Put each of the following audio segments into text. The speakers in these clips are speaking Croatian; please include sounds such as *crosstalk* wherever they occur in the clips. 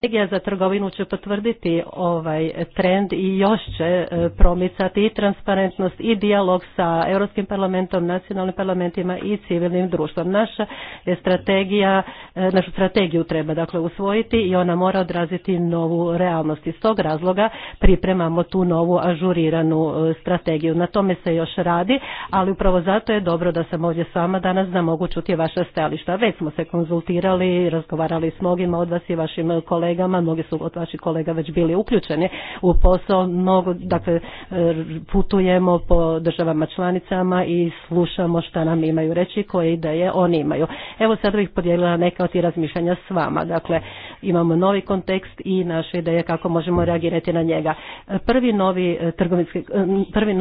Strategija za trgovinu će potvrditi ovaj trend i još će e, promicati i transparentnost i dijalog sa Europskim parlamentom, nacionalnim parlamentima i civilnim društvom. Naša je strategija, e, našu strategiju treba dakle usvojiti i ona mora odraziti novu realnost. Iz tog razloga pripremamo tu novu ažuriranu e, strategiju. Na tome se još radi, ali upravo zato je dobro da sam ovdje s vama danas da mogu čuti vaša stajališta. Već smo se konzultirali, razgovarali s mnogima od vas i vašim kolegama kolegama, mnogi su od vaših kolega već bili uključeni u posao, mnogo, dakle, e, putujemo po državama članicama i slušamo šta nam imaju reći, koje ideje oni imaju. Evo sad bih podijelila neka od tih razmišljanja s vama, dakle, imamo novi kontekst i naše ideje kako možemo reagirati na njega. E, prvi novi e, trgovinski, prvi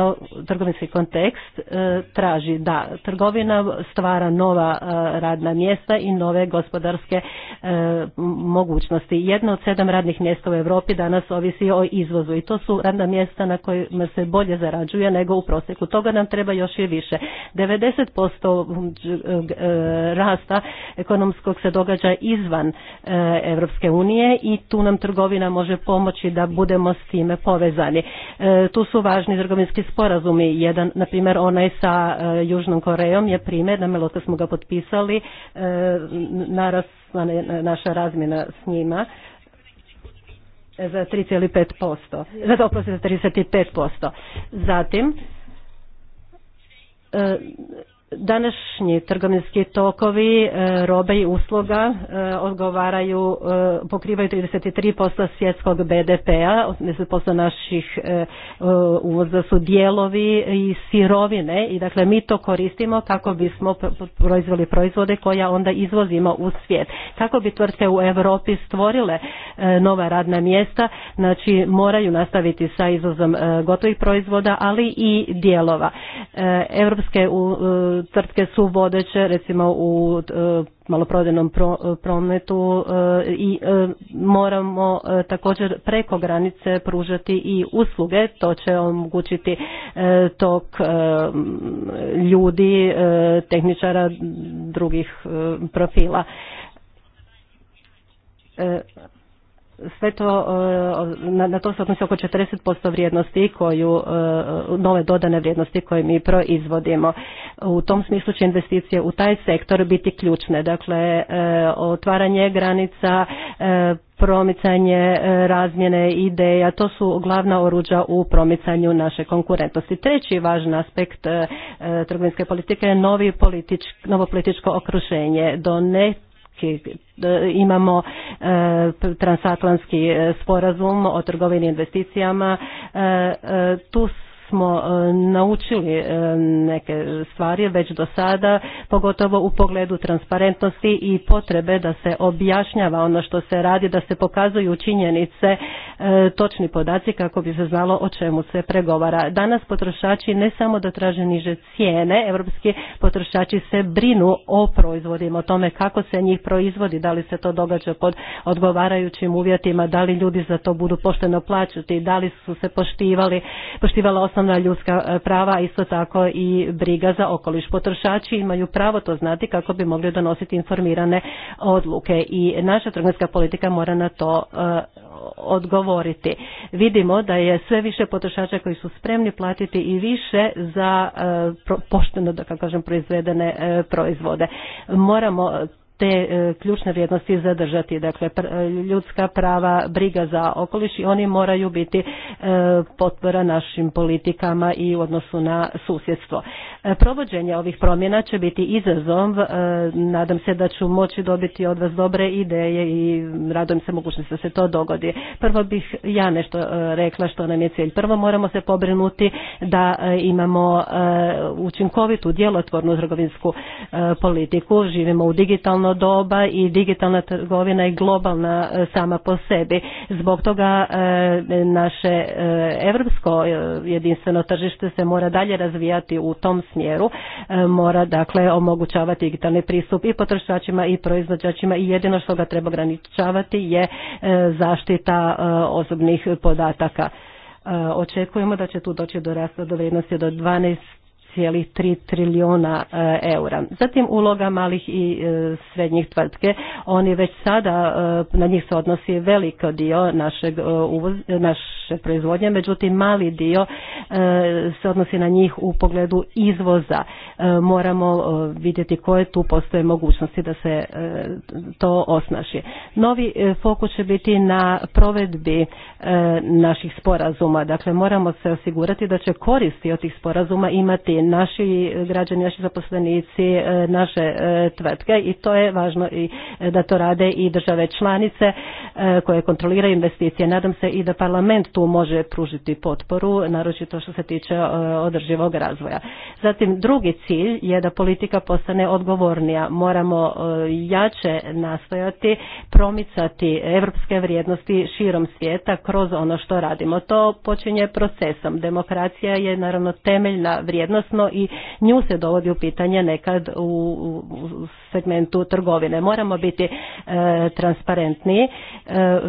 trgovinski kontekst traži da trgovina stvara nova radna mjesta i nove gospodarske mogućnosti jedno od sedam radnih mjesta u Europi danas ovisi o izvozu i to su radna mjesta na kojima se bolje zarađuje nego u prosjeku. Toga nam treba još i više. 90% e, rasta ekonomskog se događa izvan e, Europske unije i tu nam trgovina može pomoći da budemo s time povezani. E, tu su važni trgovinski sporazumi. Jedan, na primjer, onaj sa Južnom Korejom je primjer, na smo ga potpisali, naras naša razmjena s njima za 3,5%, za oprosti za 35%. Zatim, e, Današnji trgovinski tokovi e, robe i usluga e, odgovaraju, e, pokrivaju 33% svjetskog BDP-a, 80% naših uvoza su dijelovi i sirovine i dakle mi to koristimo kako bismo proizveli proizvode koja onda izvozimo u svijet. Kako bi tvrtke u Europi stvorile nova radna mjesta, znači moraju nastaviti sa izvozom gotovih proizvoda, ali i dijelova. Europske tvrtke su vodeće recimo u e, maloprodajnom prometu e, i e, moramo također preko granice pružati i usluge, to će omogućiti tok ljudi, tehničara drugih profila sve to, e, na to se odnosi oko 40% vrijednosti koju, e, nove dodane vrijednosti koje mi proizvodimo. U tom smislu će investicije u taj sektor biti ključne. Dakle, e, otvaranje granica, promicanje razmjene ideja, to su glavna oruđa u promicanju naše konkurentnosti. Treći važan aspekt trgovinske politike je novi novo političko okruženje. Do ne imamo e, transatlantski e, sporazum o trgovini investicijama. E, tu smo e, naučili e, neke stvari već do sada, pogotovo u pogledu transparentnosti i potrebe da se objašnjava ono što se radi, da se pokazuju činjenice, e, točni podaci kako bi se znalo o čemu se pregovara. Danas potrošači ne samo da traže niže cijene, evropski potrošači se brinu o proizvodima, o tome kako se njih proizvodi, da li se to događa pod odgovarajućim uvjetima, da li ljudi za to budu pošteno plaćati, da li su se poštivali, poštivala osnovna ljudska e, prava, isto tako i briga za okoliš. Potrošači imaju pravo to znati kako bi mogli donositi informirane odluke i naša trgovinska politika mora na to e, odgovoriti. Vidimo da je sve više potrošača koji su spremni platiti i više za e, pošteno, da kažem, proizvedene proizvode. Moramo te e, ključne vrijednosti zadržati. Dakle, e, ljudska prava, briga za okoliš i oni moraju biti e, potpora našim politikama i u odnosu na susjedstvo. Provođenje ovih promjena će biti izazov. Nadam se da ću moći dobiti od vas dobre ideje i radujem se mogućnosti da se to dogodi. Prvo bih ja nešto rekla što nam je cilj. Prvo moramo se pobrinuti da imamo učinkovitu djelotvornu trgovinsku politiku. Živimo u digitalnom doba i digitalna trgovina je globalna e, sama po sebi. Zbog toga e, naše europsko e, jedinstveno tržište se mora dalje razvijati u tom smjeru, mora dakle omogućavati digitalni pristup i potrošačima i proizvođačima i jedino što ga treba ograničavati je zaštita osobnih podataka. Očekujemo da će tu doći do rasta do vrijednosti do 12 1,3 trilijuna e, eura. Zatim uloga malih i e, srednjih tvrtke, oni već sada, e, na njih se odnosi veliko dio našeg naše proizvodnje, međutim mali dio se odnosi na njih u pogledu izvoza. Moramo vidjeti koje tu postoje mogućnosti da se to osnaši. Novi fokus će biti na provedbi naših sporazuma, dakle moramo se osigurati da će koristi od tih sporazuma imati naši građani, naši zaposlenici, e, naše e, tvrtke i to je važno i e, da to rade i države članice koje kontroliraju investicije. Nadam se i da parlament tu može pružiti potporu, naročito što se tiče održivog razvoja. Zatim drugi cilj je da politika postane odgovornija. Moramo jače nastojati promicati evropske vrijednosti širom svijeta kroz ono što radimo. To počinje procesom. Demokracija je naravno temeljna vrijednost jasno i nju se dovodi u pitanje nekad u segmentu trgovine. Moramo biti e, transparentni. transparentniji,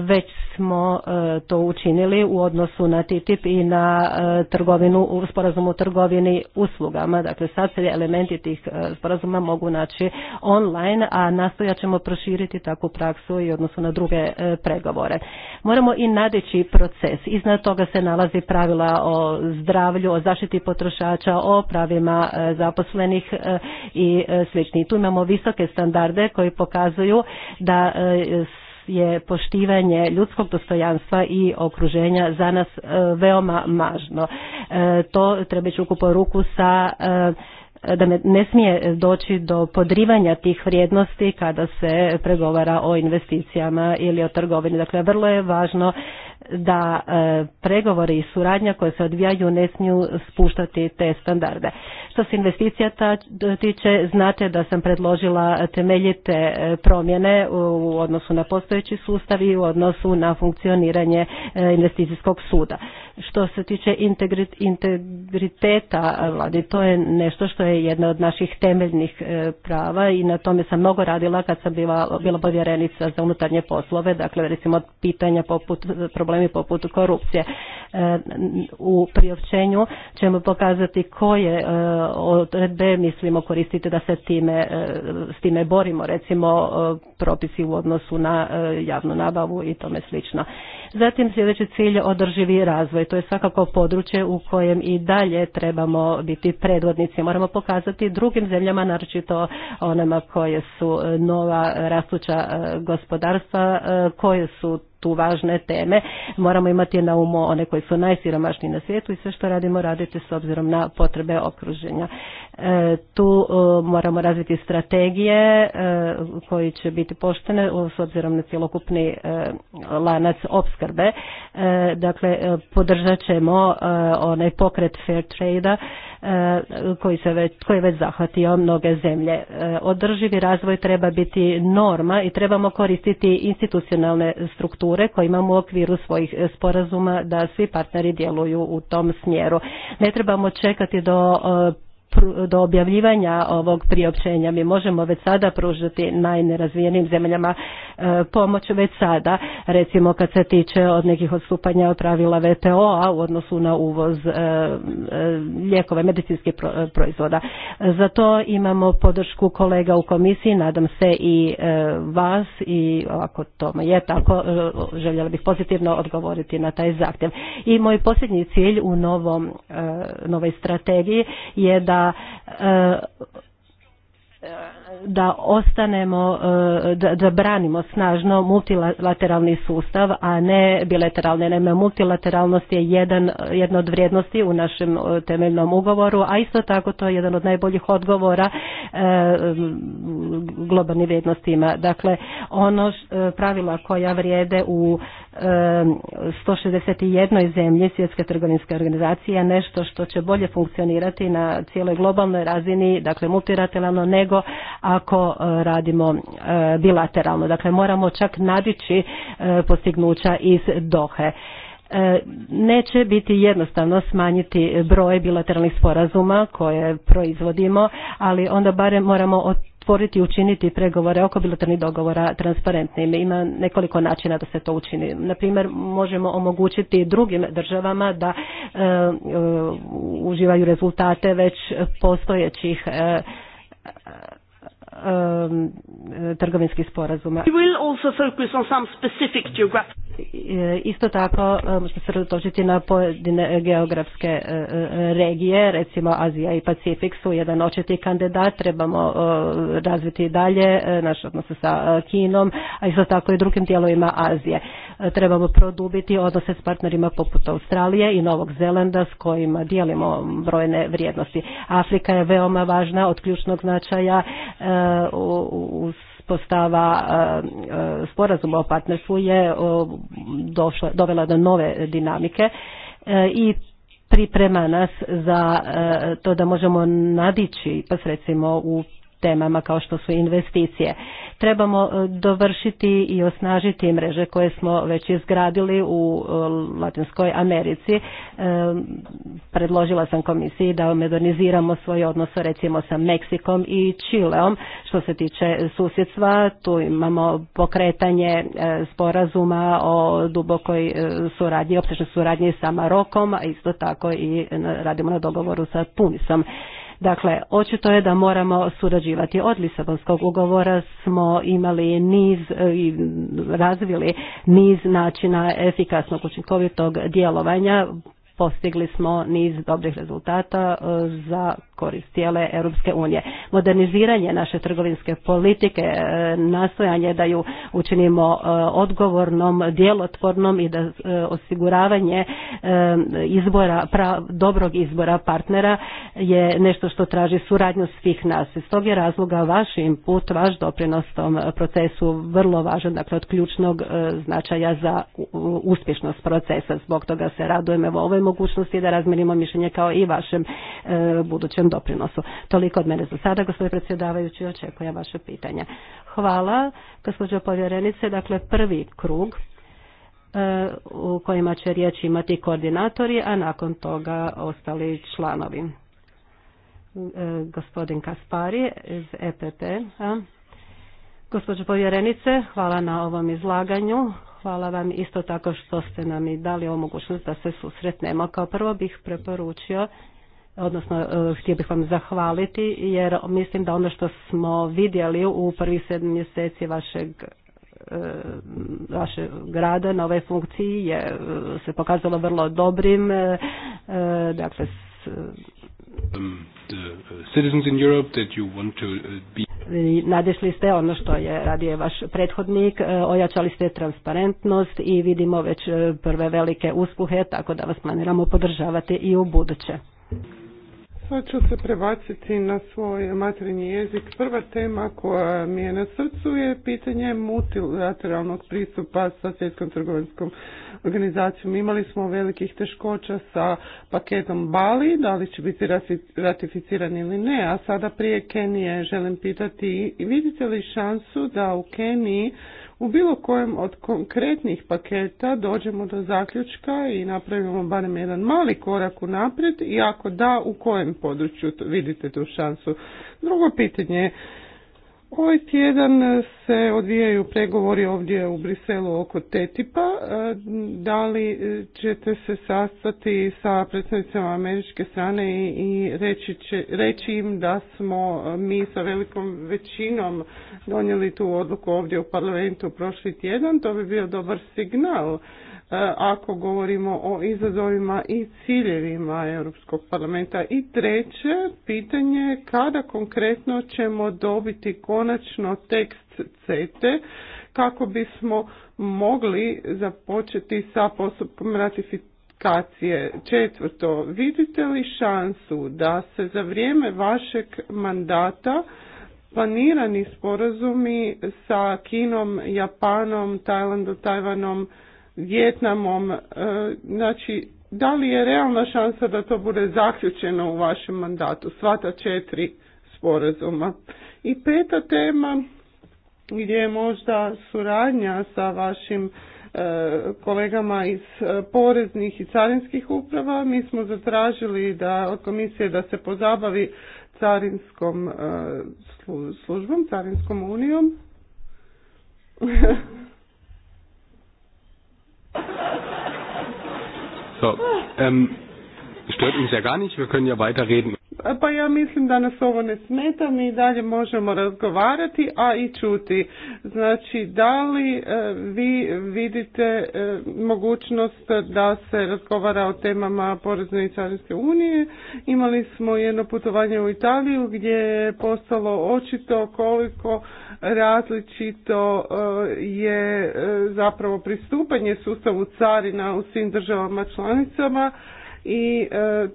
već smo e, to učinili u odnosu na TTIP i na e, trgovinu, u sporazumu trgovini uslugama. Dakle, sad se elementi tih sporazuma mogu naći online, a nastojat ćemo proširiti takvu praksu i odnosu na druge pregovore. Moramo i nadići proces. Iznad toga se nalazi pravila o zdravlju, o zaštiti potrošača, o pravima e, zaposlenih e, i e, slični. Tu imamo visoke standarde koji pokazuju da je poštivanje ljudskog dostojanstva i okruženja za nas veoma važno. To treba ću ruku sa da ne smije doći do podrivanja tih vrijednosti kada se pregovara o investicijama ili o trgovini. Dakle, vrlo je važno da e, pregovori i suradnja koje se odvijaju ne smiju spuštati te standarde. Što se investicija tiče, znate da sam predložila temeljite e, promjene u odnosu na postojeći sustav i u odnosu na funkcioniranje e, investicijskog suda. Što se tiče integriteta vladi, to je nešto što je jedna od naših temeljnih prava i na tome sam mnogo radila kad sam bila, bila povjerenica za unutarnje poslove, dakle recimo pitanja poput problema problemi poput korupcije. E, u priopćenju ćemo pokazati koje e, odredbe mislimo koristiti da se time, e, s time borimo, recimo propisi u odnosu na javnu nabavu i tome slično. Zatim sljedeći cilj je održivi razvoj. To je svakako područje u kojem i dalje trebamo biti predvodnici. Moramo pokazati drugim zemljama, naročito onama koje su e, nova rastuća e, gospodarstva, e, koje su tu važne teme. Moramo imati na umu one koji su najsiromašniji na svijetu i sve što radimo raditi s obzirom na potrebe okruženja. tu moramo razviti strategije koji će biti poštene s obzirom na cjelokupni lanac opskr opskrbe. E, dakle, e, podržat ćemo e, onaj pokret fair trade koji, se već, koji je već zahvatio mnoge zemlje. Održivi razvoj treba biti norma i trebamo koristiti institucionalne strukture koje imamo u okviru svojih sporazuma da svi partneri djeluju u tom smjeru. Ne trebamo čekati do do objavljivanja ovog priopćenja. Mi možemo već sada pružiti najnerazvijenim zemljama e, pomoć već sada, recimo kad se tiče od nekih odstupanja od pravila VTO-a u odnosu na uvoz e, e, lijekova i medicinskih proizvoda. Za to imamo podršku kolega u komisiji, nadam se i vas i ako tome je tako, željela bih pozitivno odgovoriti na taj zahtjev. I moj posljednji cilj u novom, novoj strategiji je da E, e, da ostanemo, e, da, branimo snažno multilateralni sustav, a ne bilateralne. Naime, multilateralnost je jedan, jedna od vrijednosti u našem temeljnom ugovoru, a isto tako to je jedan od najboljih odgovora globalnim vrijednostima. Dakle, ono pravila koja vrijede u 161. zemlji svjetske trgovinske organizacije nešto što će bolje funkcionirati na cijeloj globalnoj razini, dakle multilateralno nego ako e, radimo e, bilateralno. Dakle moramo čak nadići e, postignuća iz Dohe. Neće biti jednostavno smanjiti broj bilateralnih sporazuma koje proizvodimo, ali onda barem moramo otvoriti i učiniti pregovore oko bilateralnih dogovora transparentnim. Ima nekoliko načina da se to učini. Na primjer, možemo omogućiti drugim državama da e, e, uživaju rezultate već postojećih e, trgovinskih sporazuma. We will also Isto tako e, možemo se redotočiti na pojedine geografske e, e, regije, recimo Azija i Pacifik su jedan očiti kandidat, trebamo razviti dalje naš odnos sa Kinom, a isto tako i drugim dijelovima Azije. Trebamo produbiti odnose s partnerima poput Australije i Novog Zelanda s kojima dijelimo brojne vrijednosti. Afrika je veoma važna, od ključnog značaja u uspostava e, e, sporazuma o partnerstvu je e, došla, dovela do nove dinamike i priprema nas za to da možemo nadići, pa recimo u temama kao što su investicije. Trebamo e, dovršiti i osnažiti mreže koje smo već izgradili u e, Latinskoj Americi. E, predložila sam komisiji da moderniziramo svoj odnose recimo sa Meksikom i Čileom što se tiče susjedstva. Tu imamo pokretanje sporazuma o dubokoj suradnji, opsečnoj suradnji sa Marokom, a isto tako i radimo na dogovoru sa Tunisom. Dakle, očito je da moramo surađivati. Od Lisabonskog ugovora smo imali niz e, i razvili niz načina efikasnog učinkovitog djelovanja postigli smo niz dobrih rezultata e, za korist cijele Europske unije. Moderniziranje naše trgovinske politike, e, nastojanje da ju učinimo e, odgovornom, djelotvornom i da e, osiguravanje izbora, dobrog izbora partnera je nešto što traži suradnju svih nas. Iz tog je razloga vaš input, vaš doprinos tom procesu vrlo važan, dakle od ključnog značaja za uspješnost procesa. Zbog toga se radujem evo ovoj mogućnosti da razmirimo mišljenje kao i vašem budućem doprinosu. Toliko od mene za sada, gospodine predsjedavajući, očekujem vaše pitanja. Hvala, gospođo povjerenice. Dakle, prvi krug e, u kojima će riječ imati koordinatori, a nakon toga ostali članovi. E, gospodin Kaspari iz EPP. Gospođo povjerenice, hvala na ovom izlaganju. Hvala vam isto tako što ste nam i dali ovu mogućnost da se susretnemo. Kao prvo bih preporučio odnosno e, htio bih vam zahvaliti jer mislim da ono što smo vidjeli u prvih sedam mjeseci vašeg e, vaše grada na ovoj funkciji je e, se pokazalo vrlo dobrim dakle um, uh, citizens in Europe that you want to uh, Nadešli ste ono što je radio vaš prethodnik, ojačali ste transparentnost i vidimo već prve velike uspuhe, tako da vas planiramo podržavati i u buduće. Sad pa ću se prebaciti na svoj materinji jezik. Prva tema koja mi je na srcu je pitanje multilateralnog pristupa sa svjetskom trgovinskom organizacijom. Imali smo velikih teškoća sa paketom Bali, da li će biti ratificiran ili ne, a sada prije Kenije želim pitati, vidite li šansu da u Keniji u bilo kojem od konkretnih paketa dođemo do zaključka i napravimo barem jedan mali korak u naprijed i ako da, u kojem području vidite tu šansu. Drugo pitanje Ovaj tjedan se odvijaju pregovori ovdje u Briselu oko TTIP-a. E, da li ćete se sastati sa predstavnicama američke strane i reći, će, reći im da smo mi sa velikom većinom donijeli tu odluku ovdje u parlamentu prošli tjedan? To bi bio dobar signal E, ako govorimo o izazovima i ciljevima Europskog parlamenta. I treće pitanje je kada konkretno ćemo dobiti konačno tekst CETE kako bismo mogli započeti sa postupkom ratifikacije. Četvrto, vidite li šansu da se za vrijeme vašeg mandata planirani sporazumi sa Kinom, Japanom, Tajlandom, Tajvanom, Vjetnamom. E, znači, da li je realna šansa da to bude zaključeno u vašem mandatu, sva ta četiri sporazuma? I peta tema gdje je možda suradnja sa vašim e, kolegama iz e, poreznih i carinskih uprava. Mi smo zatražili da od komisije da se pozabavi carinskom službom, carinskom unijom. *laughs* So, ähm, stört uns ja gar nicht, wir können ja weiterreden. Pa ja mislim da nas ovo ne smeta, mi dalje možemo razgovarati, a i čuti. Znači, da li e, vi vidite e, mogućnost da se razgovara o temama Porezne i Carinske unije? Imali smo jedno putovanje u Italiju gdje je postalo očito koliko različito e, je zapravo pristupanje sustavu carina u svim državama članicama i e,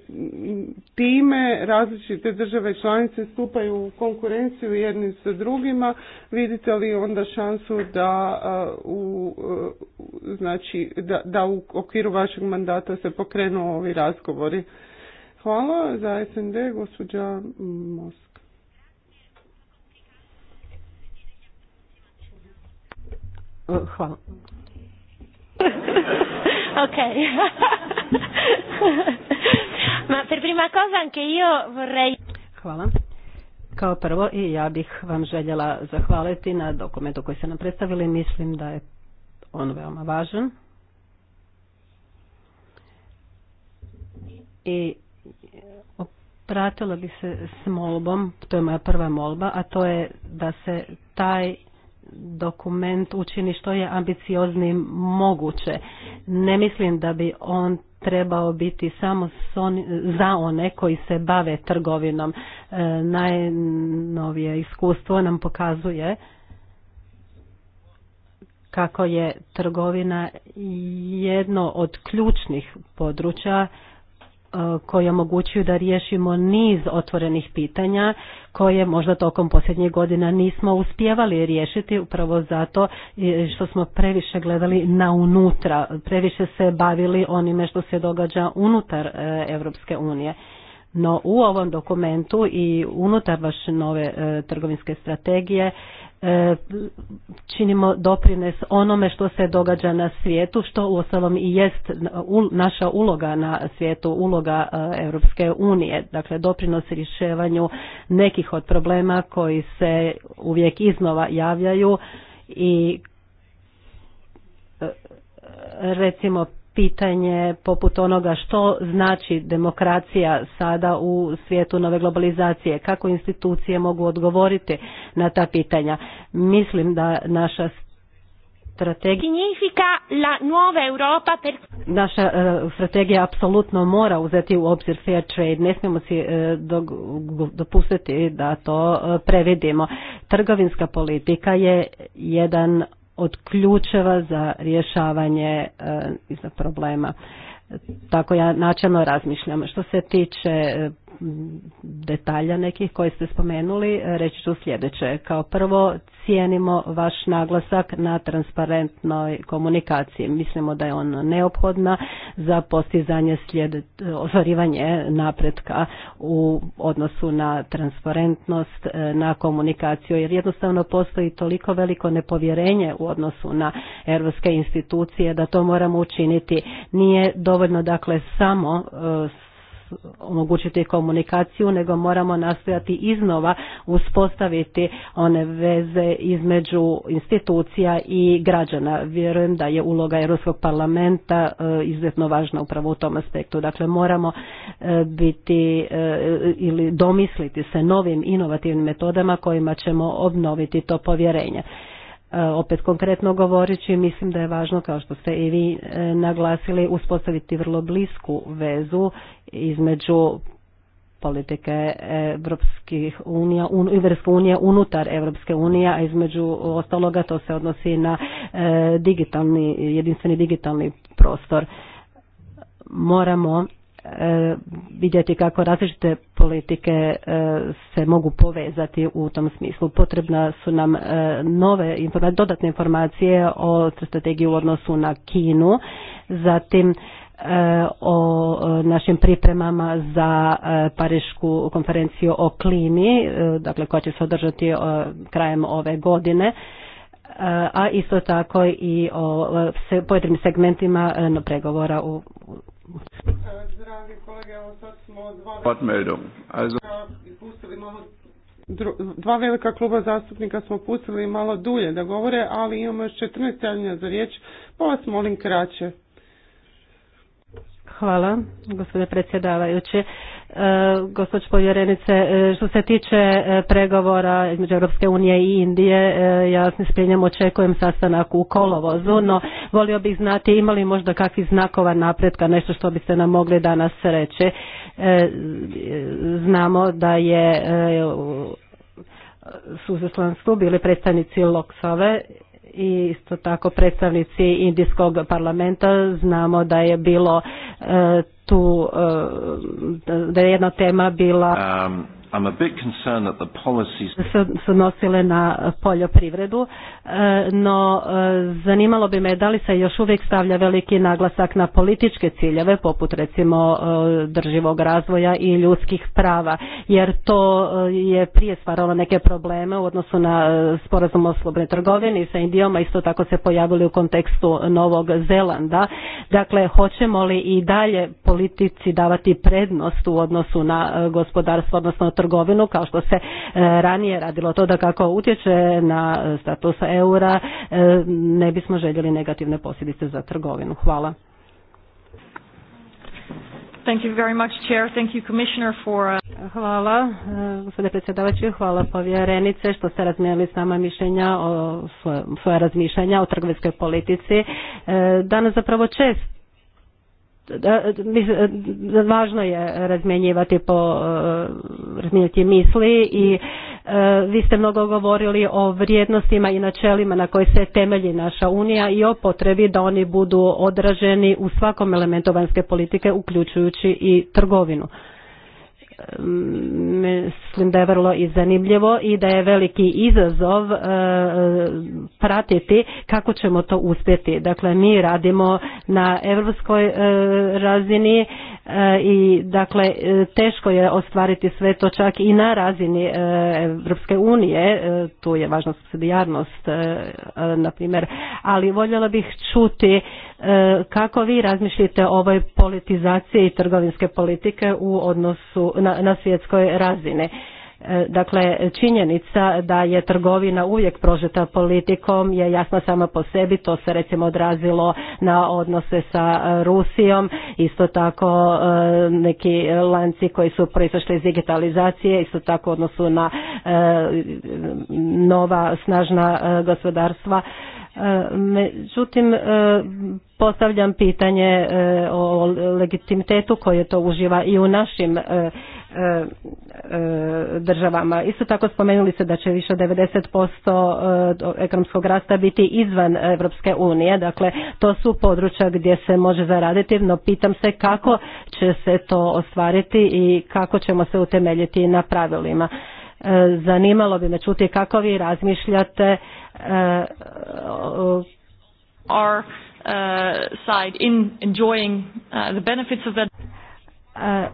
time različite države članice stupaju u konkurenciju jednim sa drugima. Vidite li onda šansu da e, u, e, znači, da, da u okviru vašeg mandata se pokrenu ovi razgovori? Hvala za SND, gospođa Mosk. *laughs* ok. *laughs* Ma per prima cosa anche io vorrei... Hvala. Kao prvo i ja bih vam željela zahvaliti na dokumentu koji ste nam predstavili. Mislim da je on veoma važan. I opratila bi se s molbom, to je moja prva molba, a to je da se taj dokument učini što je ambicioznim moguće. Ne mislim da bi on trebao biti samo za one koji se bave trgovinom. E, najnovije iskustvo nam pokazuje kako je trgovina jedno od ključnih područja E, koji omogućuju da riješimo niz otvorenih pitanja koje možda tokom posljednjih godina nismo uspjevali riješiti upravo zato e, što smo previše gledali na unutra, previše se bavili onime što se događa unutar Europske unije. No u ovom dokumentu i unutar vaše nove e, trgovinske strategije E, činimo doprines onome što se događa na svijetu, što osnovom i jest naša uloga na svijetu, uloga e, Europske unije, dakle doprinos rješavanju nekih od problema koji se uvijek iznova javljaju i e, recimo pitanje poput onoga što znači demokracija sada u svijetu nove globalizacije, kako institucije mogu odgovoriti na ta pitanja. Mislim da naša strategija la nuova Europa per... Naša e, strategija apsolutno mora uzeti u obzir fair trade. Ne smijemo si e, dopustiti da to e, previdimo. Trgovinska politika je jedan od ključeva za rješavanje e, problema. Tako ja načelno razmišljam. Što se tiče e, detalja nekih koje ste spomenuli, reći ću sljedeće. Kao prvo, cijenimo vaš naglasak na transparentnoj komunikaciji. Mislimo da je ona neophodna za postizanje ostvarivanje napretka u odnosu na transparentnost, e, na komunikaciju, jer jednostavno postoji toliko veliko nepovjerenje u odnosu na europske institucije da to moramo učiniti. Nije dovoljno dakle samo e, omogućiti komunikaciju, nego moramo nastojati iznova uspostaviti one veze između institucija i građana. Vjerujem da je uloga Europskog parlamenta e, izuzetno važna upravo u tom aspektu. Dakle, moramo e, biti e, ili domisliti se novim inovativnim metodama kojima ćemo obnoviti to povjerenje. E, opet konkretno govoreći, mislim da je važno, kao što ste i vi e, naglasili, uspostaviti vrlo blisku vezu između politike Evropskih unija, Evropske unije unutar Evropske unije, a između ostaloga to se odnosi na e, digitalni, jedinstveni digitalni prostor. Moramo vidjeti kako različite politike e, se mogu povezati u tom smislu. Potrebna su nam e, nove dodatne informacije o strategiji u odnosu na Kinu, zatim e, o našim pripremama za Parišku konferenciju o klimi, dakle koja će se održati krajem ove godine a isto tako i o pojedinim segmentima pregovora u Dragi kolege, evo sad smo dva... malo dva velika kluba zastupnika smo pustili malo dulje da govore, ali imamo još 14 javljanja za riječ, pa vas molim kraće. Hvala, gospodine predsjedavajuće gospođo povjerenice, e, što se tiče e, pregovora između Europske unije i Indije, e, ja s nespljenjem očekujem sastanak u kolovozu, no volio bih znati imali li možda kakvi znakova napretka, nešto što biste nam mogli danas reći. Znamo da je su zaslanstvu bili predstavnici Loksove i isto tako predstavnici Indijskog parlamenta. Znamo da je bilo tu eh, da je jedna tema bila um, I'm a bit su nosile na eh, poljoprivredu, eh, no eh, zanimalo bi me da li se još uvijek stavlja veliki naglasak na političke ciljeve, poput recimo drživog razvoja i ljudskih prava, jer to je prije stvaralo neke probleme u odnosu na sporazum o slobodnoj trgovini sa Indijom, isto tako se pojavili u kontekstu Novog Zelanda. Dakle, hoćemo li i dalje politici davati prednost u odnosu na gospodarstvo, odnosno trgovinu kao što se e, ranije radilo to da kako utječe na status eura e, ne bismo željeli negativne posljedice za trgovinu. Hvala. Thank you very much, Chair. Thank you, Commissioner, for... Uh, hvala, e, gospodine predsjedavajući, hvala povjerenice što ste razmijenili s nama mišljenja o svoja razmišljanja o trgovinskoj politici. Danas zapravo čest važno je razmjenjivati po eh, razmjenjivati misli i eh, vi ste mnogo govorili o vrijednostima i načelima na koje se temelji naša unija i o potrebi da oni budu odraženi u svakom elementu vanjske politike uključujući i trgovinu. Mm, mislim da je vrlo i zanimljivo i da je veliki izazov e, pratiti kako ćemo to uspjeti. Dakle, mi radimo na europskoj e, razini, E, i dakle e, teško je ostvariti sve to čak i na razini Europske unije, e, tu je važna subsidijarnost na primjer, ali voljela bih čuti kako vi razmišljate o ovoj politizaciji trgovinske politike u odnosu na, na svjetskoj razini Dakle, činjenica da je trgovina uvijek prožeta politikom je jasna sama po sebi, to se recimo odrazilo na odnose sa Rusijom, isto tako e, neki lanci koji su proizašli iz digitalizacije, isto tako u odnosu na e, nova snažna e, gospodarstva. Međutim, postavljam pitanje o legitimitetu koje to uživa i u našim E, državama. Isto tako spomenuli se da će više od 90% e, ekonomskog rasta biti izvan Europske unije, dakle to su područja gdje se može zaraditi, no pitam se kako će se to ostvariti i kako ćemo se utemeljiti na pravilima. E, zanimalo bi me čuti kako vi razmišljate Our E,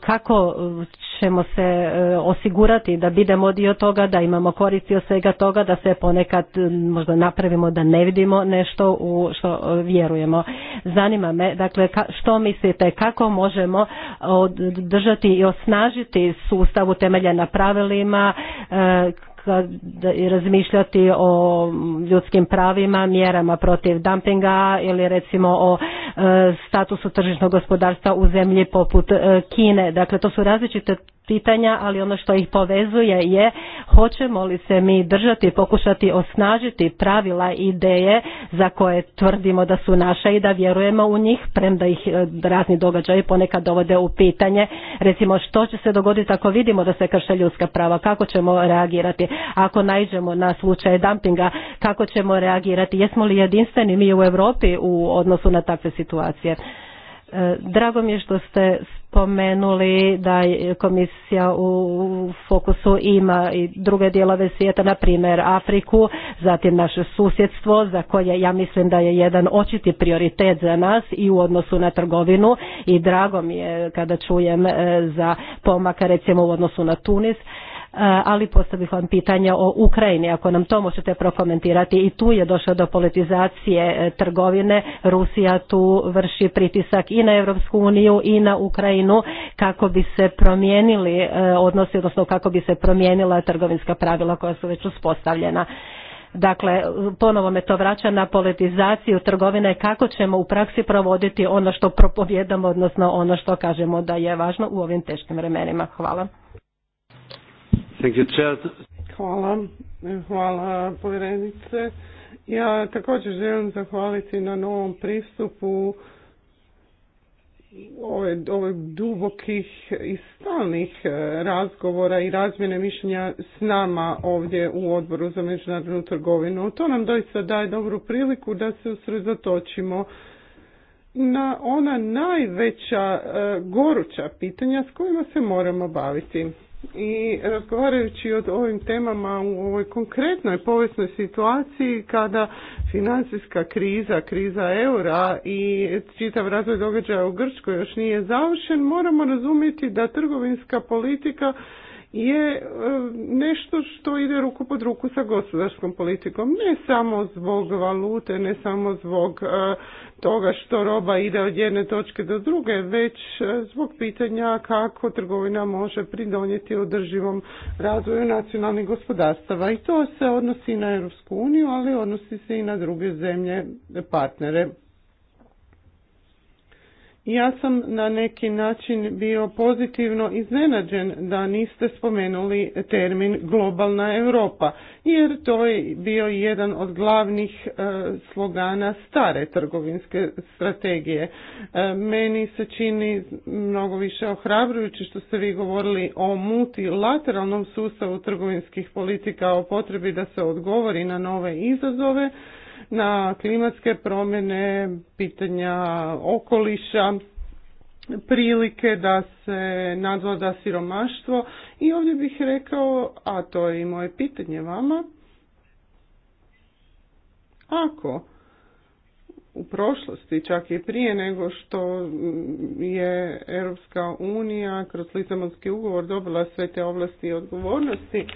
kako ćemo se e, osigurati da bidemo dio toga, da imamo koristi od svega toga, da se ponekad možda napravimo da ne vidimo nešto u što e, vjerujemo. Zanima me, dakle, što mislite, kako možemo držati i osnažiti sustav utemeljen na pravilima, i razmišljati o ljudskim pravima, mjerama protiv dumpinga ili recimo o statusu tržišnog gospodarstva u zemlji poput e, Kine. Dakle, to su različite pitanja, ali ono što ih povezuje je hoćemo li se mi držati, pokušati osnažiti pravila i ideje za koje tvrdimo da su naše i da vjerujemo u njih, premda ih e, razni događaji ponekad dovode u pitanje. Recimo što će se dogoditi ako vidimo da se krše ljudska prava, kako ćemo reagirati, ako naiđemo na slučaj dumpinga, kako ćemo reagirati, jesmo li jedinstveni mi u Europi u odnosu na takve situacije situacije. E, drago mi je što ste spomenuli da komisija u fokusu ima i druge dijelove svijeta, na primjer Afriku, zatim naše susjedstvo za koje ja mislim da je jedan očiti prioritet za nas i u odnosu na trgovinu i drago mi je kada čujem e, za pomaka recimo u odnosu na Tunis. Eh, ali bih vam pitanja o Ukrajini, ako nam to možete prokomentirati. I tu je došlo do politizacije eh, trgovine, Rusija tu vrši pritisak i na Europsku uniju i na Ukrajinu kako bi se promijenili eh, odnosi, odnosno kako bi se promijenila trgovinska pravila koja su već uspostavljena. Dakle, ponovo me to vraća na politizaciju trgovine kako ćemo u praksi provoditi ono što propovjedamo, odnosno ono što kažemo da je važno u ovim teškim vremenima. Hvala. Hvala. Hvala povjerenice. Ja također želim zahvaliti na novom pristupu ove, dubokih i stalnih e, razgovora i razmjene mišljenja s nama ovdje u odboru za međunarodnu trgovinu. To nam doista daje dobru priliku da se usredotočimo na ona najveća e, goruća pitanja s kojima se moramo baviti i razgovarajući o ovim temama u ovoj konkretnoj povijesnoj situaciji kada financijska kriza, kriza eura i čitav razvoj događaja u Grčkoj još nije završen, moramo razumjeti da trgovinska politika je e, nešto što ide ruku pod ruku sa gospodarskom politikom. Ne samo zbog valute, ne samo zbog e, toga što roba ide od jedne točke do druge, već e, zbog pitanja kako trgovina može pridonijeti održivom razvoju nacionalnih gospodarstava. I to se odnosi na Europsku uniju, ali odnosi se i na druge zemlje partnere ja sam na neki način bio pozitivno iznenađen da niste spomenuli termin globalna Europa, jer to je bio jedan od glavnih e, slogana stare trgovinske strategije. E, meni se čini mnogo više ohrabrujući što ste vi govorili o multilateralnom sustavu trgovinskih politika, o potrebi da se odgovori na nove izazove, na klimatske promjene, pitanja okoliša, prilike da se nadvoda siromaštvo i ovdje bih rekao, a to je i moje pitanje vama, ako u prošlosti, čak i prije nego što je Europska unija kroz Lisabonski ugovor dobila sve te ovlasti i odgovornosti,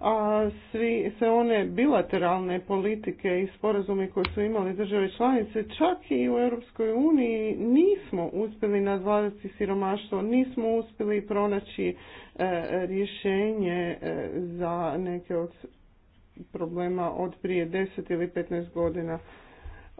a svi, sve one bilateralne politike i sporazumi koje su imali države članice, čak i u Europskoj uniji nismo uspjeli nadvladati siromaštvo, nismo uspjeli pronaći e, rješenje e, za neke od problema od prije 10 ili 15 godina.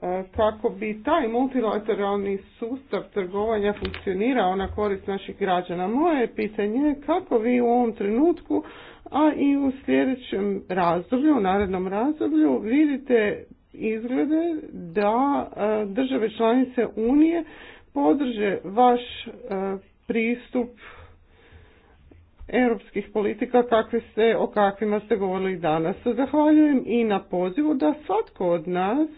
E, kako bi taj multilateralni sustav trgovanja funkcionirao na korist naših građana, moje pitanje je kako vi u ovom trenutku a i u sljedećem razdoblju, u narednom razdoblju vidite izglede da e, države članice Unije podrže vaš e, pristup europskih politika kakve ste, o kakvima ste govorili danas. Zahvaljujem i na pozivu da svatko od nas,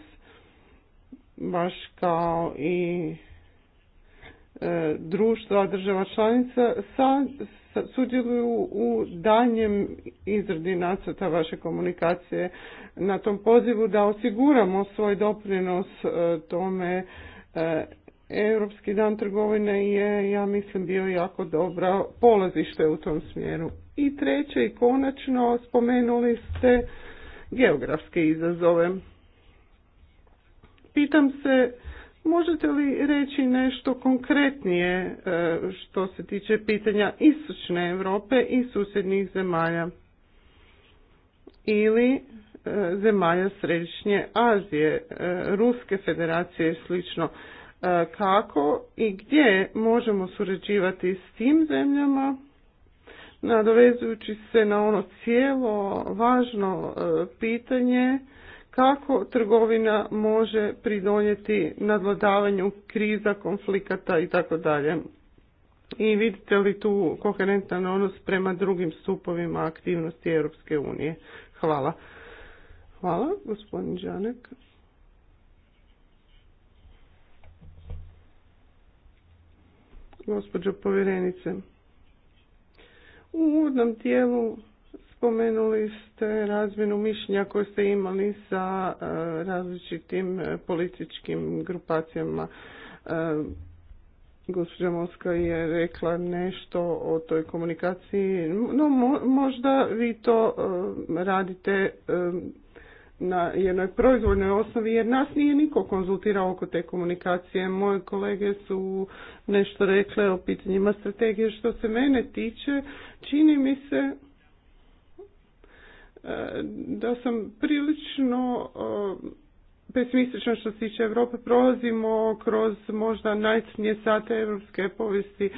baš kao i E, društva država članica sa, sa, sudjeluju u danjem izradi nacrta vaše komunikacije na tom pozivu da osiguramo svoj doprinos e, tome e, Europski dan trgovine je, ja mislim, bio jako dobra polazište u tom smjeru. I treće i konačno spomenuli ste geografske izazove. Pitam se Možete li reći nešto konkretnije e, što se tiče pitanja istočne Europe i susjednih zemalja ili e, zemalja središnje Azije, e, Ruske federacije i slično? Kako i gdje možemo surađivati s tim zemljama? Nadovezujući se na ono cijelo važno pitanje kako trgovina može pridonijeti nadvladavanju kriza, konflikata i tako dalje. I vidite li tu koherentan odnos prema drugim stupovima aktivnosti Europske unije? Hvala. Hvala, gospodin Đanek. Gospođo povjerenice, u uvodnom dijelu Spomenuli ste razmjenu mišljenja koje ste imali sa e, različitim e, političkim grupacijama. E, gospođa Moska je rekla nešto o toj komunikaciji. No, možda vi to radite na jednoj proizvoljnoj osnovi jer nas nije niko konzultirao oko te komunikacije. Moje kolege su nešto rekle o pitanjima strategije. Što se mene tiče, čini mi se da sam prilično pesimistična što se tiče Europe. Prolazimo kroz možda najcrnije sate europske povijesti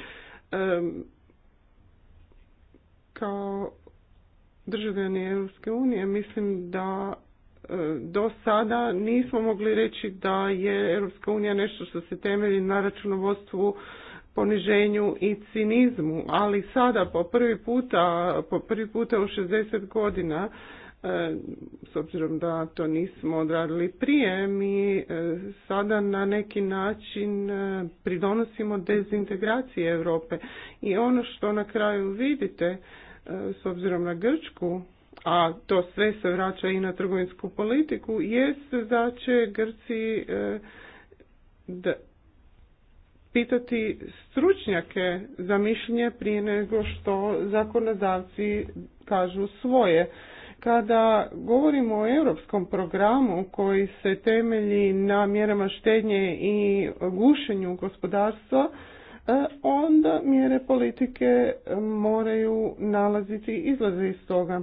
kao državljani Europske unije. Mislim da e, do sada nismo mogli reći da je Europska unija nešto što se temelji na računovodstvu poniženju i cinizmu, ali sada po prvi puta, po prvi puta u 60 godina e, s obzirom da to nismo odradili prije, mi e, sada na neki način e, pridonosimo dezintegraciji Europe. I ono što na kraju vidite, s obzirom na Grčku, a to sve se vraća i na trgovinsku politiku, jest da će Grci da pitati stručnjake za mišljenje prije nego što zakonodavci kažu svoje. Kada govorimo o europskom programu koji se temelji na mjerama štednje i gušenju gospodarstva, e, onda mjere politike moraju nalaziti izlaze iz toga.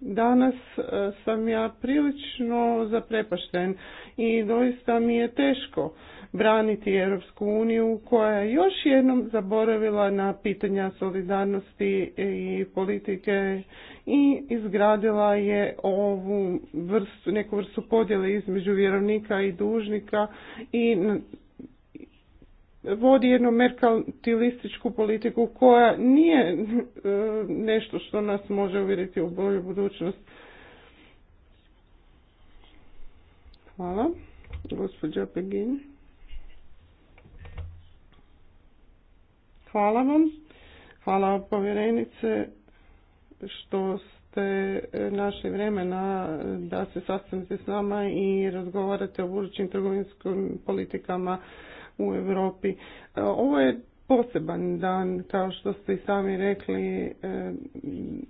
Danas e, sam ja prilično zaprepašten i doista mi je teško braniti Europsku uniju koja je još jednom zaboravila na pitanja solidarnosti i politike i izgradila je ovu vrstu, neku vrstu podjele između vjerovnika i dužnika i vodi jednu merkantilističku politiku koja nije e, nešto što nas može uvjeriti u bolju budućnost. Hvala. Gospođa Pegin. Hvala vam. Hvala povjerenice što ste e, našli vremena da se sastanete s nama i razgovarate o budućim trgovinskim politikama u Europi. E, ovo je poseban dan, kao što ste i sami rekli, e,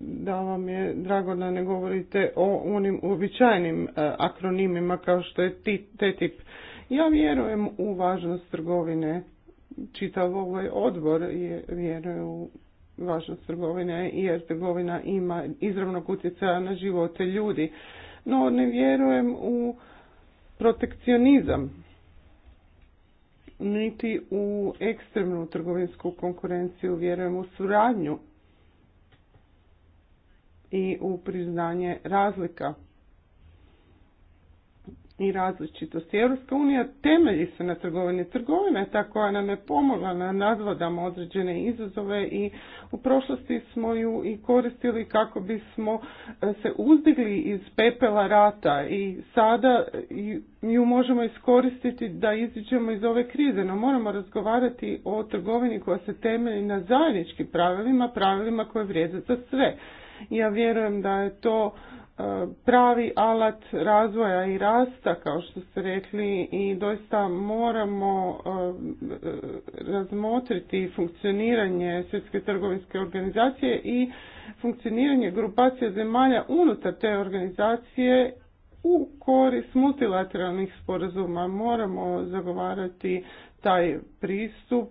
da vam je drago da ne govorite o onim uobičajenim akronimima kao što je TTIP. Ja vjerujem u važnost trgovine čitav ovaj odbor je, vjeruje u važnost trgovine jer trgovina ima izravnog utjecaja na živote ljudi. No ne vjerujem u protekcionizam niti u ekstremnu trgovinsku konkurenciju, vjerujem u suradnju i u priznanje razlika i različitosti. Europska unija temelji se na trgovini. Trgovina ta koja nam je pomogla na nadvladamo određene izazove i u prošlosti smo ju i koristili kako bismo e, se uzdigli iz pepela rata i sada ju možemo iskoristiti da iziđemo iz ove krize. No moramo razgovarati o trgovini koja se temelji na zajedničkim pravilima, pravilima koje vrijede za sve. Ja vjerujem da je to E, pravi alat razvoja i rasta, kao što ste rekli, i doista moramo e, e, razmotriti funkcioniranje Svjetske trgovinske organizacije i funkcioniranje grupacija zemalja unutar te organizacije u koris multilateralnih sporazuma. Moramo zagovarati taj pristup,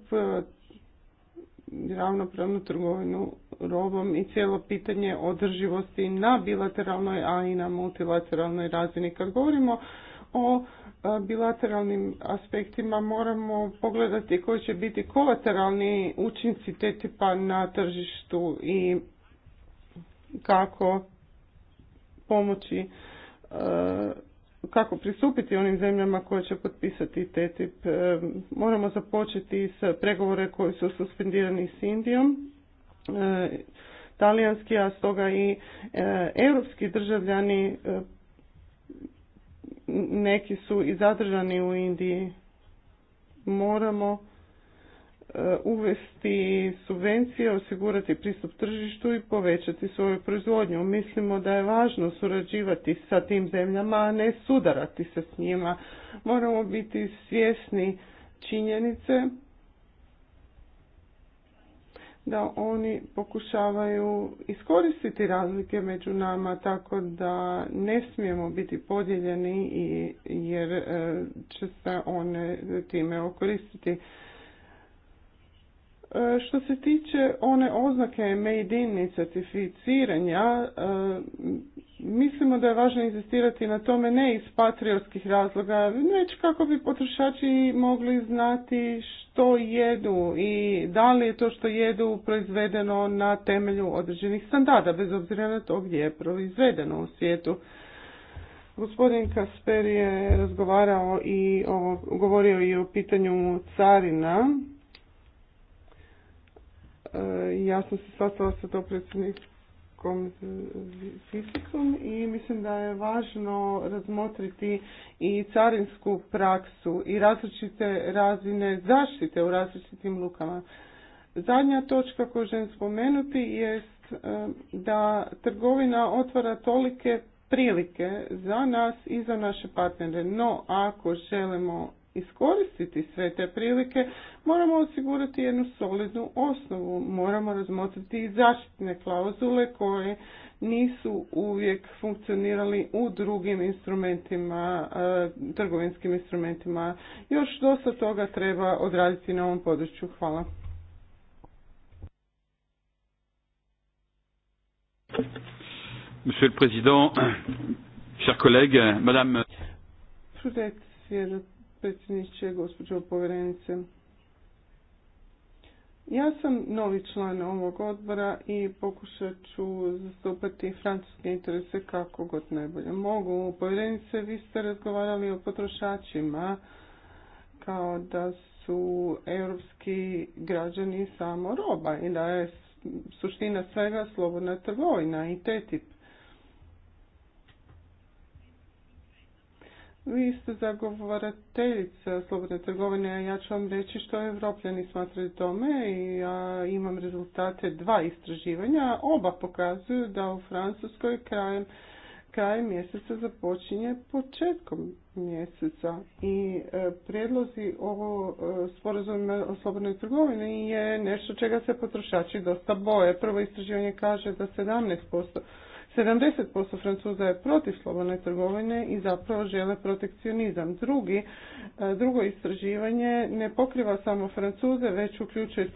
ravnopravnu trgovinu robom i cijelo pitanje održivosti na bilateralnoj, a i na multilateralnoj razini. Kad govorimo o e, bilateralnim aspektima moramo pogledati koji će biti kolateralni učinci te tipa na tržištu i kako pomoći e, kako pristupiti onim zemljama koje će potpisati TTIP. E, moramo započeti s pregovore koji su suspendirani s Indijom, e, talijanski, a stoga i e, europski državljani neki su i zadržani u Indiji. Moramo E, uvesti subvencije, osigurati pristup tržištu i povećati svoju proizvodnju. Mislimo da je važno surađivati sa tim zemljama, a ne sudarati se s njima. Moramo biti svjesni činjenice da oni pokušavaju iskoristiti razlike među nama tako da ne smijemo biti podijeljeni jer e, će se one time okoristiti. E, što se tiče one oznake made in i certificiranja, e, mislimo da je važno insistirati na tome ne iz patriotskih razloga, već kako bi potrošači mogli znati što jedu i da li je to što jedu proizvedeno na temelju određenih standarda, bez obzira na to gdje je proizvedeno u svijetu. Gospodin Kasper je razgovarao i o, govorio i o pitanju carina E, ja sam se sastala sa to predsjednikom Fizikom i mislim da je važno razmotriti i carinsku praksu i različite razine zaštite u različitim lukama. Zadnja točka koju želim spomenuti jest e, da trgovina otvara tolike prilike za nas i za naše partnere. No, ako želimo iskoristiti sve te prilike, moramo osigurati jednu solidnu osnovu. Moramo razmotriti i zaštitne klauzule koje nisu uvijek funkcionirali u drugim instrumentima, e, trgovinskim instrumentima. Još dosta toga treba odraditi na ovom području. Hvala. Monsieur le Président, chers collègues, Madame predsjedniče, gospođo povjerenice. Ja sam novi član ovog odbora i pokušat ću zastupati francuske interese kako god najbolje mogu. Povjerenice, vi ste razgovarali o potrošačima kao da su europski građani samo roba i da je suština svega slobodna trgovina i TTIP. Vi ste zagovorateljica slobodne trgovine, a ja ću vam reći što evropljani smatraju tome i ja imam rezultate dva istraživanja. Oba pokazuju da u Francuskoj krajem, krajem mjeseca započinje početkom mjeseca i e, prijedlozi ovo e, sporazumima o slobodnoj trgovini je nešto čega se potrošači dosta boje. Prvo istraživanje kaže da 17% 70% Francuza je protiv slobodne trgovine i zapravo žele protekcionizam. Drugi, e, drugo istraživanje ne pokriva samo Francuze, već uključuje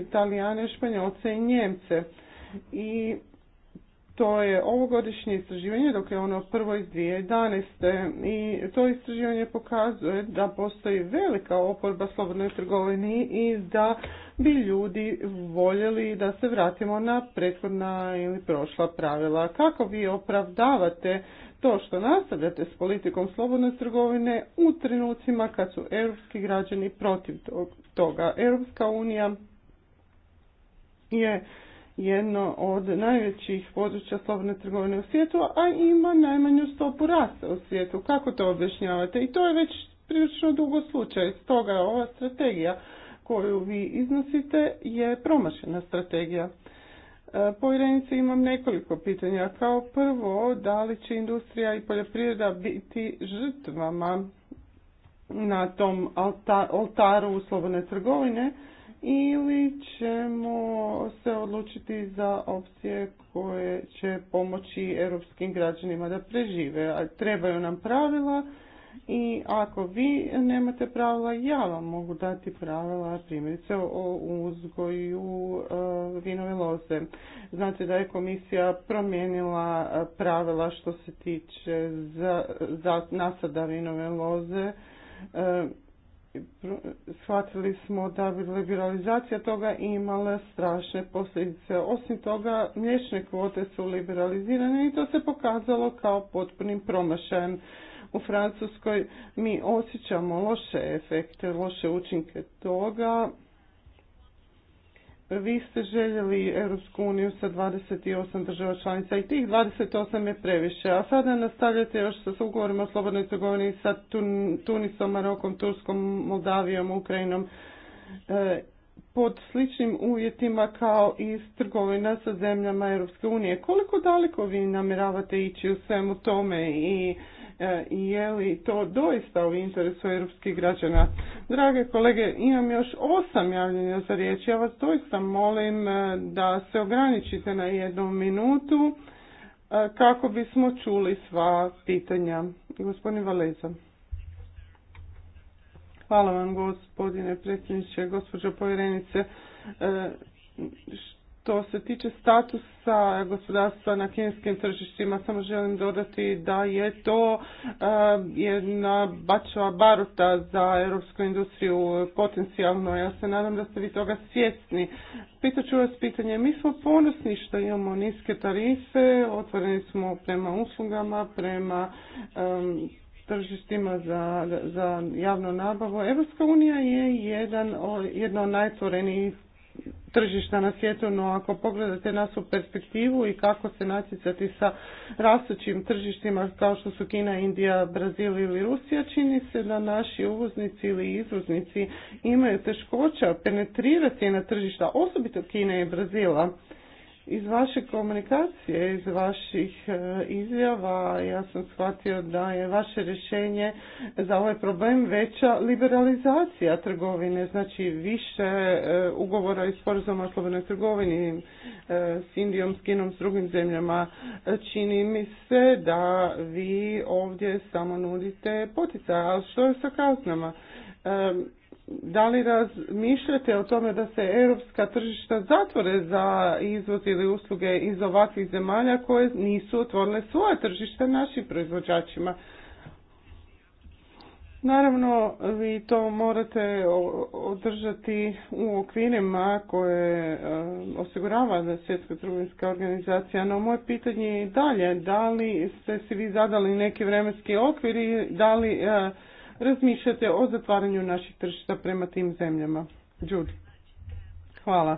Italijane, Španjolce i Njemce. I to je ovogodišnje istraživanje, dok je ono prvo iz 2011. I to istraživanje pokazuje da postoji velika oporba slobodnoj trgovini i da bi ljudi voljeli da se vratimo na prethodna ili prošla pravila. Kako vi opravdavate to što nastavljate s politikom slobodne trgovine u trenucima kad su europski građani protiv toga? Europska unija je jedno od najvećih područja slobodne trgovine u svijetu, a ima najmanju stopu rasta u svijetu. Kako to objašnjavate? I to je već prilično dugo slučaj. Stoga ova strategija koju vi iznosite je promašena strategija. E, povjerenice imam nekoliko pitanja. Kao prvo, da li će industrija i poljoprivreda biti žrtvama na tom oltaru slobodne trgovine? ili ćemo se odlučiti za opcije koje će pomoći europskim građanima da prežive. Trebaju nam pravila i ako vi nemate pravila, ja vam mogu dati pravila primjerice o uzgoju e, vinove loze. Znate da je komisija promijenila e, pravila što se tiče za nasada vinove loze e, shvatili smo da bi liberalizacija toga imala strašne posljedice. Osim toga, mliječne kvote su liberalizirane i to se pokazalo kao potpunim promašajem. U Francuskoj mi osjećamo loše efekte, loše učinke toga vi ste željeli Europsku uniju sa 28 država članica i tih 28 je previše, a sada nastavljate još sa ugovorima o slobodnoj trgovini sa Tunisom, Marokom, Turskom, Moldavijom, Ukrajinom e, pod sličnim uvjetima kao i trgovina sa zemljama Europske unije. Koliko daleko vi namjeravate ići u svemu tome i E, je li to doista u interesu europskih građana. Drage kolege, imam još osam javljenja za riječ. Ja vas doista molim e, da se ograničite na jednu minutu e, kako bismo čuli sva pitanja. Gospodin Valeza. Hvala vam gospodine predsjedniče, gospođo povjerenice. Što se tiče statusa gospodarstva na kineskim tržištima, samo želim dodati da je to eh, jedna bačva baruta za europsku industriju potencijalno. Ja se nadam da ste vi toga svjesni. Pitat vas pitanje, mi smo ponosni što imamo niske tarife, otvoreni smo prema uslugama, prema tržištima za, za javnu nabavu. Evropska unija je jedan, od najtvorenijih tržišta na svijetu, no ako pogledate nas u perspektivu i kako se natjecati sa rastućim tržištima kao što su Kina, Indija, Brazil ili Rusija, čini se da naši uvoznici ili izvoznici imaju teškoća penetrirati na tržišta, osobito Kina i Brazila iz vaše komunikacije, iz vaših e, izjava ja sam shvatio da je vaše rješenje za ovaj problem veća liberalizacija trgovine, znači više e, ugovora i sporazuma o slobodnoj trgovini e, s Indijom, s Kinom, s drugim zemljama. Čini mi se da vi ovdje samo nudite poticaje, ali što je sa kaznama? da li razmišljate o tome da se europska tržišta zatvore za izvoz ili usluge iz ovakvih zemalja koje nisu otvorile svoje tržište našim proizvođačima? Naravno, vi to morate održati u okvirima koje eh, osigurava svjetska trgovinska organizacija, no moje pitanje je dalje, da li ste si vi zadali neki vremenski okvir i da li eh, razmišljate o zatvaranju naših tržišta prema tim zemljama? Judy. Hvala.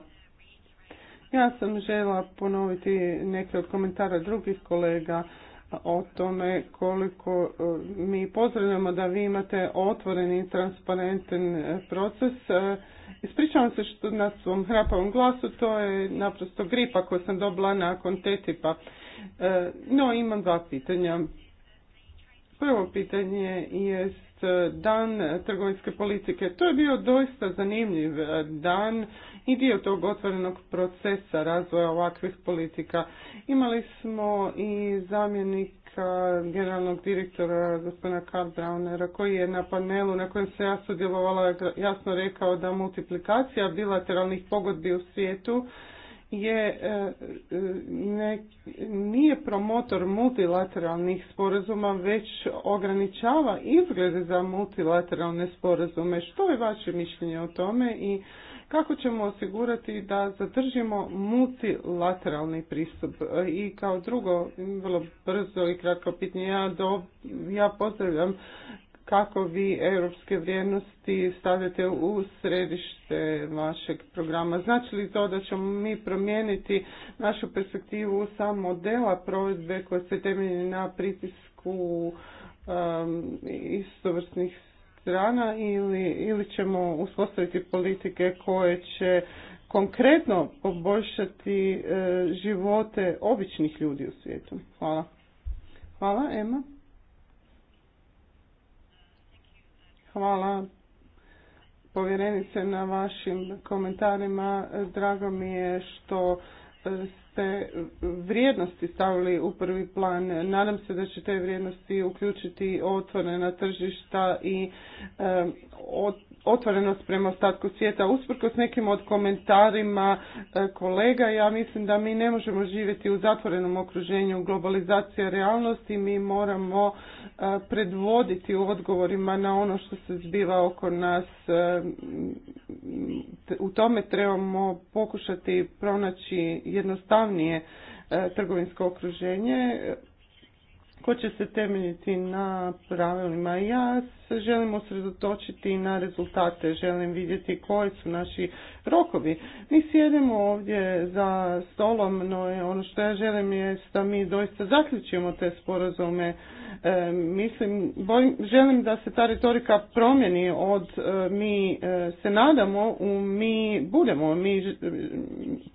Ja sam žela ponoviti neke od komentara drugih kolega o tome koliko e, mi pozdravljamo da vi imate otvoren i transparentan e, proces. E, ispričavam se što na svom hrapavom glasu, to je naprosto gripa koju sam dobila nakon tetipa. No, imam dva pitanja. Prvo pitanje je E, dan trgovinske politike. To je bio doista zanimljiv e, dan i dio tog otvorenog procesa razvoja ovakvih politika. Imali smo i zamjenika generalnog direktora gospodina Karl Braunera koji je na panelu na kojem se ja sudjelovala jasno rekao da multiplikacija bilateralnih pogodbi u svijetu je e, e, ne, nije promotor multilateralnih sporazuma, već ograničava izglede za multilateralne sporazume. Što je vaše mišljenje o tome i kako ćemo osigurati da zadržimo multilateralni pristup? I kao drugo, vrlo brzo i kratko pitanje, ja, do, ja pozdravljam kako vi europske vrijednosti stavljate u središte vašeg programa. Znači li to da ćemo mi promijeniti našu perspektivu samo modela provedbe koje se temelji na pritisku um, istovrsnih strana ili, ili ćemo uspostaviti politike koje će konkretno poboljšati e, živote običnih ljudi u svijetu. Hvala. Hvala, Ema. Hvala povjerenice na vašim komentarima. Drago mi je što vrijednosti stavili u prvi plan. Nadam se da će te vrijednosti uključiti otvorena tržišta i otvorenost prema ostatku svijeta. Usprkos nekim od komentarima e, kolega, ja mislim da mi ne možemo živjeti u zatvorenom okruženju globalizacija realnosti. Mi moramo e, predvoditi u odgovorima na ono što se zbiva oko nas. E, u tome trebamo pokušati pronaći jednostavno nije e, trgovinsko okruženje ko će se temeljiti na pravilima. Ja se želim osredotočiti na rezultate, želim vidjeti koji su naši rokovi. Mi sjedemo ovdje za stolom, no ono što ja želim je da mi doista zaključimo te sporazume. E, mislim, želim da se ta retorika promjeni od e, mi e, se nadamo u mi budemo, mi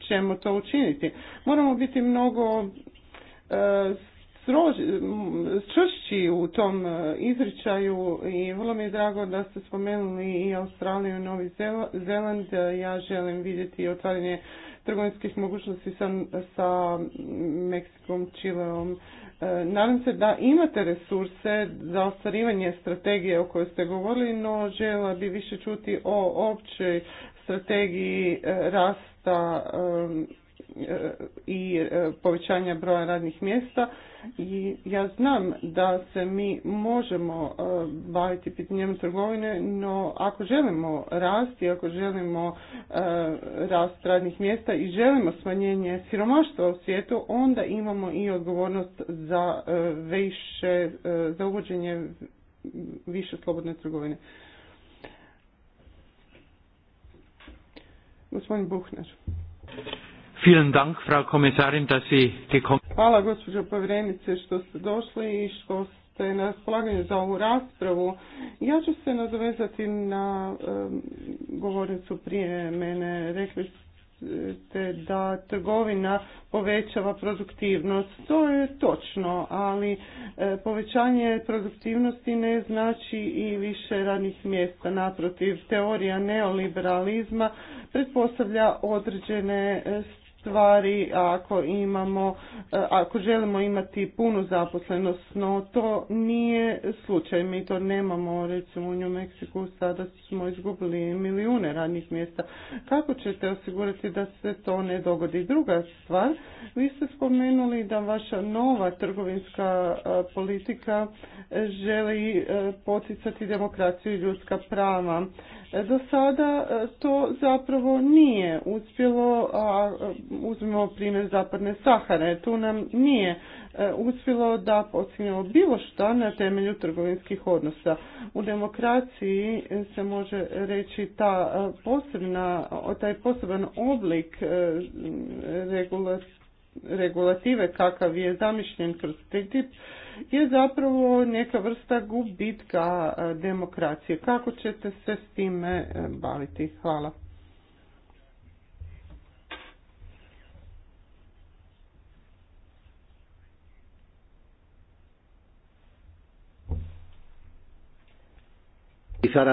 ćemo to učiniti. Moramo biti mnogo s čršći u tom e, izričaju i vrlo mi je drago da ste spomenuli i Australiju i Novi Zeland. Ja želim vidjeti otvaranje trgovinskih mogućnosti sa, sa Meksikom, Čileom. E, nadam se da imate resurse za ostvarivanje strategije o kojoj ste govorili, no žela bi više čuti o općoj strategiji e, rasta i e, povećanja broja radnih mjesta i ja znam da se mi možemo e, baviti pitanjem trgovine, no ako želimo rasti, ako želimo e, rast radnih mjesta i želimo smanjenje siromaštva u svijetu, onda imamo i odgovornost za više, za uvođenje više slobodne trgovine. Gospodin Buhner. Hvala, gospođo povjerenice, što ste došli i što ste na raspolaganju za ovu raspravu. Ja ću se nadovezati na govornicu prije mene. Rekli ste da trgovina povećava produktivnost. To je točno, ali e, povećanje produktivnosti ne znači i više radnih mjesta. Naprotiv, teorija neoliberalizma pretpostavlja određene e, stvari, ako imamo, ako želimo imati punu zaposlenost, no to nije slučaj. Mi to nemamo, recimo u New Meksiku sada smo izgubili milijune radnih mjesta. Kako ćete osigurati da se to ne dogodi? Druga stvar, vi ste spomenuli da vaša nova trgovinska politika želi poticati demokraciju i ljudska prava. Do sada e, to zapravo nije uspjelo, a uzmemo primjer Zapadne Sahare, tu nam nije e, uspjelo da postignemo bilo što na temelju trgovinskih odnosa. U demokraciji se može reći ta e, posebna, taj poseban oblik regulative kakav je zamišljen kroz TTIP je zapravo neka vrsta gubitka e, demokracije. Kako ćete se s time e, baviti? Hvala.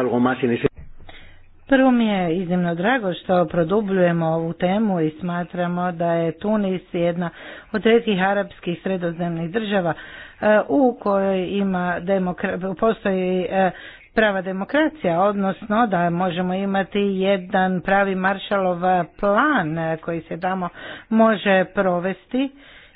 algo más Prvo mi je iznimno drago što produbljujemo ovu temu i smatramo da je Tunis jedna od redkih arapskih sredozemnih država e, u kojoj ima postoji e, prava demokracija, odnosno da možemo imati jedan pravi maršalov plan e, koji se tamo može provesti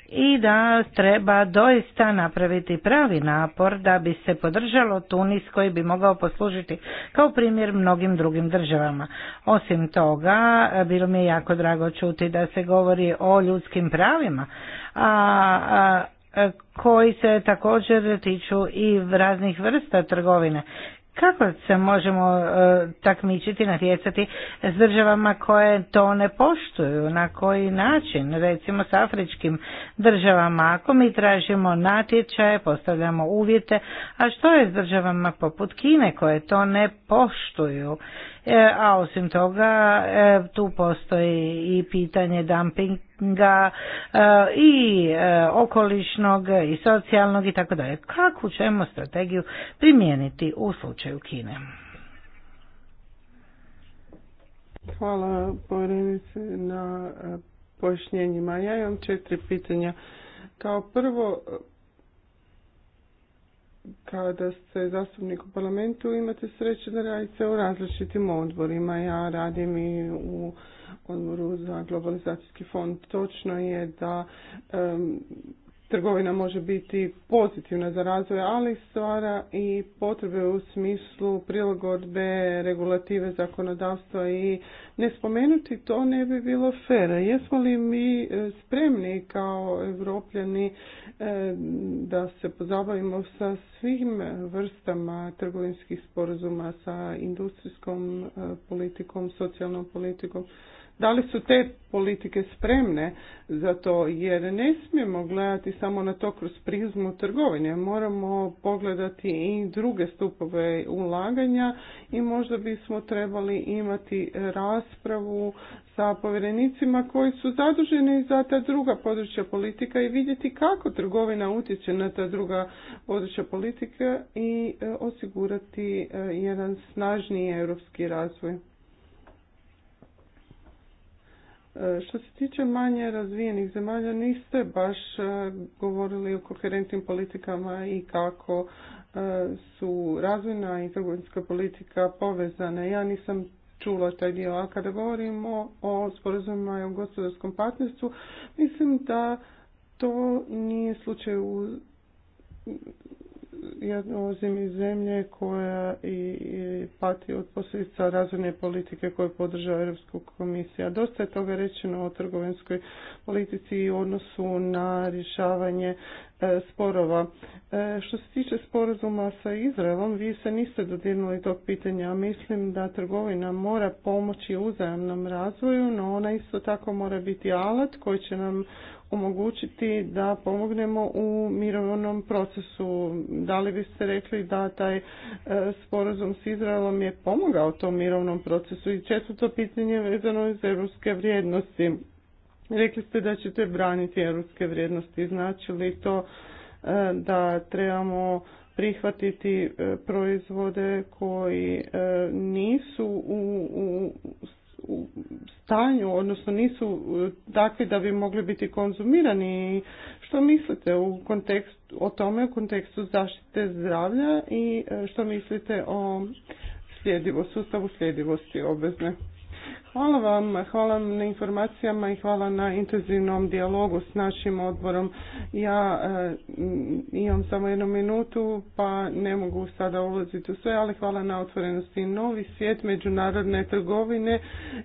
i da treba doista napraviti pravi napor da bi se podržalo Tunis koji bi mogao poslužiti kao primjer mnogim drugim državama. Osim toga, bilo mi je jako drago čuti da se govori o ljudskim pravima, a, koji se također tiču i raznih vrsta trgovine. Kako se možemo e, takmičiti, natjecati s državama koje to ne poštuju? Na koji način? Recimo s afričkim državama. Ako mi tražimo natječaje, postavljamo uvjete, a što je s državama poput Kine koje to ne poštuju? e a osim toga e, tu postoji i pitanje dumpinga e, i e, okolišnog i socijalnog i tako dalje. Kakvu ćemo strategiju primijeniti u slučaju Kine? Hvala Borenice na pojašnjenjima. Ja imam četiri pitanja. Kao prvo, kada ste zastupnik u parlamentu imate sreće da radite u različitim odborima. Ja radim i u odboru za globalizacijski fond. Točno je da trgovina može biti pozitivna za razvoj, ali stvara i potrebe u smislu prilagodbe, regulative, zakonodavstva i ne spomenuti to ne bi bilo fera Jesmo li mi e, spremni kao evropljani E, da se pozabavimo sa svim vrstama trgovinskih sporazuma sa industrijskom e, politikom, socijalnom politikom da li su te politike spremne za to? Jer ne smijemo gledati samo na to kroz prizmu trgovine. Moramo pogledati i druge stupove ulaganja i možda bismo trebali imati raspravu sa povjerenicima koji su zaduženi za ta druga područja politika i vidjeti kako trgovina utječe na ta druga područja politika i e, osigurati e, jedan snažniji europski razvoj. Što se tiče manje razvijenih zemalja, niste baš e, govorili o koherentnim politikama i kako e, su razvojna i trgovinska politika povezane. Ja nisam čula taj dio, a kada govorimo o sporazumima i o gospodarskom partnerstvu, mislim da to nije slučaj u ja dolazim iz zemlje koja i pati od posljedica razvojne politike koje podržava Europska komisija. Dosta je toga rečeno o trgovinskoj politici i odnosu na rješavanje e, sporova. E, što se tiče sporazuma sa Izraelom, vi se niste dodirnuli tog pitanja. Mislim da trgovina mora pomoći uzajamnom razvoju, no ona isto tako mora biti alat koji će nam omogućiti da pomognemo u mirovnom procesu. Da li biste rekli da taj e, sporazum s Izraelom je pomogao tom mirovnom procesu i to pitanje vezano iz europske vrijednosti. Rekli ste da ćete braniti europske vrijednosti. Znači li to e, da trebamo prihvatiti e, proizvode koji nisu u, u u stanju, odnosno nisu e, takvi da bi mogli biti konzumirani. Što mislite u kontekstu, o tome u kontekstu zaštite zdravlja i e, što mislite o sljedivosti, sustavu sljedivosti obvezne? Hvala vam, hvala na informacijama i hvala na intenzivnom dijalogu s našim odborom. Ja e, imam samo jednu minutu pa ne mogu sada ulaziti u sve, ali hvala na otvorenosti. Novi svijet međunarodne trgovine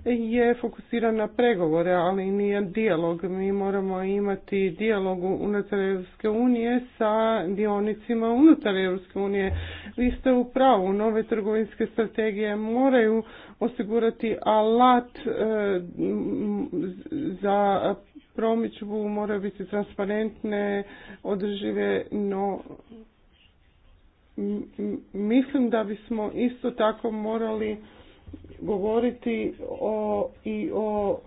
je fokusiran na pregovore, ali nije dijalog. Mi moramo imati dijalog unutar Europske unije sa dionicima unutar Europske unije. Vi ste u pravu, nove trgovinske strategije moraju osigurati alat E, za promičbu moraju biti transparentne, održive, no mislim da bismo isto tako morali govoriti o, i o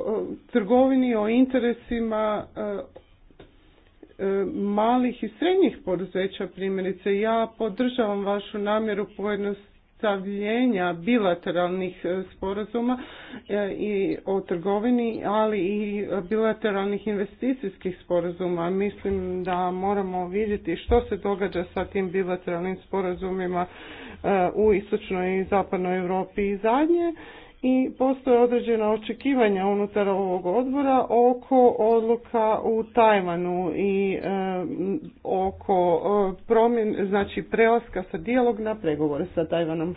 trgovini, o interesima e, e, malih i srednjih poduzeća primjerice. Ja podržavam vašu namjeru pojednost Stavljenja bilateralnih e, sporazuma e, i o trgovini, ali i bilateralnih investicijskih sporazuma. Mislim da moramo vidjeti što se događa sa tim bilateralnim sporazumima e, u istočnoj i zapadnoj Europi. I zadnje, i postoje određena očekivanja unutar ovog odbora oko odluka u Tajvanu i eh, oko eh, promjen, znači prelaska sa dijalog na pregovore sa Tajvanom.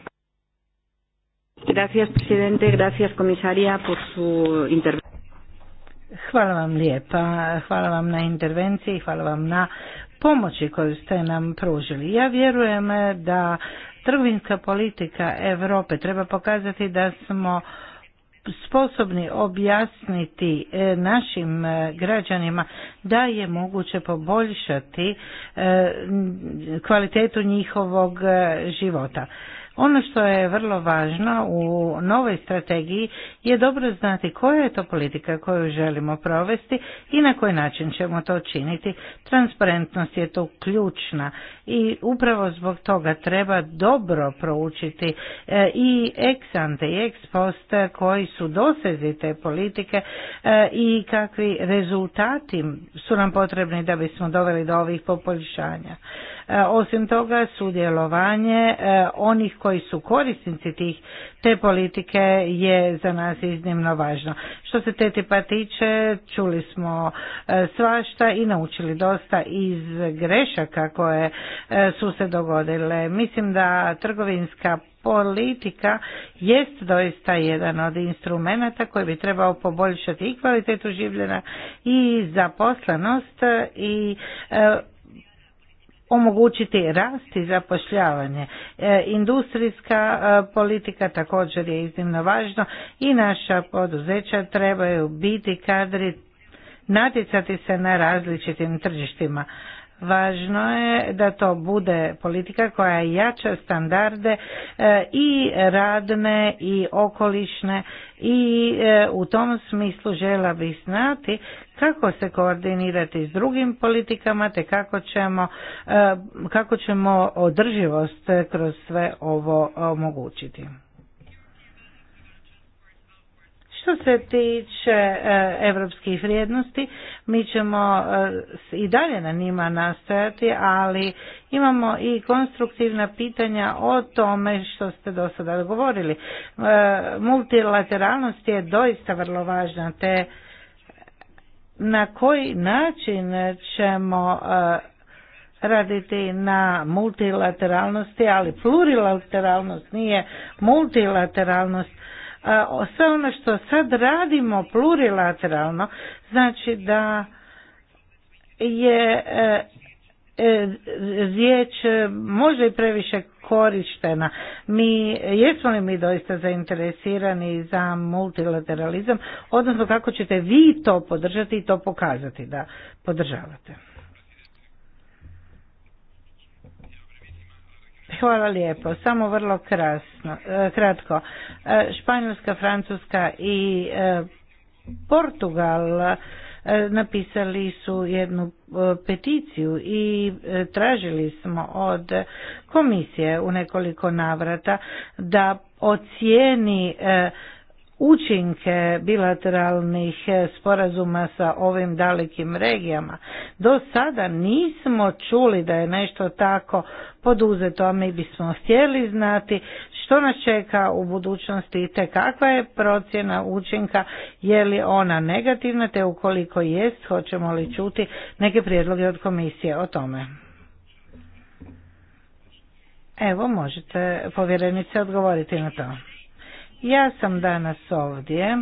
Gracias, presidente. Gracias, komisarija, por su Hvala vam lijepa. Hvala vam na intervenciji, hvala vam na pomoći koju ste nam pružili. Ja vjerujem da trgovinska politika Europe treba pokazati da smo sposobni objasniti e, našim e, građanima da je moguće poboljšati e, kvalitetu njihovog života. Ono što je vrlo važno u novoj strategiji je dobro znati koja je to politika koju želimo provesti i na koji način ćemo to činiti. Transparentnost je tu ključna i upravo zbog toga treba dobro proučiti e, i ex ante i ex post koji su dosezi te politike e, i kakvi rezultati su nam potrebni da bismo doveli do ovih poboljšanja. E, osim toga, sudjelovanje e, onih koji su korisnici tih te politike je za nas iznimno važno. Što se te a p-a tiče, čuli smo e, svašta i naučili dosta iz grešaka koje su se dogodile. Mislim da trgovinska politika jest doista jedan od instrumenata koji bi trebao poboljšati i kvalitetu življena i zaposlenost i omogućiti rast i zapošljavanje. E, industrijska e, politika također je iznimno važna i naša poduzeća trebaju biti kadri natjecati se na različitim tržištima. Važno je da to bude politika koja jača standarde e, i radne i okolišne i e, u tom smislu žela bi znati kako se koordinirati s drugim politikama te kako ćemo, e, kako ćemo održivost kroz sve ovo omogućiti. Što se tiče e, evropskih vrijednosti, mi ćemo e, i dalje na njima nastojati, ali imamo i konstruktivna pitanja o tome što ste do sada govorili. E, multilateralnost je doista vrlo važna, te na koji način ćemo raditi na multilateralnosti, ali plurilateralnost nije multilateralnost sve ono što sad radimo plurilateralno, znači da je e, e, riječ e, možda i previše korištena. Mi, jesmo li mi doista zainteresirani za multilateralizam, odnosno kako ćete vi to podržati i to pokazati da podržavate? Hvala lijepo. Samo vrlo krasno, e, kratko. E, Španjolska, Francuska i e, Portugal napisali su jednu peticiju i tražili smo od komisije u nekoliko navrata da ocijeni učinke bilateralnih sporazuma sa ovim dalekim regijama. Do sada nismo čuli da je nešto tako poduzeto, a mi bismo htjeli znati što nas čeka u budućnosti te kakva je procjena učinka, je li ona negativna, te ukoliko jest, hoćemo li čuti neke prijedloge od komisije o tome. Evo, možete povjerenice odgovoriti na to. Ja sam danas ovdje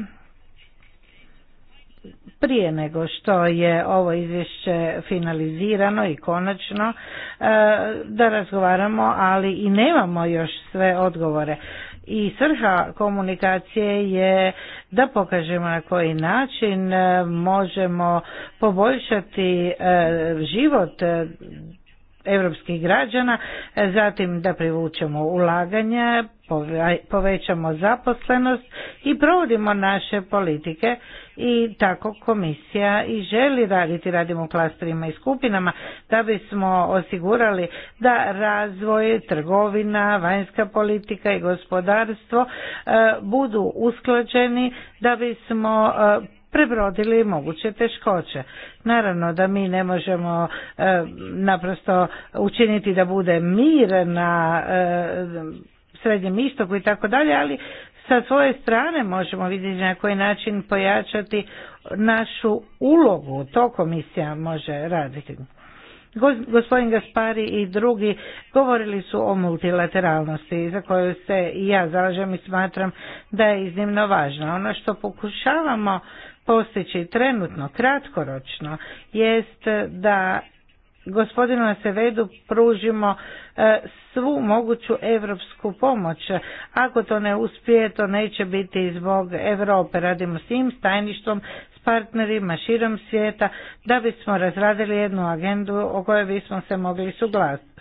prije nego što je ovo izvješće finalizirano i konačno e, da razgovaramo, ali i nemamo još sve odgovore. I svrha komunikacije je da pokažemo na koji način e, možemo poboljšati e, život europskih građana, zatim da privučemo ulaganja, povećamo zaposlenost i provodimo naše politike i tako komisija i želi raditi, radimo u klasterima i skupinama da bismo osigurali da razvoj, trgovina, vanjska politika i gospodarstvo e, budu usklađeni da bismo e, prebrodili moguće teškoće. Naravno da mi ne možemo e, naprosto učiniti da bude mir na srednjem istoku i tako dalje, ali sa svoje strane možemo vidjeti na koji način pojačati našu ulogu. To komisija može raditi. Gospodin Gaspari i drugi govorili su o multilateralnosti za koju se i ja zalažem i smatram da je iznimno važna. Ono što pokušavamo postići trenutno, kratkoročno, jest da gospodinu Sevedu pružimo e, svu moguću evropsku pomoć. Ako to ne uspije, to neće biti zbog Europe. Radimo s njim, s tajništvom, s partnerima širom svijeta, da bismo razradili jednu agendu o kojoj bismo se mogli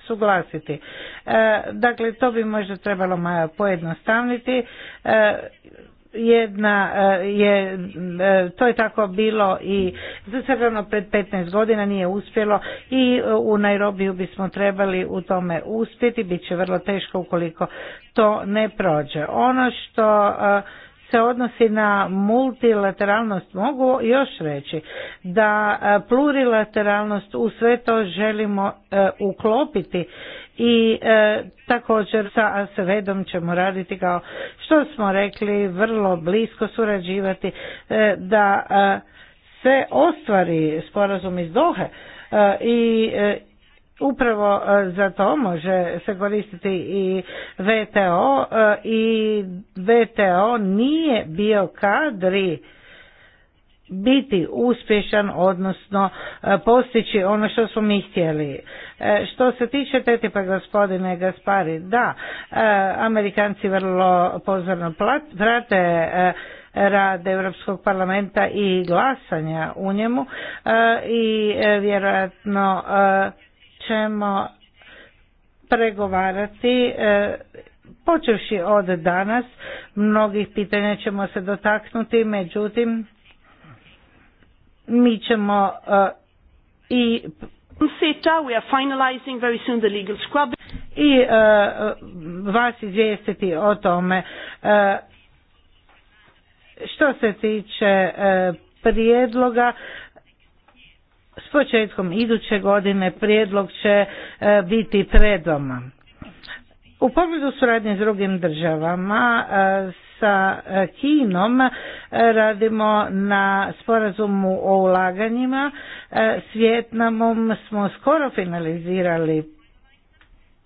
suglasiti. E, dakle, to bi možda trebalo pojednostavniti e, jedna eh, je, eh, to je tako bilo i zasebno pred 15 godina nije uspjelo i eh, u Nairobiju bismo trebali u tome uspjeti, bit će vrlo teško ukoliko to ne prođe. Ono što se odnosi na multilateralnost mogu još reći da plurilateralnost u sve to želimo uklopiti i e, također sa svedom ćemo raditi kao što smo rekli vrlo blisko surađivati e, da e, se ostvari sporazum iz Dohe i upravo za to može se koristiti i VTO i VTO nije bio kadri biti uspješan, odnosno e, postići ono što smo mi htjeli. E, što se tiče ttip pa gospodine Gaspari, da, e, Amerikanci vrlo pozorno prate rad Europskog parlamenta i glasanja u njemu i vjerojatno ćemo pregovarati počevši od danas mnogih pitanja ćemo se dotaknuti međutim mi ćemo e, i CETA, we are finalizing very soon the legal scrub. I e, e, vas izvijestiti o tome. što se tiče prijedloga, s početkom iduće godine prijedlog će biti pred U pogledu suradnje s drugim državama sa e, Kinom e, radimo na sporazumu o ulaganjima. E, s Vjetnamom smo skoro finalizirali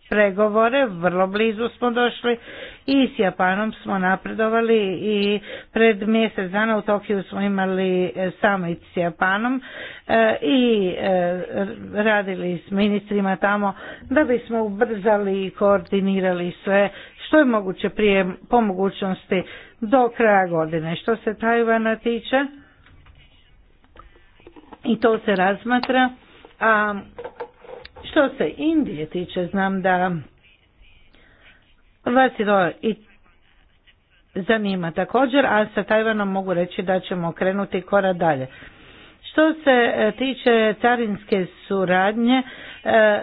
pregovore, vrlo blizu smo došli i s Japanom smo napredovali i pred mjesec dana u Tokiju smo imali summit s Japanom i radili s ministrima tamo da bismo ubrzali i koordinirali sve što je moguće prije po mogućnosti do kraja godine. Što se Tajvana tiče, i to se razmatra, a što se Indije tiče, znam da vas je to i zanima također, a sa Tajvanom mogu reći da ćemo krenuti korak dalje. Što se e, tiče carinske suradnje, e,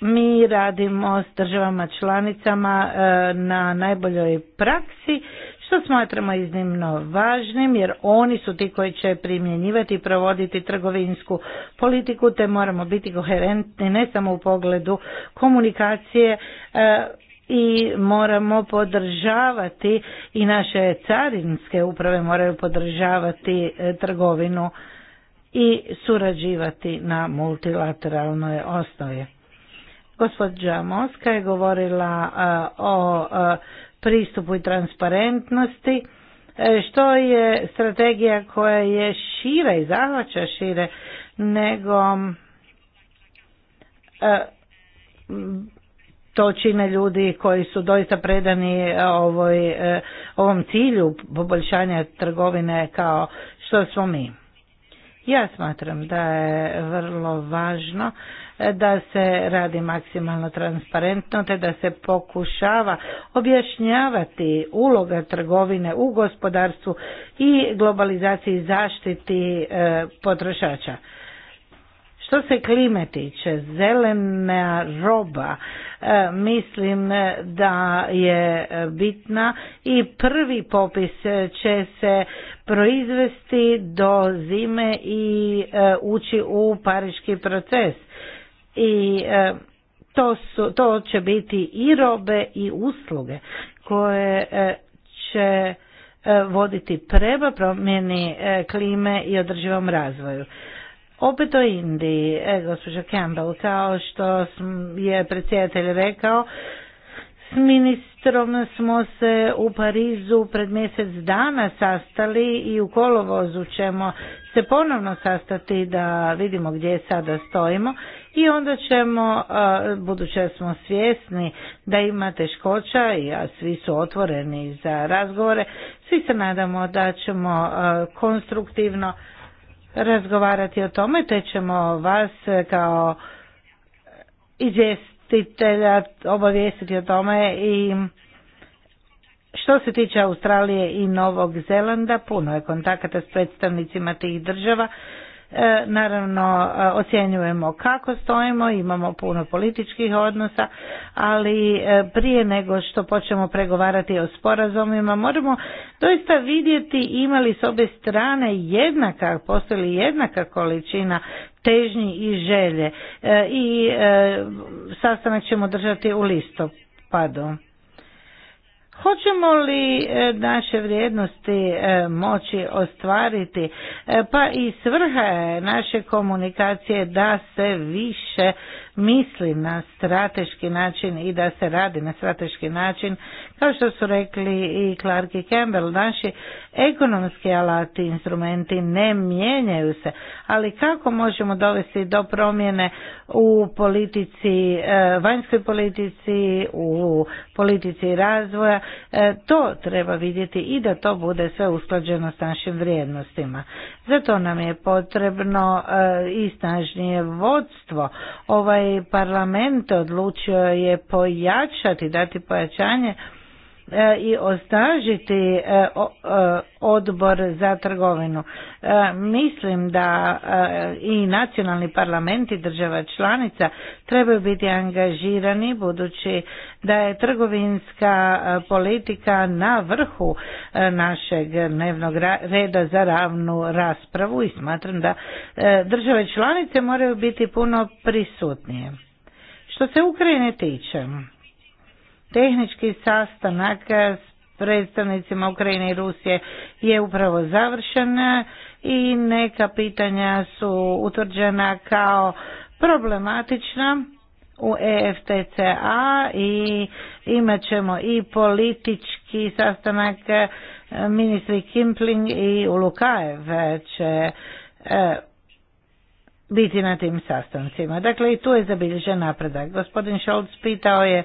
mi radimo s državama članicama e, na najboljoj praksi što smatramo iznimno važnim jer oni su ti koji će primjenjivati i provoditi trgovinsku politiku te moramo biti koherentni ne samo u pogledu komunikacije e, i moramo podržavati i naše carinske uprave moraju podržavati e, trgovinu i surađivati na multilateralnoj osnovi. Gospođa Moska je govorila eh, o eh, pristupu i transparentnosti, eh, što je strategija koja je šira i zahvaća šire nego to čine ljudi koji su doista predani ovoj, ovom cilju poboljšanja trgovine kao što smo mi. Ja smatram da je vrlo važno da se radi maksimalno transparentno te da se pokušava objašnjavati uloga trgovine u gospodarstvu i globalizaciji zaštiti e, potrošača. Što se klime tiče, zelena roba e, mislim da je bitna i prvi popis će se proizvesti do zime i e, ući u pariški proces i e, to, su, to će biti i robe i usluge koje e, će e, voditi prema promjeni klime i održivom razvoju. Opet o Indiji, gospođa Campbell, kao što je predsjedatelj rekao, s ministrom smo se u Parizu pred mjesec dana sastali i u kolovozu ćemo se ponovno sastati da vidimo gdje sada stojimo i onda ćemo, da smo svjesni da ima teškoća i svi su otvoreni za razgovore, svi se nadamo da ćemo konstruktivno razgovarati o tome, te ćemo vas kao izvjestitelja obavijestiti o tome i što se tiče Australije i Novog Zelanda, puno je kontakata s predstavnicima tih država E, naravno, e, ocjenjujemo kako stojimo, imamo puno političkih odnosa, ali e, prije nego što počnemo pregovarati o sporazumima, moramo doista vidjeti imali s obje strane jednaka, postoji li jednaka količina težnji i želje. I sastanak ćemo držati u listopadu. Hoćemo li e, naše vrijednosti e, moći ostvariti? E, pa i svrha naše komunikacije da se više misli na strateški način i da se radi na strateški način. Kao što su rekli i Clark i Campbell, naši ekonomski alati, instrumenti ne mijenjaju se, ali kako možemo dovesti do promjene u politici, e, vanjskoj politici, u politici razvoja, e, to treba vidjeti i da to bude sve usklađeno s našim vrijednostima. Zato nam je potrebno e, i snažnije vodstvo. Ovaj parlament odlučio je pojačati, dati pojačanje E, i ostažiti e, e, odbor za trgovinu. Mislim da i nacionalni parlamenti država članica trebaju biti angažirani budući da je trgovinska politika na vrhu našeg dnevnog reda za ravnu raspravu i smatram da države članice moraju biti puno prisutnije. Što se Ukrajine tiče, Tehnički sastanak s predstavnicima Ukrajine i Rusije je upravo završena i neka pitanja su utvrđena kao problematična u EFTCA i imat ćemo i politički sastanak ministri Kimpling i Ulukajev će e, biti na tim sastancima. Dakle, i tu je zabilježen napredak. Gospodin Scholz pitao je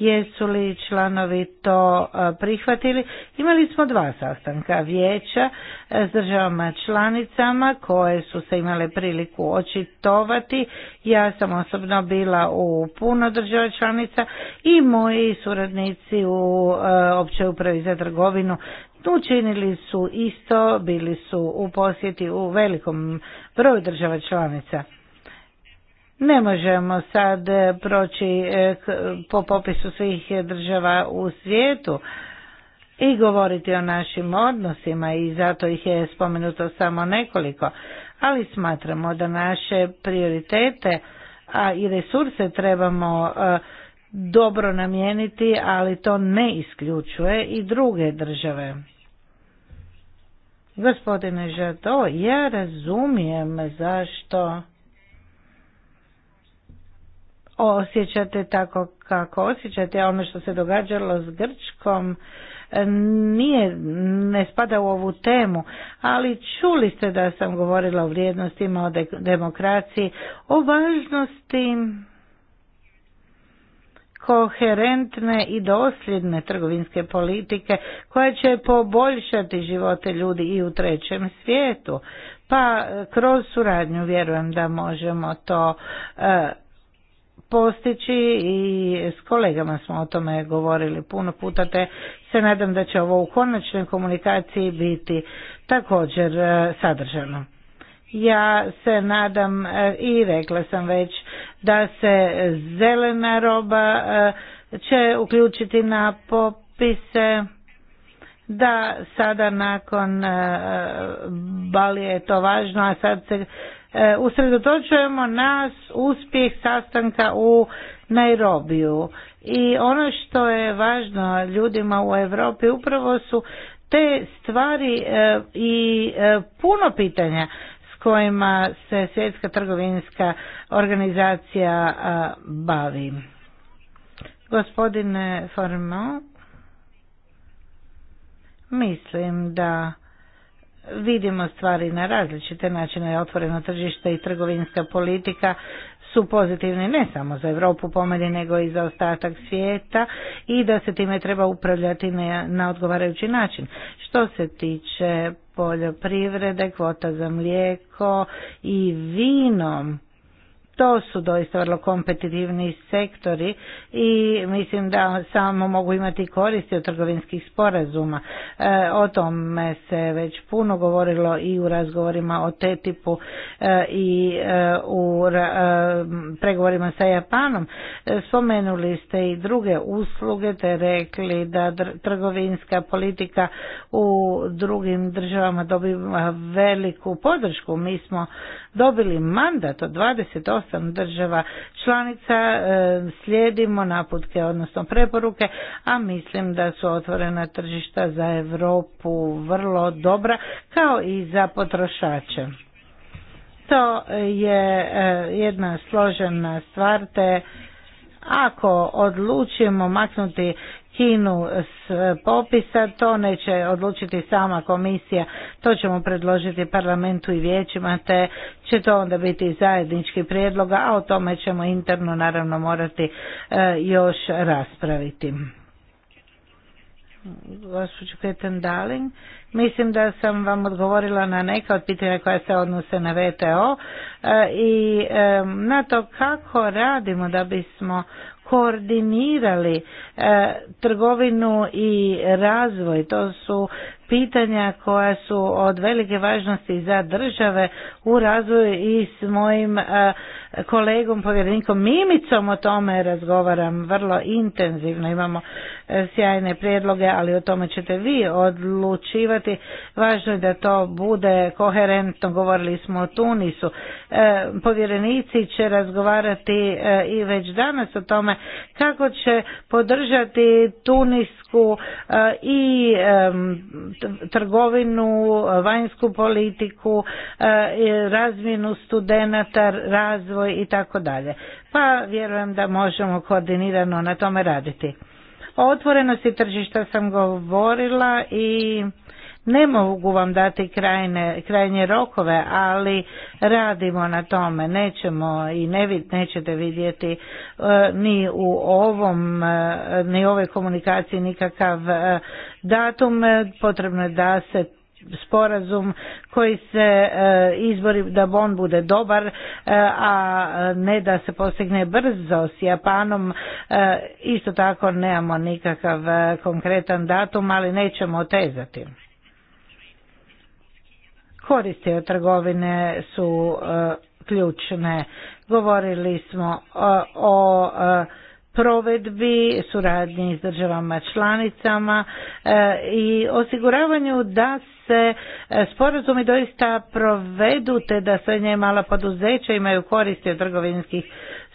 jesu li članovi to e, prihvatili. Imali smo dva sastanka vijeća e, s državama članicama koje su se imale priliku očitovati. Ja sam osobno bila u puno država članica i moji suradnici u e, općoj upravi za trgovinu učinili su isto, bili su u posjeti u velikom broju država članica. Ne možemo sad e, proći e, po popisu svih država u svijetu i govoriti o našim odnosima i zato ih je spomenuto samo nekoliko, ali smatramo da naše prioritete a i resurse trebamo e, dobro namijeniti, ali to ne isključuje i druge države. Gospodine Žato, ja razumijem zašto osjećate tako kako osjećate, ono što se događalo s Grčkom e, nije, ne spada u ovu temu, ali čuli ste da sam govorila o vrijednostima, o demokraciji, o važnosti koherentne i dosljedne trgovinske politike koja će poboljšati živote ljudi i u trećem svijetu. Pa e, kroz suradnju vjerujem da možemo to e, postići i s kolegama smo o tome govorili puno puta te se nadam da će ovo u konačnoj komunikaciji biti također e, sadržano. Ja se nadam e, i rekla sam već da se zelena roba e, će uključiti na popise da sada nakon bali je to važno, a sad se E, usredotočujemo nas, uspjeh sastanka u Nairobiju. I ono što je važno ljudima u Europi upravo su te stvari e, i e, puno pitanja s kojima se svjetska trgovinska organizacija bavi. Gospodine Formo, mislim da vidimo stvari na različite načine. Otvoreno tržište i trgovinska politika su pozitivni ne samo za Europu pomeni nego i za ostatak svijeta i da se time treba upravljati na, na odgovarajući način. Što se tiče poljoprivrede, kvota za mlijeko i vinom to su doista vrlo kompetitivni sektori i mislim da samo mogu imati koristi od trgovinskih sporazuma. E, o tome se već puno govorilo i u razgovorima o TTIP-u e, i e, u pregovorima sa Japanom. Spomenuli ste i druge usluge te rekli da trgovinska politika u drugim državama dobiva veliku podršku. Mi smo dobili mandat od 28 8 država članica e, slijedimo naputke, odnosno preporuke, a mislim da su otvorena tržišta za Europu vrlo dobra kao i za potrošače. To je e, jedna složena stvar te ako odlučimo maknuti skinu s popisa, to neće odlučiti sama komisija, to ćemo predložiti parlamentu i vijećima, te će to onda biti zajednički prijedlog, a o tome ćemo interno naravno morati e, još raspraviti gospođo Kretan Daling, Mislim da sam vam odgovorila na neka od pitanja koja se odnose na VTO e, i e, na to kako radimo da bismo koordinirali e, trgovinu i razvoj. To su pitanja koja su od velike važnosti za države u razvoju i s mojim e, kolegom povjerenikom Mimicom o tome razgovaram vrlo intenzivno. Imamo e, sjajne prijedloge, ali o tome ćete vi odlučivati. Važno je da to bude koherentno, govorili smo o Tunisu. E, povjerenici će razgovarati e, i već danas o tome kako će podržati tunisku i trgovinu, vanjsku politiku, razmjenu studenata, razvoj i tako dalje. Pa vjerujem da možemo koordinirano na tome raditi. O otvorenosti tržišta sam govorila i ne mogu vam dati krajne, krajnje rokove, ali radimo na tome. Nećemo i ne nećete vidjeti e, ni u ovom, e, ni ovoj komunikaciji nikakav e, datum. Potrebno je da se sporazum koji se e, izbori da on bude dobar, e, a ne da se postigne brzo s Japanom. E, isto tako nemamo nikakav konkretan datum, ali nećemo tezati. Koristi od trgovine su ključne. Govorili smo o provedbi, suradnji s državama članicama i osiguravanju da se e, sporazumi doista provedu te da se nje mala poduzeća imaju koristi od trgovinskih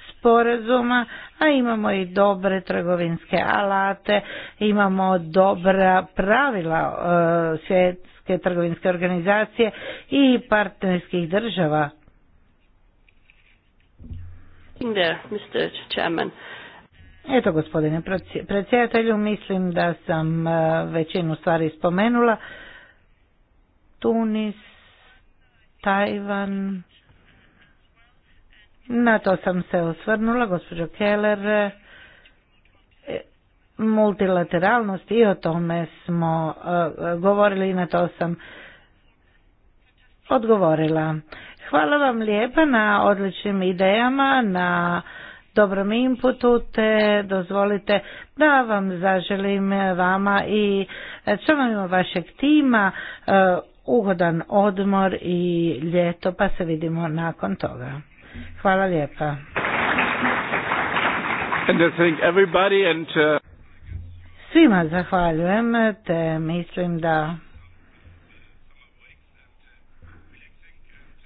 sporazuma, a imamo i dobre trgovinske alate, imamo dobra pravila e, svjetske trgovinske organizacije i partnerskih država. Eto gospodine predsjedatelju, mislim da sam e, većinu stvari spomenula. Tunis, Tajvan. Na to sam se osvrnula, gospođo Keller. E, multilateralnost i o tome smo e, govorili i na to sam odgovorila. Hvala vam lijepa na odličnim idejama, na dobrom inputu, te dozvolite da vam zaželim vama i članovima vašeg tima e, ugodan odmor i ljeto pa se vidimo nakon toga. Hvala lijepa. And I think everybody and, uh, Svima zahvaljujem te mislim da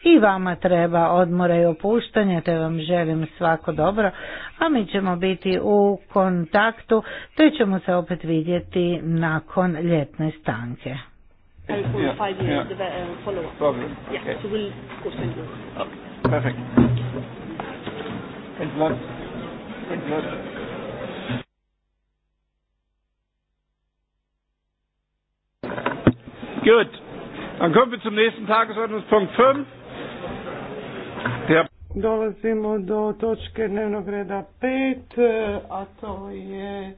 i vama treba odmora i opuštanje te vam želim svako dobro a mi ćemo biti u kontaktu te ćemo se opet vidjeti nakon ljetne stanke and four yeah, or five years yeah. uh, follow-up. Problem. Yeah, okay. so we'll, of course, send you. Okay. Perfect. Thanks a lot. Thanks a lot. Gut. Dann kommen wir zum nächsten Tagesordnungspunkt 5. Der Dolazimo do točke dnevnog reda 5, a to je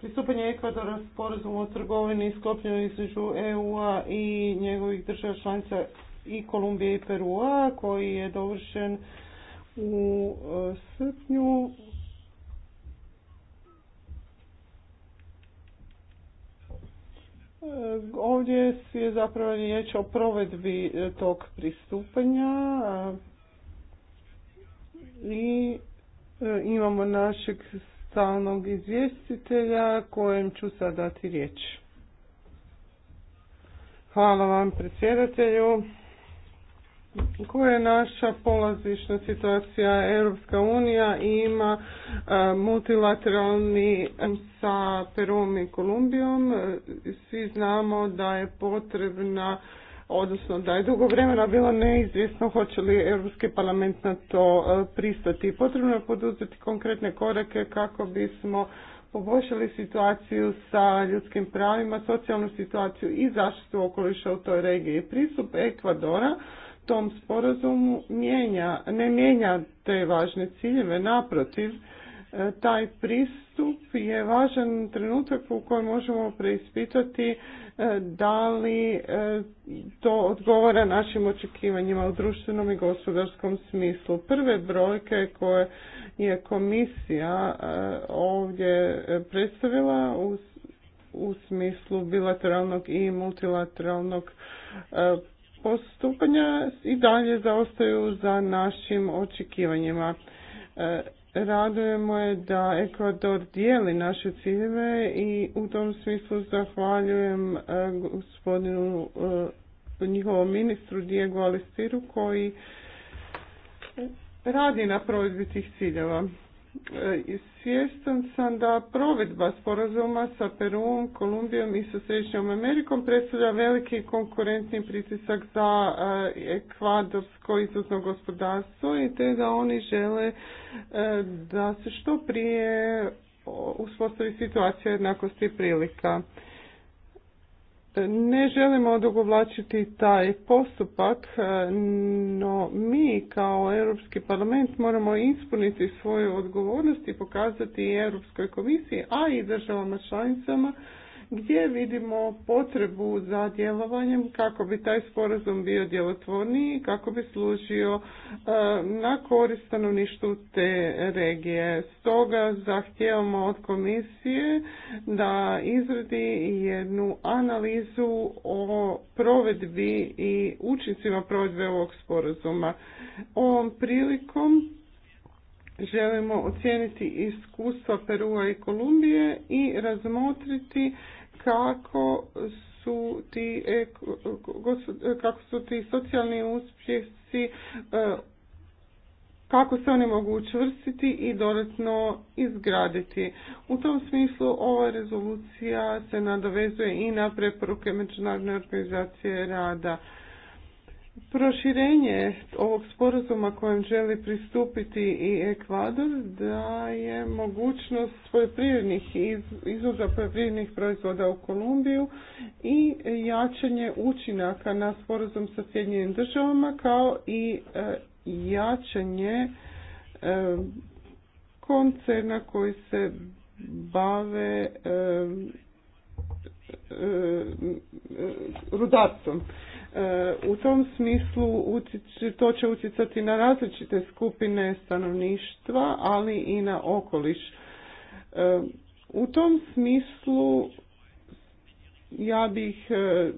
Pristupanje Ekvadora sporazumu o trgovini sklopljeno između EU-a i njegovih država članica i Kolumbije i Perua koji je dovršen u e, srpnju e, Ovdje je zapravo riječ o provedbi e, tog pristupanja i imamo našeg stalnog izvjestitelja kojem ću sad dati riječ. Hvala vam predsjedatelju. Koja je naša polazišna situacija? Europska unija ima e, multilateralni sa Perom i Kolumbijom. E, svi znamo da je potrebna odnosno da je dugo vremena bilo neizvjesno hoće li Europski parlament na to e, pristati. Potrebno je poduzeti konkretne korake kako bismo poboljšali situaciju sa ljudskim pravima, socijalnu situaciju i zaštitu okoliša u toj regiji. Pristup Ekvadora tom sporazumu mijenja, ne mijenja te važne ciljeve, naprotiv, E, taj pristup je važan trenutak u kojem možemo preispitati e, da li e, to odgovara našim očekivanjima u društvenom i gospodarskom smislu. Prve brojke koje je komisija ovdje predstavila u, smislu bilateralnog i multilateralnog postupanja i dalje zaostaju za našim očekivanjima radujemo je da Ekvador dijeli naše ciljeve i u tom smislu zahvaljujem e, gospodinu e, njihovom ministru Diego Alistiru koji radi na provedbi tih ciljeva svjestan sam da provedba sporazuma sa Peruom, Kolumbijom i sa središnjom Amerikom predstavlja veliki konkurentni pritisak za eh, ekvadorsko izvozno gospodarstvo i te da oni žele eh, da se što prije uspostavi situacija jednakosti prilika ne želimo odugovlačiti taj postupak, e, no mi kao Europski parlament moramo ispuniti svoju odgovornost i pokazati i Europskoj komisiji, a i državama članicama gdje vidimo potrebu za djelovanjem kako bi taj sporazum bio djelotvorniji i kako bi služio e, na korist stanovništvu te regije. Stoga zahtijevamo od komisije da izradi jednu analizu o provedbi i učincima provedbe ovog sporazuma. Ovom prilikom želimo ocijeniti iskustva Perua i Kolumbije i razmotriti kako su ti, e, e, kako su ti socijalni uspjesi e, kako se oni mogu učvrstiti i dodatno izgraditi. U tom smislu ova rezolucija se nadovezuje i na preporuke Međunarodne organizacije rada. Proširenje ovog sporazuma kojem želi pristupiti i Ekvador daje mogućnost poljoprivrednih izvoza poljoprivrednih proizvoda u Kolumbiju i jačanje učinaka na sporazum sa Sjedinjenim državama kao i e, jačanje e, koncerna koji se bave e, rudarstvom. E, u tom smislu to će utjecati na različite skupine stanovništva, ali i na okoliš. E, u tom smislu ja bih e,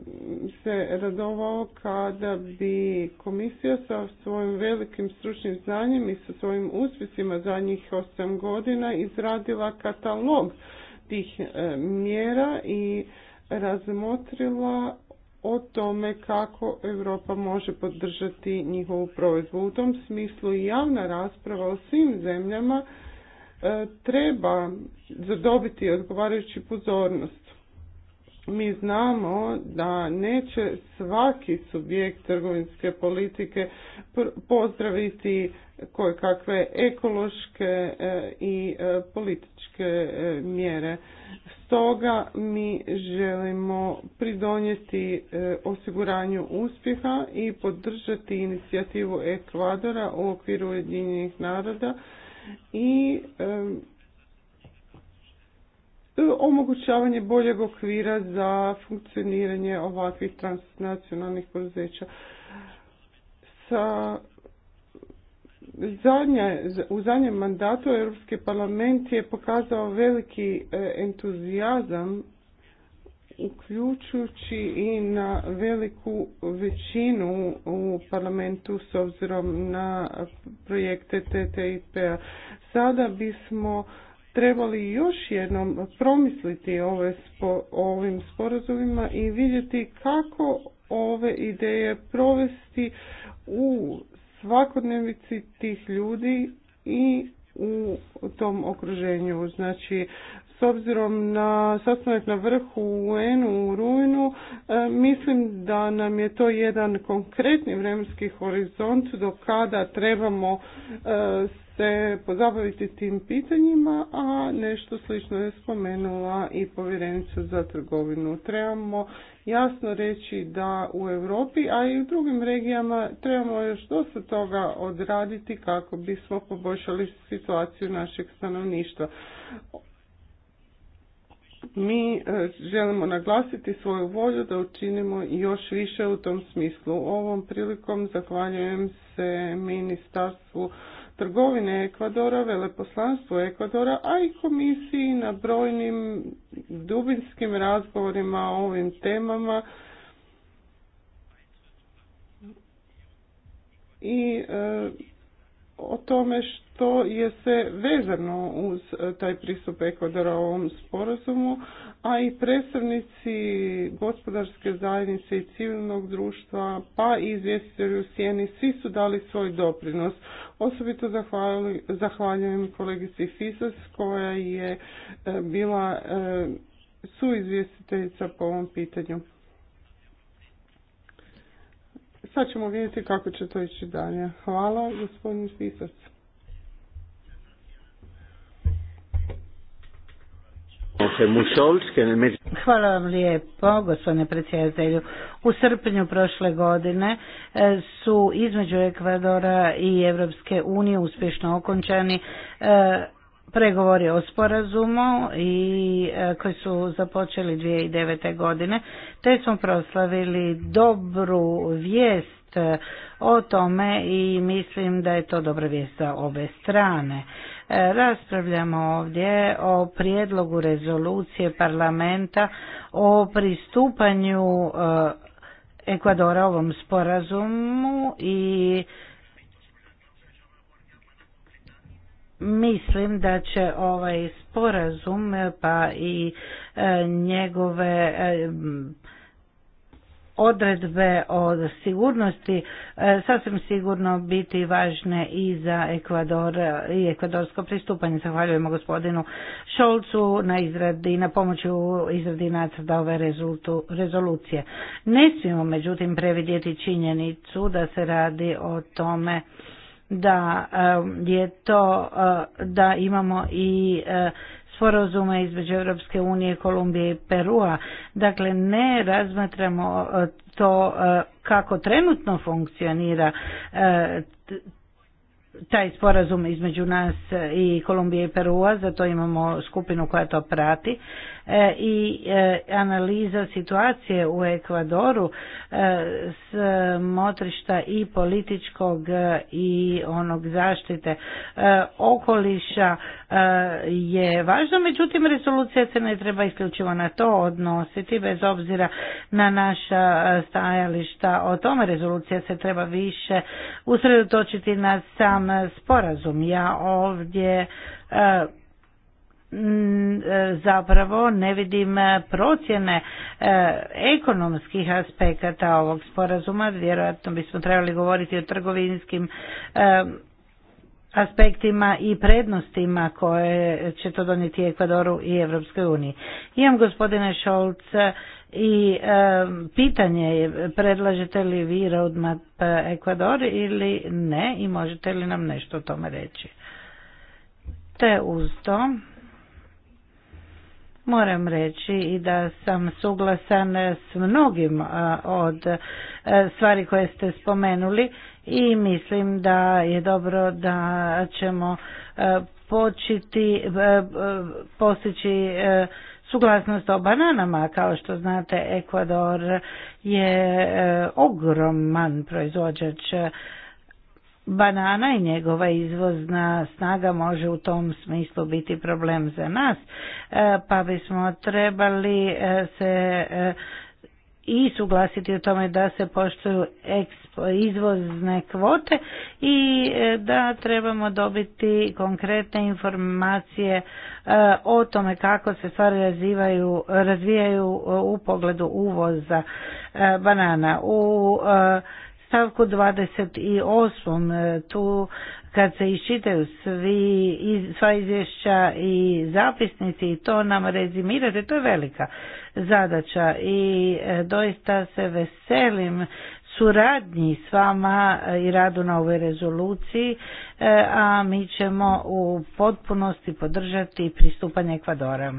se radovao kada bi komisija sa svojim velikim stručnim znanjem i sa svojim uspjesima zadnjih osam godina izradila katalog tih mjera i razmotrila o tome kako Europa može podržati njihovu provedbu U tom smislu i javna rasprava o svim zemljama e, treba zadobiti odgovarajuću pozornost. Mi znamo da neće svaki subjekt trgovinske politike pozdraviti koje kakve ekološke e, i e, političke mjere. Stoga mi želimo pridonijeti e, osiguranju uspjeha i podržati inicijativu Ekvadora u okviru Ujedinjenih naroda i e, omogućavanje boljeg okvira za funkcioniranje ovakvih transnacionalnih poduzeća. Sa u zadnjem mandatu Europski parlament je pokazao veliki e, entuzijazam uključujući i na veliku većinu u parlamentu s obzirom na projekte TTIP-a. Sada bismo trebali još jednom promisliti ove ovim sporazumima i vidjeti kako ove ideje provesti u svakodnevici tih ljudi i u tom okruženju. Znači, s obzirom na sastanak na vrhu u UN u rujnu, e, mislim da nam je to jedan konkretni vremenski horizont do kada trebamo e, se pozabaviti tim pitanjima, a nešto slično je spomenula i povjerenica za trgovinu. Trebamo jasno reći da u Europi, a i u drugim regijama trebamo još dosta toga odraditi kako bismo poboljšali situaciju našeg stanovništva. Mi e, želimo naglasiti svoju volju da učinimo još više u tom smislu. Ovom prilikom zahvaljujem se ministarstvu trgovine Ekvadora, veleposlanstvu Ekvadora, a i komisiji na brojnim dubinskim razgovorima o ovim temama. I e, o tome što je se vezano uz e, taj pristup Ekvadora ovom sporazumu, a i predstavnici gospodarske zajednice i civilnog društva, pa i izvjestitelji u Sjeni, svi su dali svoj doprinos. Osobito zahvaljujem kolegici Fisas koja je e, bila e, suizvjestiteljica po ovom pitanju. Sad ćemo vidjeti kako će to ići dalje. Hvala, gospodin Pisac. Hvala vam lijepo, gospodine predsjedatelju. U srpnju prošle godine e, su između Ekvadora i Europske unije uspješno okončani e, pregovori o sporazumu i e, koji su započeli 2009. godine, te smo proslavili dobru vijest e, o tome i mislim da je to dobra vijest za obe strane. E, raspravljamo ovdje o prijedlogu rezolucije parlamenta o pristupanju Ekvadora ovom sporazumu i mislim da će ovaj sporazum eh, pa i eh, njegove eh, odredbe o sigurnosti sasvim sigurno biti važne i za Ekvador i ekvadorsko pristupanje. Zahvaljujemo gospodinu Šolcu na izradi, i na pomoći u izradi nacrta ove rezultu, rezolucije. Ne smijemo međutim previdjeti činjenicu da se radi o tome da je to eh, da imamo i eh, sporazume između Europske unije, Kolumbije i Perua. Dakle, ne razmatramo eh, to kako trenutno funkcionira taj sporazum između nas i Kolumbije i Perua, zato imamo skupinu koja to prati. E, i e, analiza situacije u Ekvadoru e, s motrišta i političkog i onog zaštite okoliša je važno, međutim rezolucija se ne treba isključivo na to odnositi bez obzira na naša stajališta o tome rezolucija se treba više usredotočiti na sam sporazum. Ja ovdje Mm, e, zapravo ne vidim e, procjene e, ekonomskih aspekata ovog sporazuma, vjerojatno bismo trebali govoriti o trgovinskim aspektima i prednostima koje će to donijeti Ekvadoru i Evropskoj uniji. Imam gospodine Šolc i pitanje je predlažete li vi roadmap Ekvador ili ne i možete li nam nešto o tome reći. Te uz to Moram reći i da sam suglasan s mnogim od e, stvari koje ste spomenuli i mislim da je dobro da ćemo e, početi e, postići suglasnost o bananama. Kao što znate, Ekvador je ogroman proizvođač banana i njegova izvozna snaga može u tom smislu biti problem za nas, e, pa bismo trebali e, se e, i suglasiti o tome da se poštuju izvozne kvote i da trebamo dobiti konkretne informacije o tome kako se stvari razvijaju, razvijaju u pogledu uvoza banana. U stavku 28. E, tu kad se iščitaju svi, sva izvješća i zapisnici i to nam rezimirate, to je velika zadaća i e, doista se veselim suradnji s vama e, i radu na ovoj rezoluciji, a mi ćemo u potpunosti podržati pristupanje Ekvadora.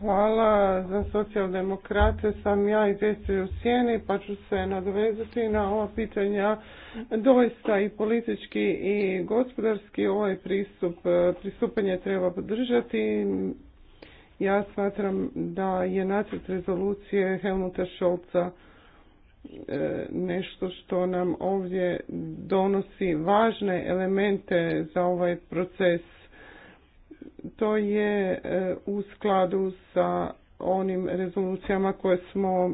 Hvala za socijaldemokrate, sam ja i u sjeni pa ću se nadovezati na ova pitanja. Doista i politički i gospodarski ovaj pristup, e, pristupanje treba podržati. Ja smatram da je nacrt rezolucije Helmuta Šolca e, nešto što nam ovdje donosi važne elemente za ovaj proces to je e, u skladu sa onim rezolucijama koje smo u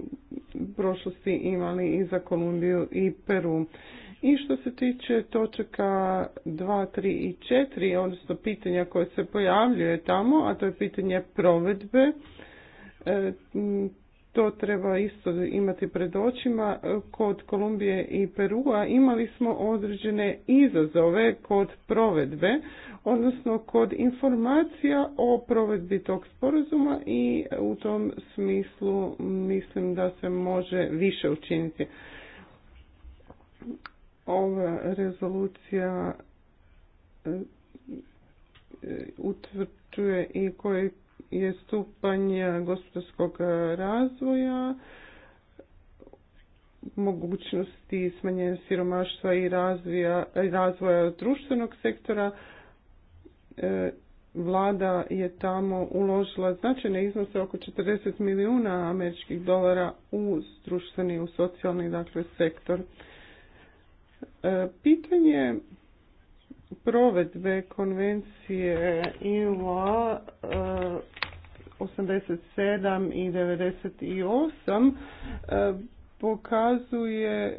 prošlosti imali i za Kolumbiju i Peru. I što se tiče točaka 2, 3 i 4, odnosno pitanja koje se pojavljuje tamo, a to je pitanje provedbe, e, to treba isto imati pred očima. E, kod Kolumbije i Perua imali smo određene izazove kod provedbe, odnosno kod informacija o provedbi tog sporazuma i u tom smislu mislim da se može više učiniti. Ova rezolucija e, e, utvrđuje i koje je stupanj gospodarskog razvoja, mogućnosti smanjenja siromaštva i razvoja društvenog sektora. E, Vlada je tamo uložila značajne iznose oko 40 milijuna američkih dolara u društveni, u socijalni dakle, sektor. E, pitanje provedbe konvencije ILA e, 87 i 98 e, pokazuje e,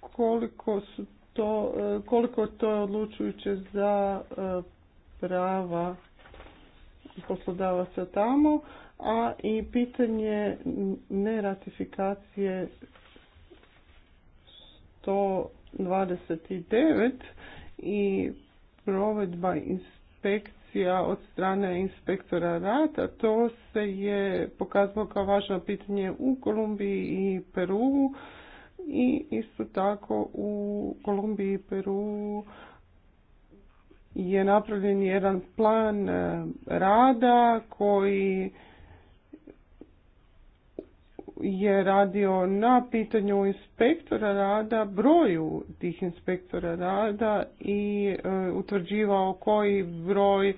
koliko su to, e, koliko to je odlučujuće za prava poslodavaca tamo, a i pitanje neratifikacije 129 i provedba inspekcije od strane inspektora rata, to se je pokazalo kao važno pitanje u Kolumbiji i Peru i isto tako u Kolumbiji i Peru je napravljen jedan plan eh, rada koji je radio na pitanju inspektora rada, broju tih inspektora rada i e, utvrđivao koji broj e,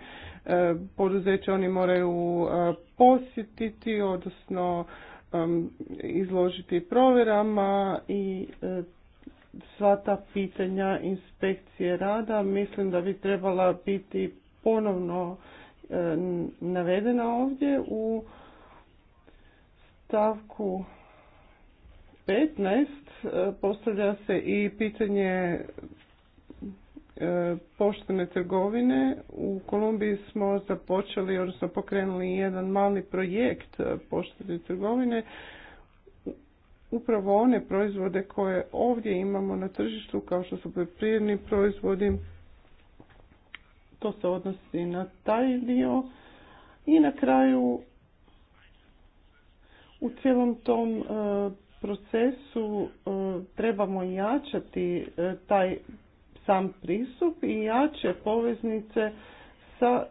poduzeća oni moraju e, posjetiti, odnosno izložiti provjerama i sva ta pitanja inspekcije rada mislim da bi trebala biti ponovno navedena ovdje u stavku 15 e, postavlja se i pitanje e, poštene trgovine. U Kolumbiji smo započeli, odnosno pokrenuli jedan mali projekt e, poštene trgovine. Upravo one proizvode koje ovdje imamo na tržištu, kao što su poljoprivredni proizvodi, to se odnosi na taj dio. I na kraju u cijelom tom e, procesu e, trebamo jačati e, taj sam pristup i jače poveznice sa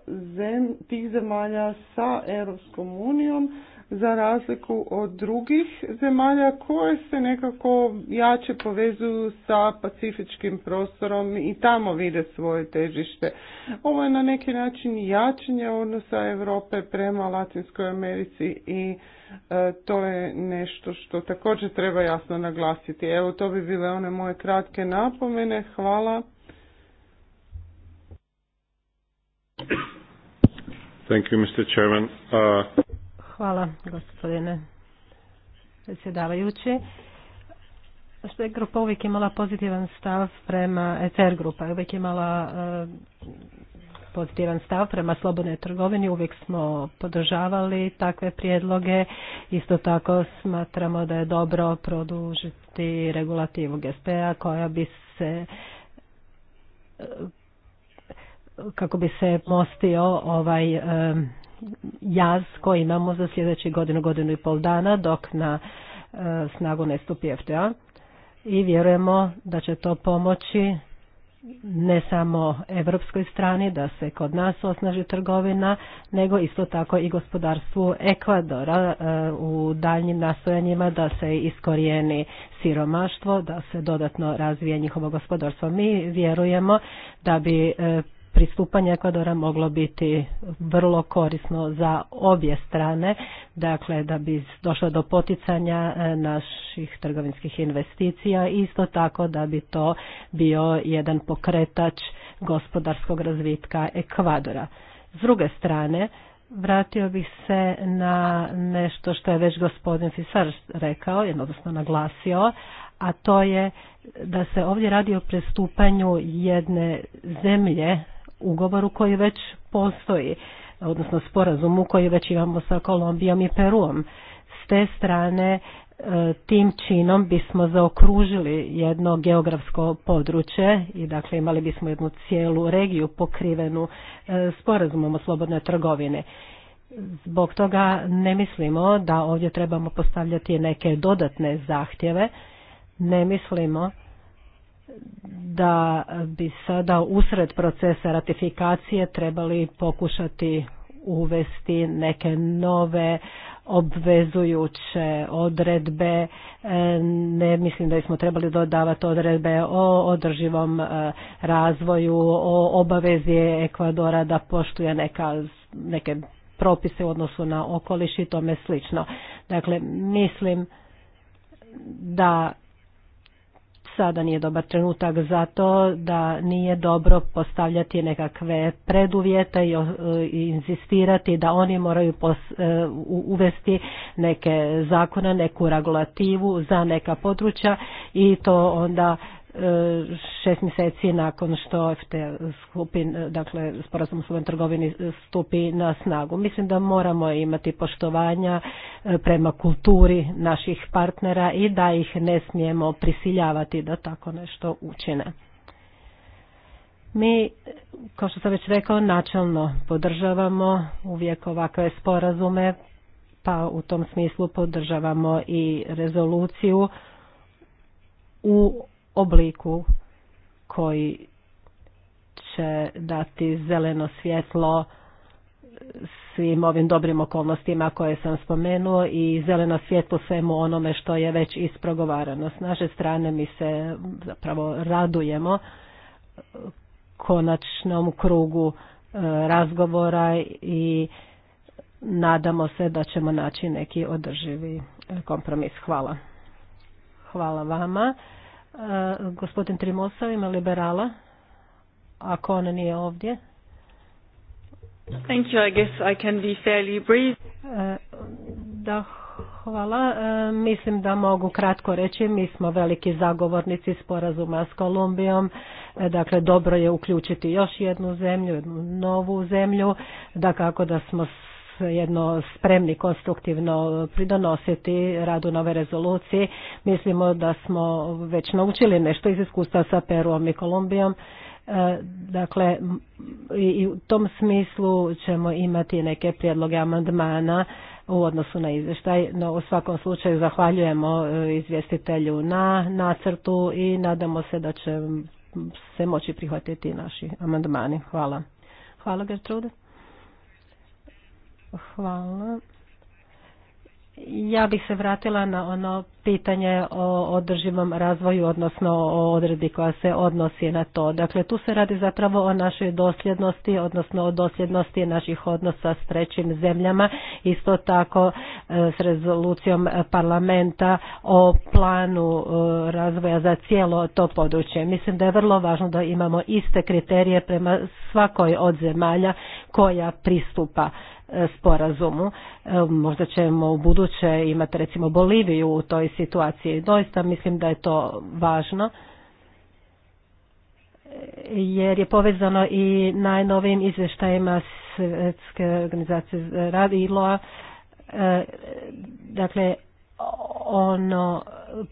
tih zemalja sa Europskom unijom za razliku od drugih zemalja koje se nekako jače povezuju sa pacifičkim prostorom i tamo vide svoje težište. Ovo je na neki način jačanje odnosa Europe prema Latinskoj Americi i e, to je nešto što također treba jasno naglasiti. Evo to bi bile one moje kratke napomene. Hvala. Thank you, Mr. Chairman. Uh, Hvala gospodine predsjedavajući. Što je grupa uvijek imala pozitivan stav prema ECR grupa, uvijek imala e, pozitivan stav prema slobodnoj trgovini, uvijek smo podržavali takve prijedloge. Isto tako smatramo da je dobro produžiti regulativu GSP-a koja bi se e, kako bi se mostio ovaj e, jaz koji imamo za sljedeće godinu, godinu i pol dana dok na e, snagu ne stupi FTA i vjerujemo da će to pomoći ne samo evropskoj strani da se kod nas osnaži trgovina, nego isto tako i gospodarstvu Ekvadora e, u daljnjim nastojanjima da se iskorijeni siromaštvo, da se dodatno razvije njihovo gospodarstvo. Mi vjerujemo da bi e, pristupanje Ekvadora moglo biti vrlo korisno za obje strane, dakle da bi došlo do poticanja e, naših trgovinskih investicija i isto tako da bi to bio jedan pokretač gospodarskog razvitka Ekvadora. S druge strane, vratio bih se na nešto što je već gospodin Fisar rekao, odnosno naglasio, a to je da se ovdje radi o prestupanju jedne zemlje ugovoru koji već postoji, odnosno sporazumu koji već imamo sa Kolombijom i Peruom. S te strane e, tim činom bismo zaokružili jedno geografsko područje i dakle imali bismo jednu cijelu regiju pokrivenu e, sporazumom o slobodnoj trgovini. Zbog toga ne mislimo da ovdje trebamo postavljati neke dodatne zahtjeve, ne mislimo da bi sada usred procesa ratifikacije trebali pokušati uvesti neke nove obvezujuće odredbe. E, ne mislim da smo trebali dodavati odredbe o održivom e, razvoju, o obavezi Ekvadora da poštuje neka, neke propise u odnosu na okoliš i tome slično. Dakle, mislim da sada nije dobar trenutak za to da nije dobro postavljati nekakve preduvjete i inzistirati da oni moraju e, uvesti neke zakone, neku regulativu za neka područja i to onda šest mjeseci nakon što FT skupin, dakle sporazum o slobodnoj trgovini stupi na snagu. Mislim da moramo imati poštovanja e, prema kulturi naših partnera i da ih ne smijemo prisiljavati da tako nešto učine. Mi, kao što sam već rekao, načelno podržavamo uvijek ovakve sporazume, pa u tom smislu podržavamo i rezoluciju u obliku koji će dati zeleno svjetlo svim ovim dobrim okolnostima koje sam spomenuo i zeleno svjetlo svemu onome što je već isprogovarano. S naše strane mi se zapravo radujemo konačnom krugu e, razgovora i nadamo se da ćemo naći neki održivi kompromis. Hvala. Hvala vama. E, gospodin Trimosa ima liberala, ako on nije ovdje. Thank you. I guess I can be fairly brief. E, da, hvala. E, mislim da mogu kratko reći, mi smo veliki zagovornici sporazuma s Kolumbijom. Dakle, dobro je uključiti još jednu zemlju, jednu novu zemlju. Da kako da smo jedno spremni konstruktivno pridonositi radu nove rezolucije. Mislimo da smo već naučili nešto iz iskustva sa Peruom i Kolumbijom. E, dakle, i u tom smislu ćemo imati neke prijedloge amandmana u odnosu na izvještaj, no u svakom slučaju zahvaljujemo e, izvjestitelju na nacrtu i nadamo se da će se moći prihvatiti naši amandmani. Hvala. Hvala Gertrude. Hvala. Ja bih se vratila na ono pitanje o održivom razvoju, odnosno o odredbi koja se odnosi na to. Dakle, tu se radi zapravo o našoj dosljednosti, odnosno o dosljednosti naših odnosa s trećim zemljama, isto tako e, s rezolucijom parlamenta o planu e, razvoja za cijelo to područje. Mislim da je vrlo važno da imamo iste kriterije prema svakoj od zemalja koja pristupa sporazumu. E, možda ćemo u buduće imati recimo Boliviju u toj situaciji. Doista mislim da je to važno jer je povezano i najnovim izvještajima Svjetske organizacije radi ILO-a. E, dakle, ono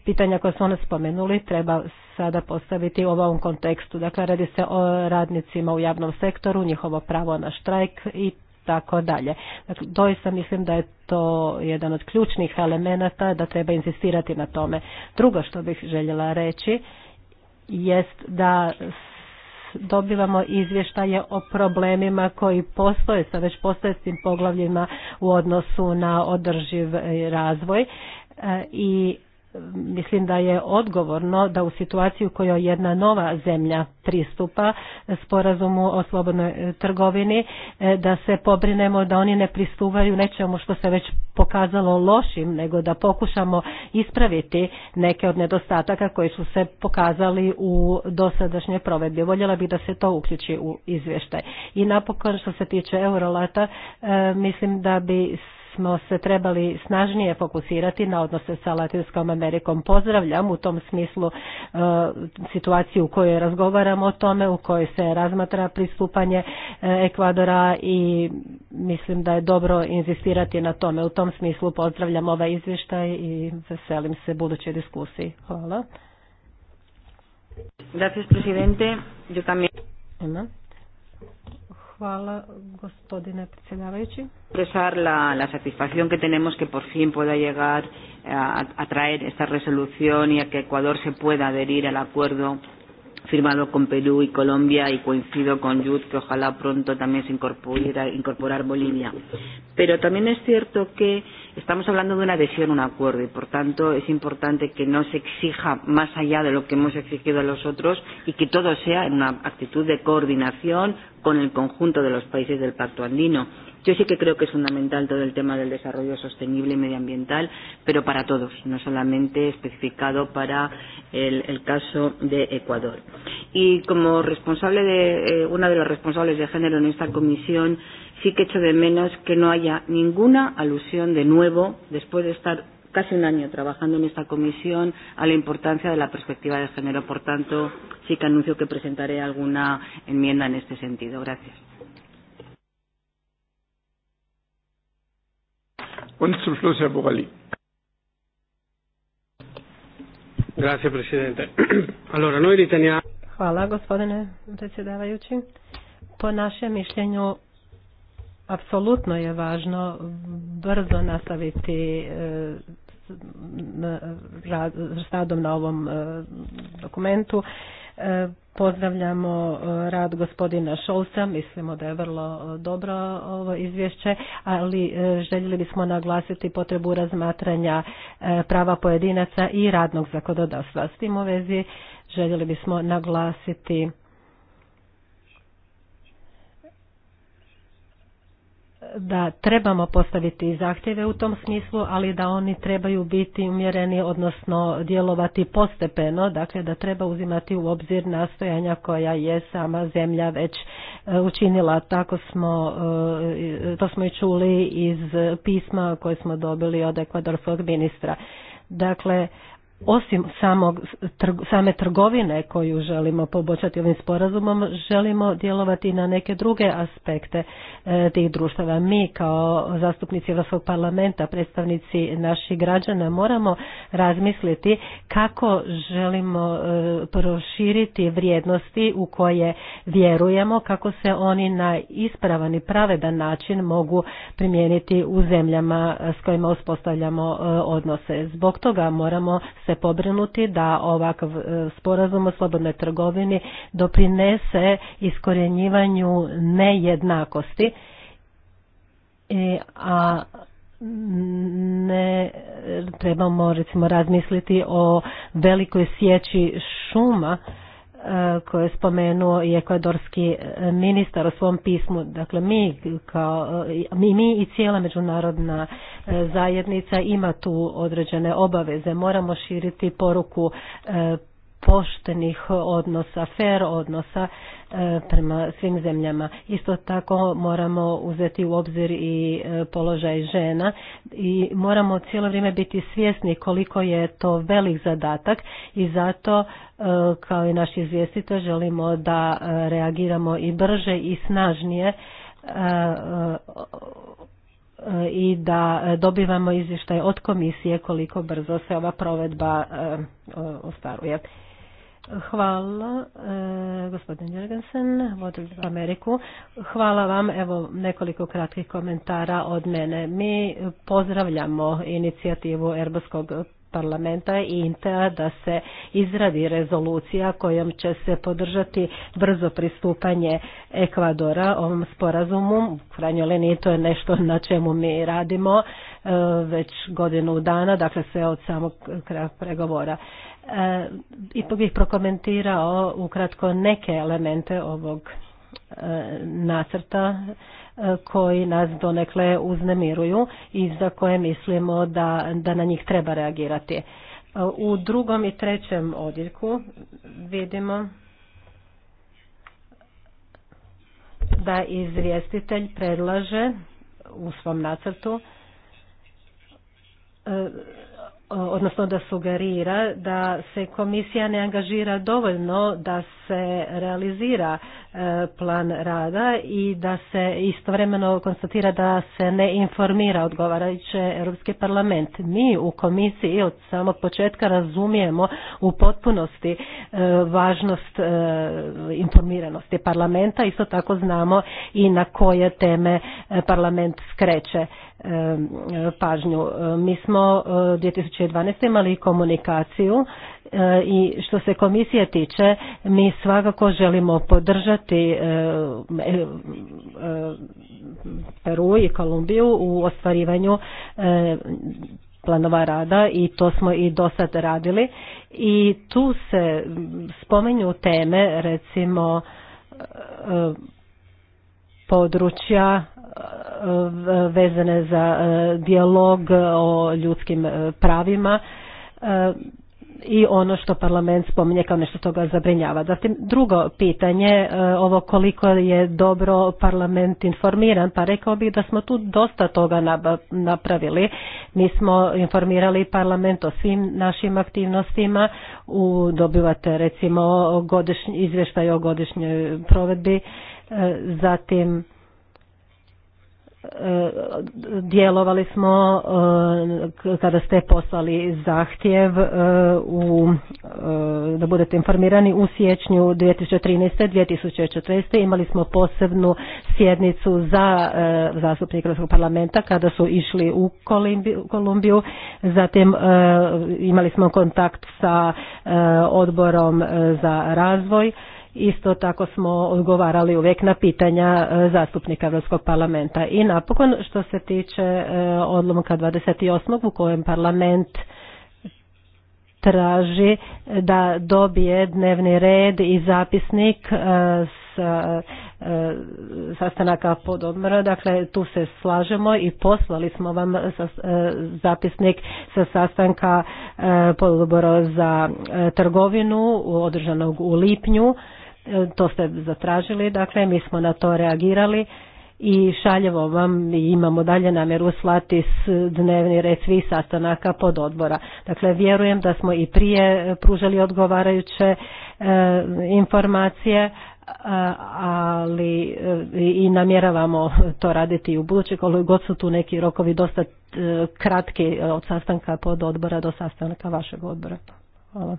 pitanja koje smo ona spomenuli treba sada postaviti u ovom kontekstu. Dakle, radi se o radnicima u javnom sektoru, njihovo pravo na štrajk i tako dalje. Dakle, doista mislim da je to jedan od ključnih elemenata da treba insistirati na tome. Drugo što bih željela reći jest da dobivamo izvještaje o problemima koji postoje sa već postojećim poglavljima u odnosu na održiv e, razvoj e, i mislim da je odgovorno da u situaciju u kojoj jedna nova zemlja pristupa sporazumu o slobodnoj e, trgovini e, da se pobrinemo da oni ne pristupaju nečemu što se već pokazalo lošim nego da pokušamo ispraviti neke od nedostataka koji su se pokazali u dosadašnjoj provedbi. Voljela bih da se to uključi u izvještaj. I napokon što se tiče Eurolata e, mislim da bi smo se trebali snažnije fokusirati na odnose sa Latinskom Amerikom. Pozdravljam u tom smislu e, situaciju u kojoj razgovaramo o tome, u kojoj se razmatra pristupanje e, Ekvadora i mislim da je dobro inzistirati na tome. U tom smislu pozdravljam ovaj izvještaj i veselim se budućoj diskusiji. Hvala. Gracias, presidente. Yo también. Hvala gospodine predsjedavajući. Expresar la, la satisfacción que tenemos que por fin pueda llegar a, a traer esta resolución y a que Ecuador se pueda adherir al acuerdo firmado con Perú y Colombia y coincido con Yud que ojalá pronto también se incorporara incorporar Bolivia. Pero también es cierto que Estamos hablando de una adhesión a un acuerdo y, por tanto, es importante que no se exija más allá de lo que hemos exigido a los otros y que todo sea en una actitud de coordinación con el conjunto de los países del Pacto Andino. Yo sí que creo que es fundamental todo el tema del desarrollo sostenible y medioambiental, pero para todos, no solamente especificado para el, el caso de Ecuador. Y como responsable de, eh, una de las responsables de género en esta comisión, sí que echo de menos que no haya ninguna alusión de nuevo, después de estar casi un año trabajando en esta comisión, a la importancia de la perspectiva de género. Por tanto, sí que anuncio que presentaré alguna enmienda en este sentido. Gracias. Und zum Schluss, Herr Presidente. Allora, *clears throat* noi riteniamo... Hvala, gospodine predsjedavajući. Po našem mišljenju apsolutno je važno brzo nastaviti e, s radom na ovom e, dokumentu. E, pozdravljamo rad gospodina Šolca, mislimo da je vrlo dobro ovo izvješće, ali željeli bismo naglasiti potrebu razmatranja prava pojedinaca i radnog zakonodavstva. S tim u vezi željeli bismo naglasiti da trebamo postaviti zahtjeve u tom smislu, ali da oni trebaju biti umjereni, odnosno djelovati postepeno, dakle da treba uzimati u obzir nastojanja koja je sama zemlja već e, učinila. Tako smo, e, to smo i čuli iz pisma koje smo dobili od ekvadorskog ministra. Dakle, osim samog, same trgovine koju želimo poboljšati ovim sporazumom, želimo djelovati na neke druge aspekte e, tih društava. Mi kao zastupnici Europskog parlamenta, predstavnici naših građana moramo razmisliti kako želimo e, proširiti vrijednosti u koje vjerujemo, kako se oni na ispravan i pravedan način mogu primijeniti u zemljama s kojima uspostavljamo e, odnose. Zbog toga moramo se se pobrinuti da ovakav e, sporazum o slobodnoj trgovini doprinese iskorjenjivanju nejednakosti a ne e, trebamo recimo razmisliti o velikoj sjeći šuma E, koje je spomenuo i ekvadorski e, ministar u svom pismu. Dakle, mi, kao, e, mi, mi i cijela međunarodna zajednica ima tu određene obaveze. Moramo širiti poruku poštenih odnosa, fair odnosa e, prema svim zemljama. Isto tako moramo uzeti u obzir i e, položaj žena i moramo cijelo vrijeme biti svjesni koliko je to velik zadatak i zato e, kao i naš izvjestitelj želimo da reagiramo i brže i snažnije i da dobivamo izvještaj od komisije koliko brzo se ova provedba ostvaruje. Hvala, e, gospodin Jurgensen, za Ameriku. Hvala vam, evo nekoliko kratkih komentara od mene. Mi pozdravljamo inicijativu Erboskog parlamenta i Intea da se izradi rezolucija kojom će se podržati brzo pristupanje Ekvadora ovom sporazumu. U krajnjoj to je nešto na čemu mi radimo e, već godinu dana, dakle sve od samog kraja pregovora. Eh, I ipak bih prokomentirao ukratko neke elemente ovog eh, nacrta eh, koji nas donekle uznemiruju i za koje mislimo da, da na njih treba reagirati. U drugom i trećem odjeljku vidimo da izvjestitelj predlaže u svom nacrtu E, odnosno da sugerira da se komisija ne angažira dovoljno da se realizira e, plan rada i da se istovremeno konstatira da se ne informira odgovarajuće Europski parlament. Mi u komisiji od samog početka razumijemo u potpunosti e, važnost informiranosti parlamenta, isto tako znamo i na koje teme parlament skreće pažnju. Mi smo e, 2012. imali komunikaciju e, i što se komisije tiče, mi svakako želimo podržati e, Peru i Kolumbiju u ostvarivanju planova rada i to smo i do sad radili i tu se spomenju teme recimo područja Eh, vezane za eh, dijalog o ljudskim eh, pravima i ono što parlament spominje kao nešto toga zabrinjava. Zatim drugo pitanje, ovo koliko je dobro parlament informiran, pa rekao bih da smo tu dosta toga napravili. Mi smo informirali parlament o svim našim aktivnostima, u, dobivate recimo godišnji, izvještaj o godišnjoj provedbi, zatim E, djelovali smo e, kada ste poslali zahtjev e, u, da budete informirani u siječnju 2013. 2014. imali smo posebnu sjednicu za zastupnike Hrvatskog parlamenta kada su išli u Kolumbiju zatim imali smo kontakt sa odborom za razvoj Isto tako smo odgovarali uvijek na pitanja e, zastupnika Europskog parlamenta. I napokon što se tiče e, odlomka 28. u kojem parlament traži da dobije dnevni red i zapisnik e, s sastanaka pod Dakle, tu se slažemo i poslali smo vam zapisnik sa sastanka Odbora za trgovinu održanog u lipnju. E, to ste zatražili, dakle mi smo na to reagirali i šaljevo vam i imamo dalje namjeru slati s dnevni red svih sastanaka pod odbora. Dakle, vjerujem da smo i prije pružali odgovarajuće e, informacije, e, ali i namjeravamo to raditi i u budući, koliko god su tu neki rokovi dosta kratki od sastanka pod odbora do sastanka vašeg odbora. Hvala.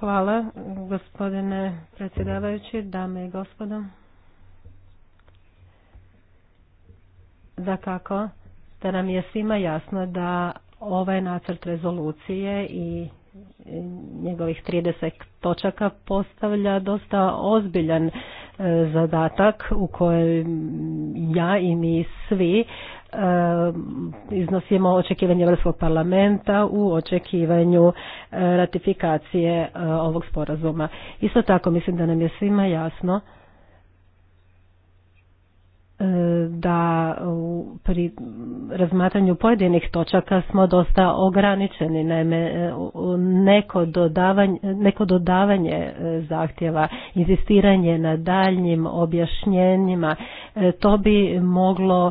Hvala gospodine predsjedavajući, dame i gospodo. Dakako, da nam je svima jasno da ovaj nacrt rezolucije i njegovih 30 točaka postavlja dosta ozbiljan e, zadatak u kojem ja i mi svi E, iznosimo očekivanje Europskog parlamenta u očekivanju e, ratifikacije e, ovog sporazuma. Isto tako mislim da nam je svima jasno da pri razmatranju pojedinih točaka smo dosta ograničeni. Naime, neko dodavanje, neko dodavanje zahtjeva, inzistiranje na daljnjim objašnjenjima, to bi moglo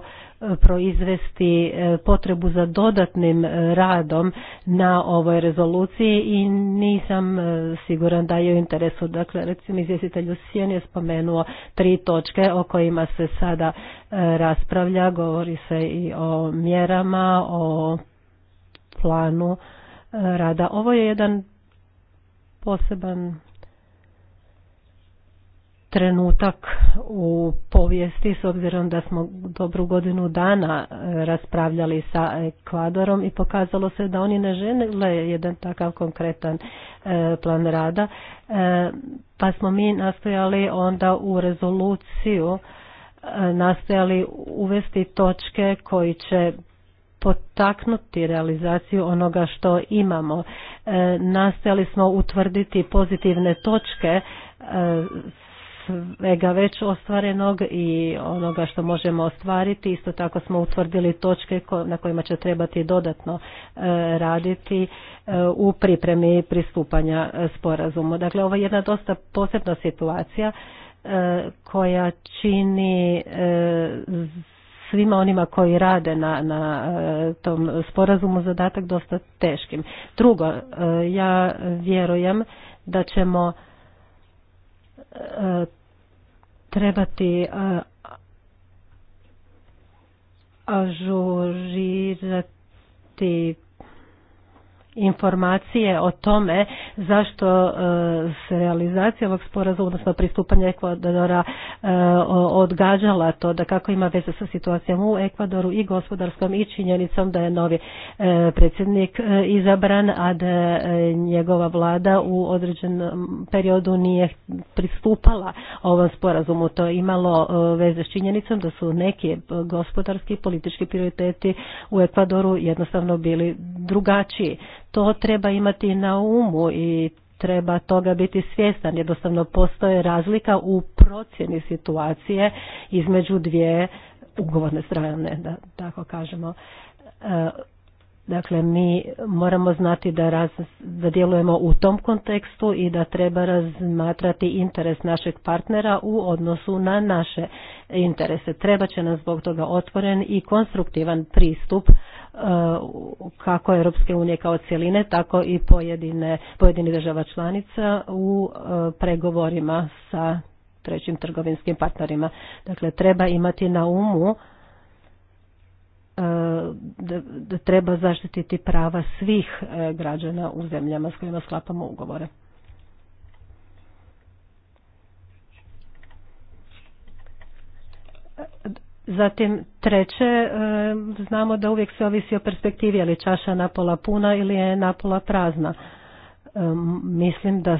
proizvesti e, potrebu za dodatnim e, radom na ovoj rezoluciji i nisam e, siguran da je u interesu. Dakle, recimo izvjestitelj Usijen je spomenuo tri točke o kojima se sada raspravlja. Govori se i o mjerama, o planu rada. Ovo je jedan poseban trenutak u povijesti s obzirom da smo dobru godinu dana e, raspravljali sa Ekvadorom i pokazalo se da oni ne žele jedan takav konkretan e, plan rada e, pa smo mi nastojali onda u rezoluciju nastojali uvesti točke koji će potaknuti realizaciju onoga što imamo. Nastojali smo utvrditi pozitivne točke svega već ostvarenog i onoga što možemo ostvariti. Isto tako smo utvrdili točke na kojima će trebati dodatno e, raditi e, u pripremi pristupanja e, sporazumu. Dakle, ovo je jedna dosta posebna situacija koja čini svima onima koji rade na, na tom sporazumu zadatak dosta teškim. Drugo, ja vjerujem da ćemo trebati e, ažurirati informacije o tome zašto e, se realizacija ovog sporazuma, odnosno pristupanja Ekvadora e, odgađala to da kako ima veze sa situacijom u Ekvadoru i gospodarskom i činjenicom da je novi e, predsjednik izabran, a da njegova vlada u određenom periodu nije pristupala ovom sporazumu. To je imalo veze s činjenicom da su neki gospodarski i politički prioriteti u Ekvadoru jednostavno bili drugačiji. To treba imati na umu i treba toga biti svjestan. Jednostavno postoje razlika u procjeni situacije između dvije ugovorne strane, da tako kažemo. E, dakle, mi moramo znati da, da djelujemo u tom kontekstu i da treba razmatrati interes našeg partnera u odnosu na naše interese. Treba će nam zbog toga otvoren i konstruktivan pristup E, kako Europske unije kao cjeline, tako i pojedine, pojedini država članica u e, pregovorima sa trećim trgovinskim partnerima. Dakle, treba imati na umu e, da, da treba zaštititi prava svih građana u zemljama s kojima sklapamo ugovore. Zatim treće, e, znamo da uvijek se ovisi o perspektivi, je li čaša napola puna ili je napola prazna. E, mislim da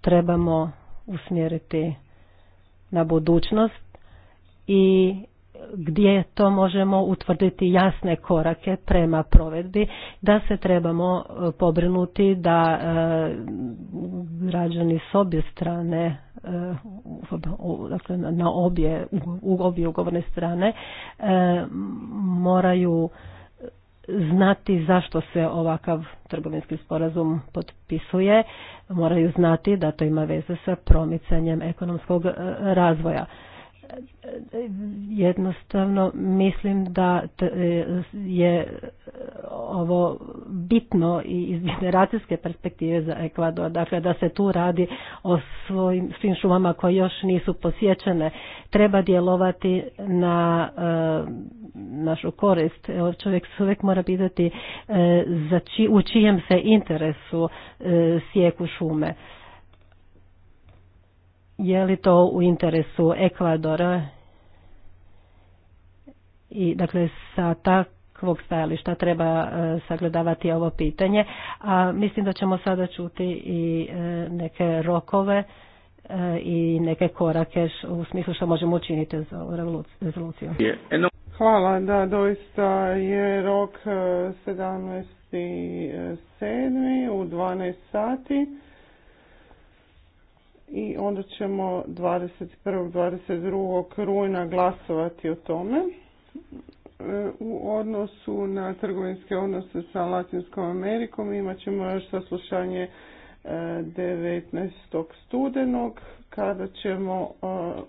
trebamo usmjeriti na budućnost i gdje to možemo utvrditi jasne korake prema provedbi, da se trebamo e, pobrinuti da građani s obje strane Eh, dakle, na obje, u obje ugovorne strane eh, moraju znati zašto se ovakav trgovinski sporazum potpisuje, moraju znati da to ima veze sa promicanjem ekonomskog eh, razvoja jednostavno mislim da e, je e, ovo bitno i iz generacijske perspektive za Ekvador, dakle da se tu radi o svojim, svim šumama koje još nisu posjećene. Treba djelovati na e, našu korist. Čovjek se uvijek mora pitati za u čijem se interesu sjeku šume je li to u interesu Ekvadora i dakle sa takvog stajališta treba e, sagledavati ovo pitanje, a mislim da ćemo sada čuti i e, neke rokove e, i neke korake u smislu što možemo učiniti za ovu rezoluciju. Hvala, da, doista je rok 17.7. u 12 sati i onda ćemo 21. 22. rujna glasovati o tome. E, u odnosu na trgovinske odnose sa Latinskom Amerikom imat ćemo još saslušanje 19. E, studenog kada ćemo e,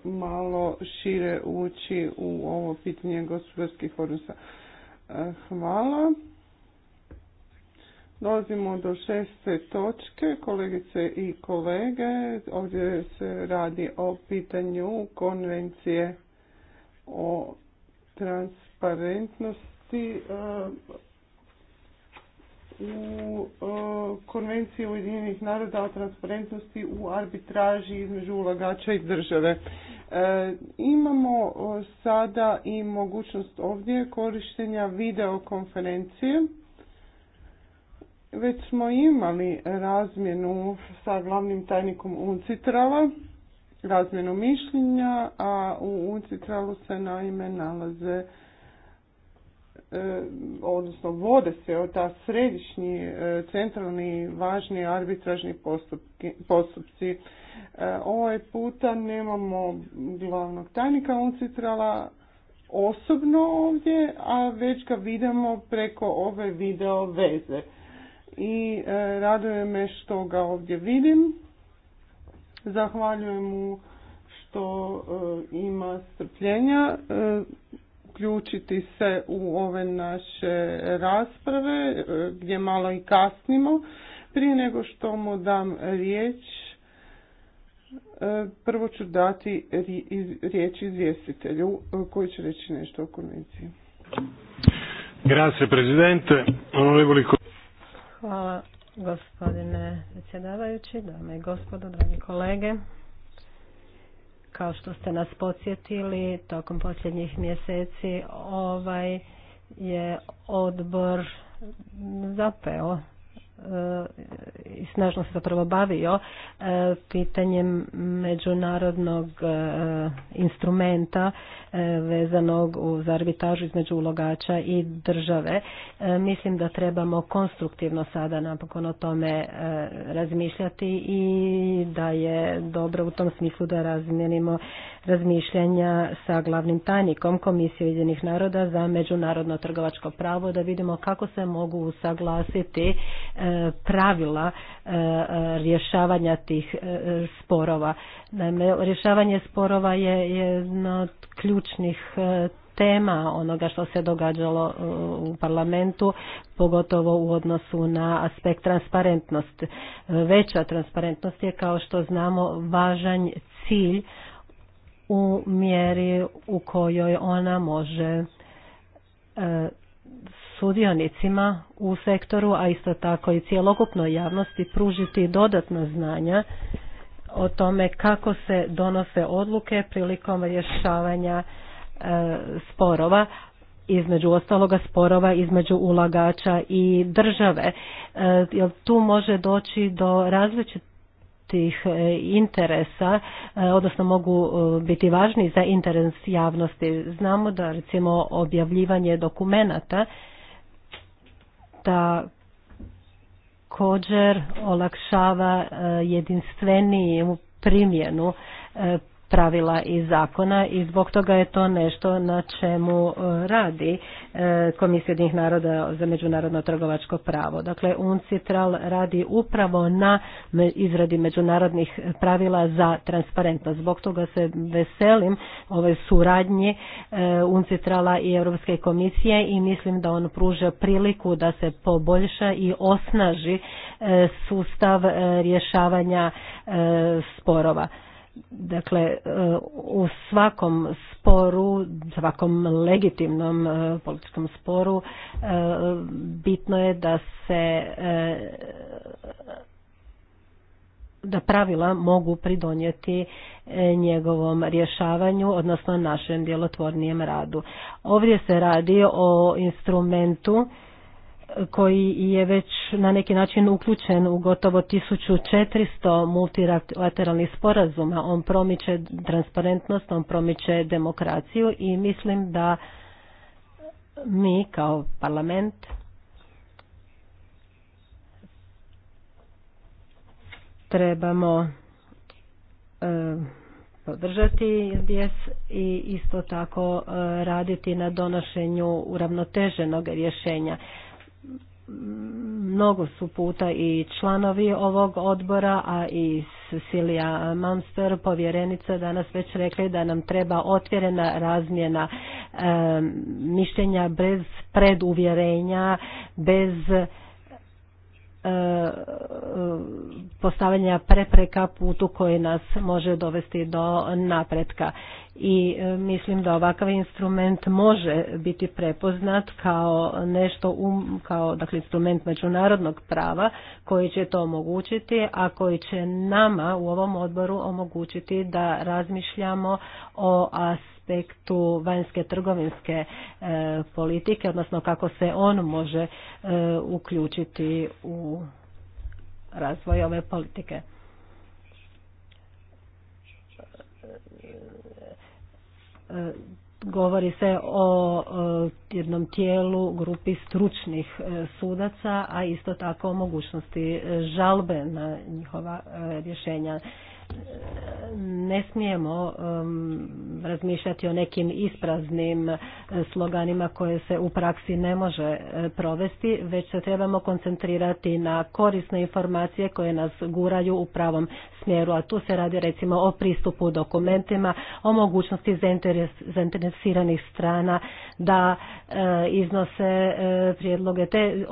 malo šire ući u ovo pitanje gospodarskih odnosa. Hvala. Dolazimo do šeste točke, kolegice i kolege. Ovdje se radi o pitanju konvencije o transparentnosti eh, u eh, konvenciji Ujedinjenih naroda o transparentnosti u arbitraži između ulagača i države. Eh, imamo sada i mogućnost ovdje korištenja videokonferencije. Već smo imali razmjenu sa glavnim tajnikom Uncitrala, razmjenu mišljenja, a u Uncitralu se naime nalaze e, odnosno vode se ta središnji, e, centralni, važni arbitražni postupci. E, ovaj puta nemamo glavnog tajnika Uncitrala osobno ovdje, a već ga vidimo preko ove video veze i e, raduje me što ga ovdje vidim. Zahvaljujem mu što e, ima strpljenja e, uključiti se u ove naše rasprave gdje malo i kasnimo. Prije nego što mu dam riječ, prvo ću dati riječ izvjestitelju koji će reći nešto o konvenciji. Grazie Presidente, onorevoli Hvala gospodine predsjedavajući, dame i gospodo, dragi kolege. Kao što ste nas podsjetili, tokom posljednjih mjeseci ovaj je odbor zapeo i snažno se zapravo bavio e, pitanjem međunarodnog e, instrumenta e, vezanog uz arbitražu između ulogača i države. Mislim da trebamo konstruktivno sada napokon o tome razmišljati i da je dobro u tom smislu da razmijenimo razmišljanja sa glavnim tajnikom Komisije Ujedinjenih naroda za međunarodno trgovačko pravo da vidimo kako se mogu usaglasiti pravila e, rješavanja tih e, sporova. Naime, rješavanje sporova je jedna od ključnih e, tema onoga što se događalo u parlamentu, pogotovo u odnosu na aspekt transparentnosti. Veća transparentnost je, kao što znamo, važan cilj u mjeri u kojoj ona može sudionicima u sektoru, a isto tako i cjelokupnoj javnosti pružiti dodatna znanja o tome kako se donose odluke prilikom rješavanja e, sporova, između ostaloga sporova između ulagača i države. E, Jer tu može doći do različitih e, interesa, odnosno mogu biti važni za interes javnosti. Znamo da recimo objavljivanje dokumenata također olakšava e, jedinstveniju primjenu e, pravila i zakona i zbog toga je to nešto na čemu e, radi e, Komisija jednih naroda za međunarodno trgovačko pravo. Dakle, UNCITRAL radi upravo na izradi međunarodnih pravila za transparentnost. Zbog toga se veselim ove suradnji e, UNCITRALA i Europske komisije i mislim da on pruža priliku da se poboljša i osnaži sustav rješavanja sporova. Dakle, e, u svakom sporu, svakom legitimnom e, političkom sporu e, bitno je da se da pravila mogu pridonijeti njegovom rješavanju, odnosno našem djelotvornijem radu. Ovdje se radi o instrumentu koji je već na neki način uključen u gotovo 1400 multilateralnih sporazuma. On promiče transparentnost, on promiče demokraciju i mislim da mi kao parlament trebamo e, podržati SDS i isto tako e, raditi na donošenju uravnoteženog rješenja mnogo su puta i članovi ovog odbora, a i Cecilia Mamster, povjerenica, danas već rekli da nam treba otvjerena razmjena mišljenja bez preduvjerenja, bez e, postavljanja prepreka putu koji nas može dovesti do napretka i e, mislim da ovakav instrument može biti prepoznat kao nešto um, kao dakle instrument međunarodnog prava koji će to omogućiti a koji će nama u ovom odboru omogućiti da razmišljamo o aspektu vanjske trgovinske e, politike odnosno kako se on može e, uključiti u razvoj ove politike E, govori se o e, jednom tijelu grupi stručnih e, sudaca, a isto tako o mogućnosti žalbe na njihova rješenja ne smijemo um, razmišljati o nekim ispraznim e, sloganima koje se u praksi ne može e, provesti, već se trebamo koncentrirati na korisne informacije koje nas guraju u pravom smjeru, a tu se radi recimo o pristupu dokumentima, o mogućnosti zainteresiranih strana da e, iznose prijedloge te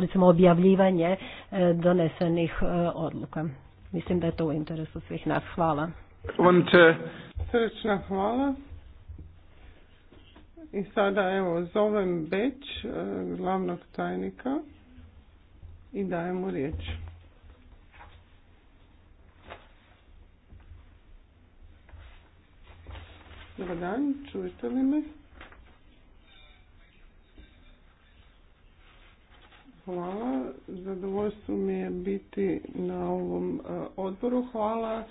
recimo objavljivanje e, donesenih odluka. Mislim da je to u interesu svih nas. Hvala. Und, Srečna hvala. I sada evo zovem Beć, e, glavnog tajnika i dajem mu riječ. Dobar dan, čujete li me? Hvala. Zadovoljstvo mi je biti na ovom e, odboru. Hvala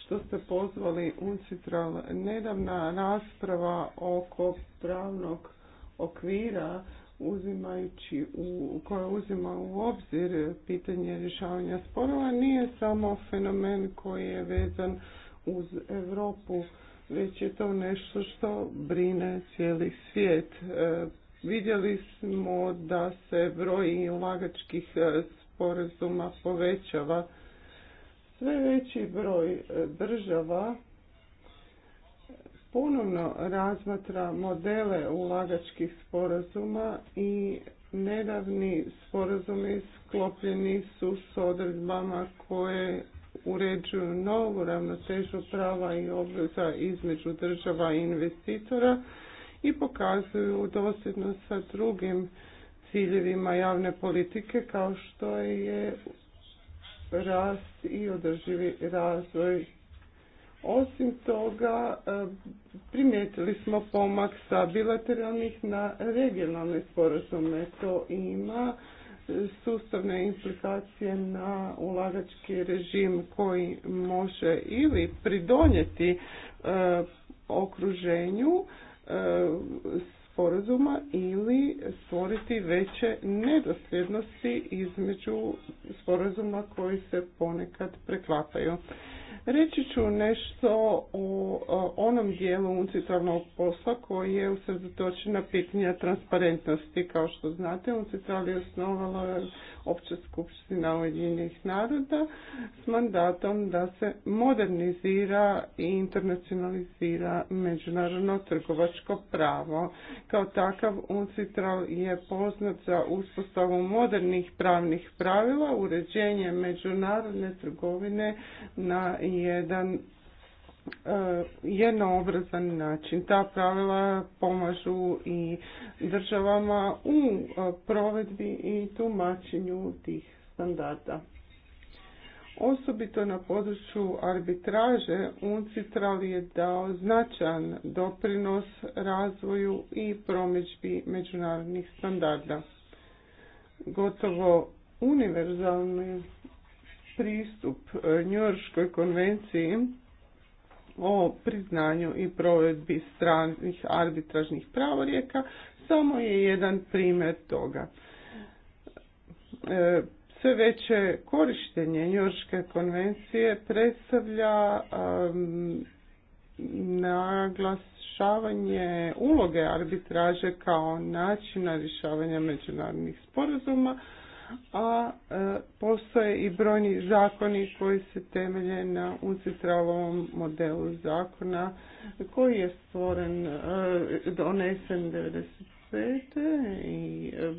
što ste pozvali UNCITRAL. Nedavna rasprava oko pravnog okvira uzimajući u, koja uzima u obzir pitanje rješavanja sporova nije samo fenomen koji je vezan uz Europu, već je to nešto što brine cijeli svijet. E, Vidjeli smo da se broj ulagačkih e, sporazuma povećava. Sve veći broj e, država ponovno razmatra modele ulagačkih sporazuma i nedavni sporazumi sklopljeni su s odredbama koje uređuju novu ravnotežu prava i obveza između država i investitora i pokazuju dosljednost sa drugim ciljevima javne politike kao što je rast i održivi razvoj. Osim toga, eh, primijetili smo pomak sa bilateralnih na regionalne sporazume. To ima eh, sustavne implikacije na ulagački režim koji može ili pridonijeti eh, okruženju E, sporazuma ili stvoriti veće nedosljednosti između sporazuma koji se ponekad preklapaju. Reći ću nešto o onom dijelu uncitralnog posla koji je usredotočen na pitanja transparentnosti. Kao što znate, uncitral je osnovala Opća skupština Ujedinjenih naroda s mandatom da se modernizira i internacionalizira međunarodno trgovačko pravo. Kao takav uncitral je poznat za uspostavu modernih pravnih pravila, uređenje međunarodne trgovine na jedan E, jednoobrazan način. Ta pravila pomažu i državama u e, provedbi i tumačenju tih standarda. Osobito na području arbitraže UNCITRAL je dao značajan doprinos razvoju i promičbi međunarodnih standarda. Gotovo univerzalni pristup Njurškoj konvenciji o priznanju i provedbi stranih arbitražnih pravorijeka samo je jedan primjer toga. E, sve veće korištenje Njurške konvencije predstavlja naglašavanje uloge arbitraže kao načina rješavanja međunarodnih sporazuma, a e, postoje i brojni zakoni koji se temelje na ucitralovom modelu zakona koji je stvoren, e, donesen 95. i e,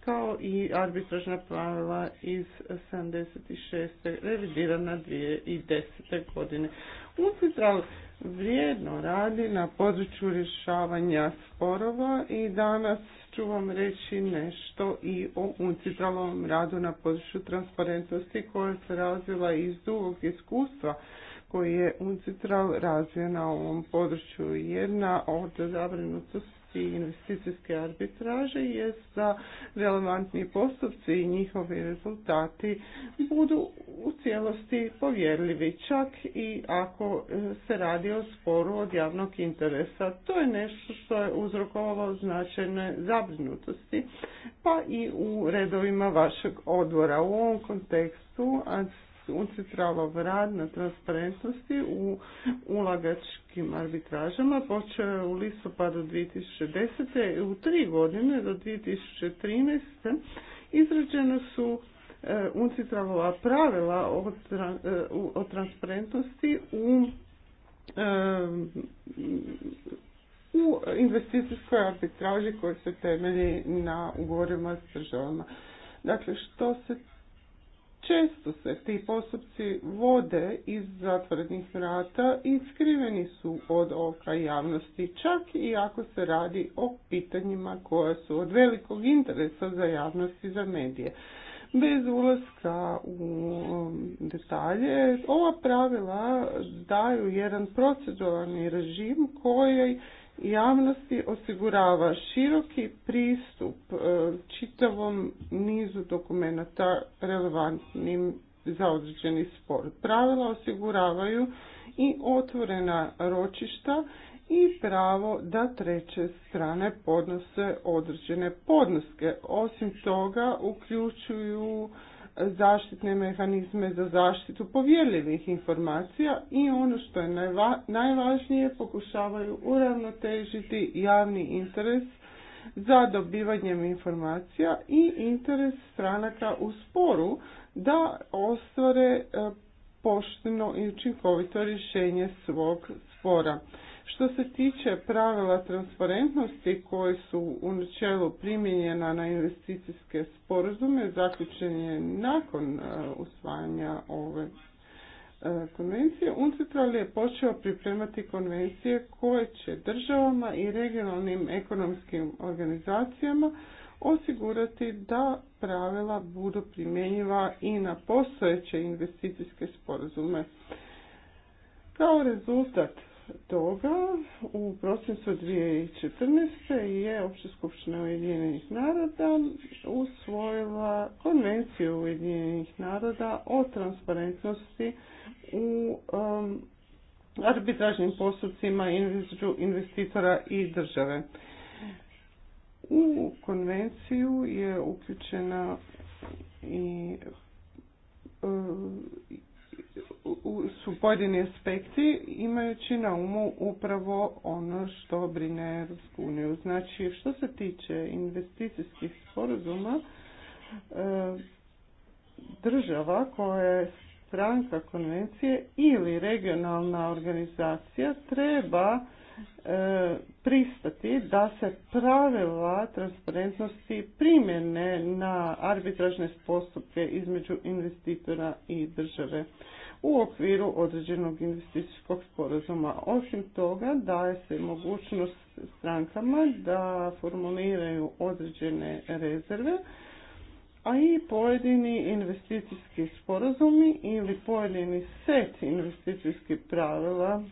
kao i arbitražna pravila iz 76. revidirana 2010. godine. Ucitral vrijedno radi na području rješavanja sporova i danas ću vam reći nešto i o uncitralnom radu na području transparentnosti koja se razvila iz dugog iskustva koji je uncitral razvio na ovom području. Jedna od zabrinutosti i investicijske arbitraže je da relevantni postupci i njihovi rezultati budu u cijelosti povjerljivi, čak i ako e, se radi o sporu od javnog interesa. To je nešto što je uzrokovalo značajne zabrinutosti, pa i u redovima vašeg odvora. U ovom kontekstu uncitralov rad na transparentnosti u ulagačkim arbitražama počeo je u listopadu 2010. u tri godine do 2013. izrađena su e, uncitralova pravila o, e, transparentnosti u e, u investicijskoj arbitraži koja se temelji na ugovorima s državama. Dakle, što se Često se ti postupci vode iz zatvorenih vrata i skriveni su od oka javnosti, čak i ako se radi o pitanjima koja su od velikog interesa za javnost i za medije. Bez ulaska u um, detalje, ova pravila daju jedan proceduralni režim koji javnosti osigurava široki pristup e, čitavom nizu dokumenata relevantnim za određeni spor. Pravila osiguravaju i otvorena ročišta i pravo da treće strane podnose određene podnoske. Osim toga uključuju zaštitne mehanizme za zaštitu povjerljivih informacija i ono što je najvažnije pokušavaju uravnotežiti javni interes za dobivanjem informacija i interes stranaka u sporu da ostvare e, pošteno i učinkovito rješenje svog spora. Što se tiče pravila transparentnosti koji su u načelu primijenjena na investicijske sporazume, zaključen je nakon e, usvajanja ove e, konvencije, UNCITRAL je počeo pripremati konvencije koje će državama i regionalnim ekonomskim organizacijama osigurati da pravila budu primjenjiva i na postojeće investicijske sporazume. Kao rezultat toga u prosincu 2014. je Opća skupština Ujedinjenih naroda usvojila konvenciju Ujedinjenih naroda o transparentnosti u um, arbitražnim postupcima između investitora i države. U konvenciju je uključena i um, su pojedini aspekti imajući na umu upravo ono što brine Europsku uniju. Znači, što se tiče investicijskih sporazuma, e, država koja je stranka konvencije ili regionalna organizacija treba e, pristati da se pravila transparentnosti primjene na arbitražne postupke između investitora i države u okviru određenog investicijskog sporazuma. Osim toga daje se mogućnost strankama da formuliraju određene rezerve, a i pojedini investicijski sporazumi ili pojedini set investicijskih pravila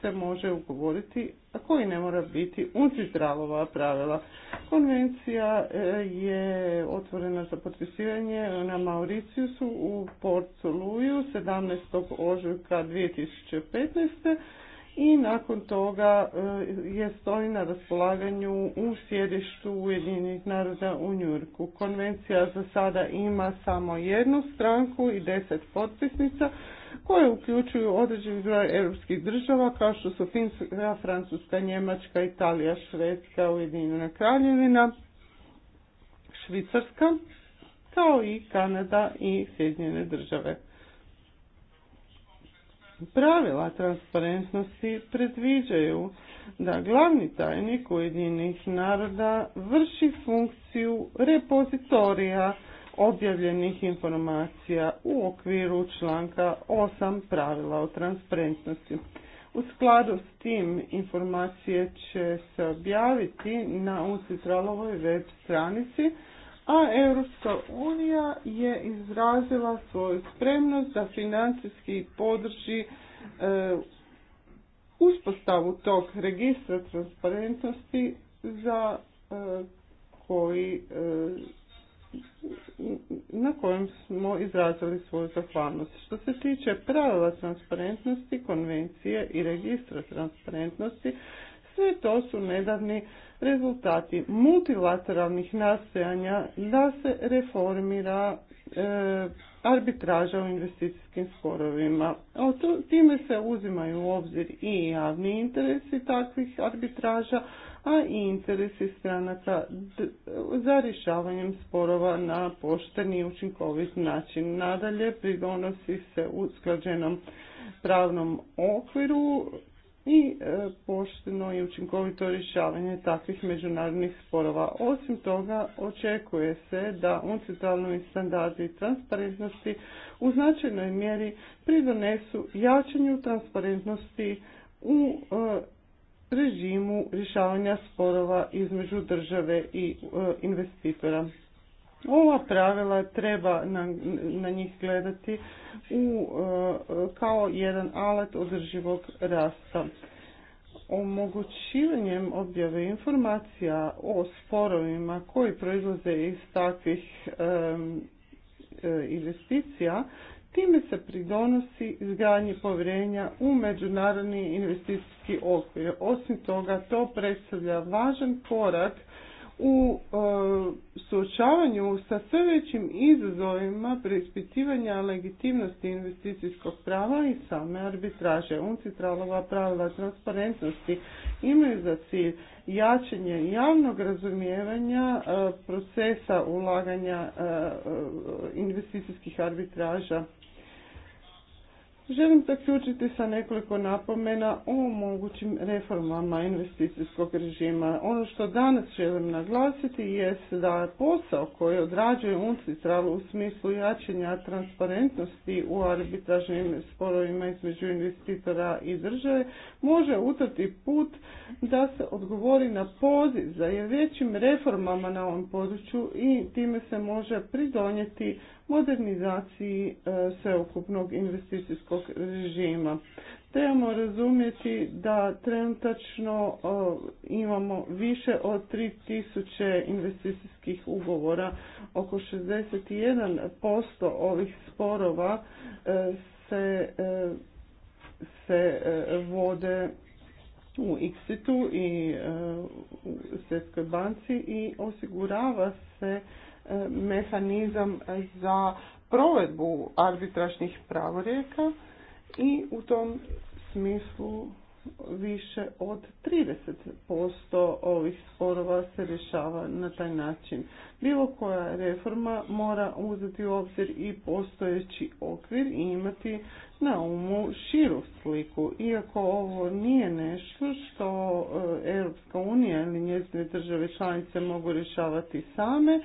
se može ugovoriti, a koji ne mora biti zdravova pravila. Konvencija e, je otvorena za potpisivanje na Mauriciusu u Port Luju 17. ožujka 2015 i nakon toga e, je stoji na raspolaganju u sjedištu Ujedinjenih naroda u Njurku. Konvencija za sada ima samo jednu stranku i deset potpisnica koje uključuju određeni broj europskih država kao što su Finska, Francuska, Njemačka, Italija, Švedska, Ujedinjena kraljevina, Švicarska, kao i Kanada i Sjedinjene države. Pravila transparentnosti predviđaju da glavni tajnik Ujedinjenih naroda vrši funkciju repozitorija objavljenih informacija u okviru članka 8 pravila o transparentnosti. U skladu s tim informacije će se objaviti na Uncitralovoj web stranici, a Europska unija je izrazila svoju spremnost da financijski podrži e, uspostavu tog registra transparentnosti za e, koji e, na kojem smo izrazili svoju zahvalnost. Što se tiče pravila transparentnosti, konvencije i registra transparentnosti, sve to su nedavni rezultati multilateralnih nastojanja da se reformira e, arbitraža u investicijskim sporovima. O time se uzimaju u obzir i javni interesi takvih arbitraža, a i interesi stranaka za rješavanjem sporova na pošten i učinkovit način. Nadalje pridonosi se usklađenom pravnom okviru i e, pošteno i učinkovito rješavanje takvih međunarodnih sporova. Osim toga, očekuje se da centralnoj standardi transparentnosti u značajnoj mjeri pridonesu jačanju transparentnosti u e, režimu rješavanja sporova između države i e, investitora. Ova pravila treba na, njih gledati u, e, kao jedan alat održivog rasta. Omogućivanjem objave informacija o sporovima koji proizlaze iz takvih e, investicija Time se pridonosi izgradnji povjerenja u međunarodni investicijski okvir. Osim toga, to predstavlja važan korak u e, suočavanju sa sve većim izazovima preispitivanja legitimnosti investicijskog prava i same arbitraže. Uncitralova pravila transparentnosti imaju za cilj jačanje javnog razumijevanja e, procesa ulaganja e, investicijskih arbitraža Želim zaključiti sa nekoliko napomena o mogućim reformama investicijskog režima. Ono što danas želim naglasiti je da posao koji odrađuje UNCITRAL u smislu jačanja transparentnosti u arbitražnim sporovima između investitora i države može utrati put da se odgovori na poziv za većim reformama na ovom području i time se može pridonijeti modernizaciji e, sveukupnog investicijskog režima. Trebamo razumjeti da trenutačno e, imamo više od 3000 investicijskih ugovora, oko 61% ovih sporova e, se, se vode u Iksitu i u Svjetskoj banci i osigurava se mehanizam za provedbu arbitražnih pravorijeka i u tom smislu više od 30% ovih sporova se rješava na taj način. Bilo koja reforma mora uzeti u obzir i postojeći okvir i imati na umu širu sliku. Iako ovo nije nešto što e, Europska ili njezine države članice mogu rješavati same,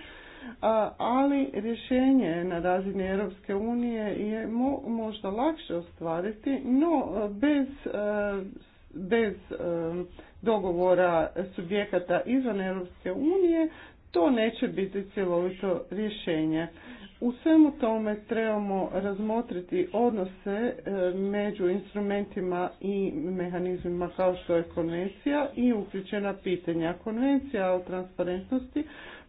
ali rješenje na razini Europske unije je možda lakše ostvariti, no bez, bez dogovora subjekata izvan Europske unije to neće biti cjelovito rješenje. U svemu tome trebamo razmotriti odnose e, među instrumentima i mehanizmima kao što je konvencija i uključena pitanja. Konvencija o transparentnosti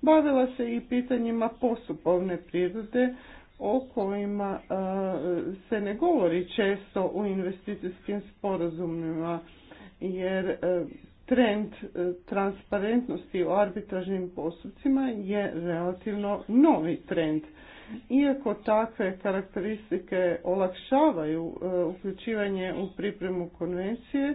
Bavila se i pitanjima postupovne prirode o kojima e, se ne govori često u investicijskim sporazumima jer e, trend e, transparentnosti u arbitražnim postupcima je relativno novi trend. Iako takve karakteristike olakšavaju uključivanje u pripremu konvencije,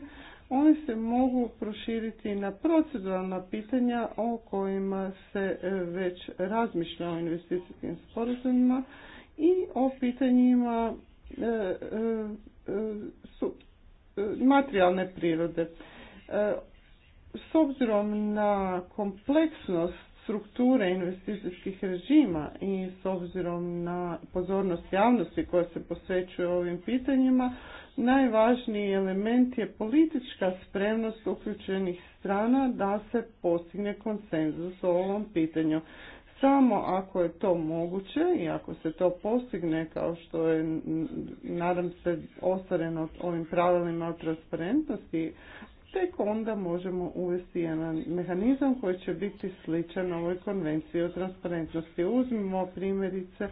oni se mogu proširiti na proceduralna pitanja o kojima se e, već razmišlja o investicijskim sporazumima i o pitanjima e, e, materijalne prirode. S obzirom na kompleksnost strukture investicijskih režima i s obzirom na pozornost javnosti koja se posvećuje ovim pitanjima, Najvažniji element je politička spremnost uključenih strana da se postigne konsenzus o ovom pitanju. Samo ako je to moguće i ako se to postigne kao što je, nadam se, ostvareno ovim pravilima o transparentnosti, tek onda možemo uvesti jedan mehanizam koji će biti sličan ovoj konvenciji o transparentnosti. Uzmimo primjerice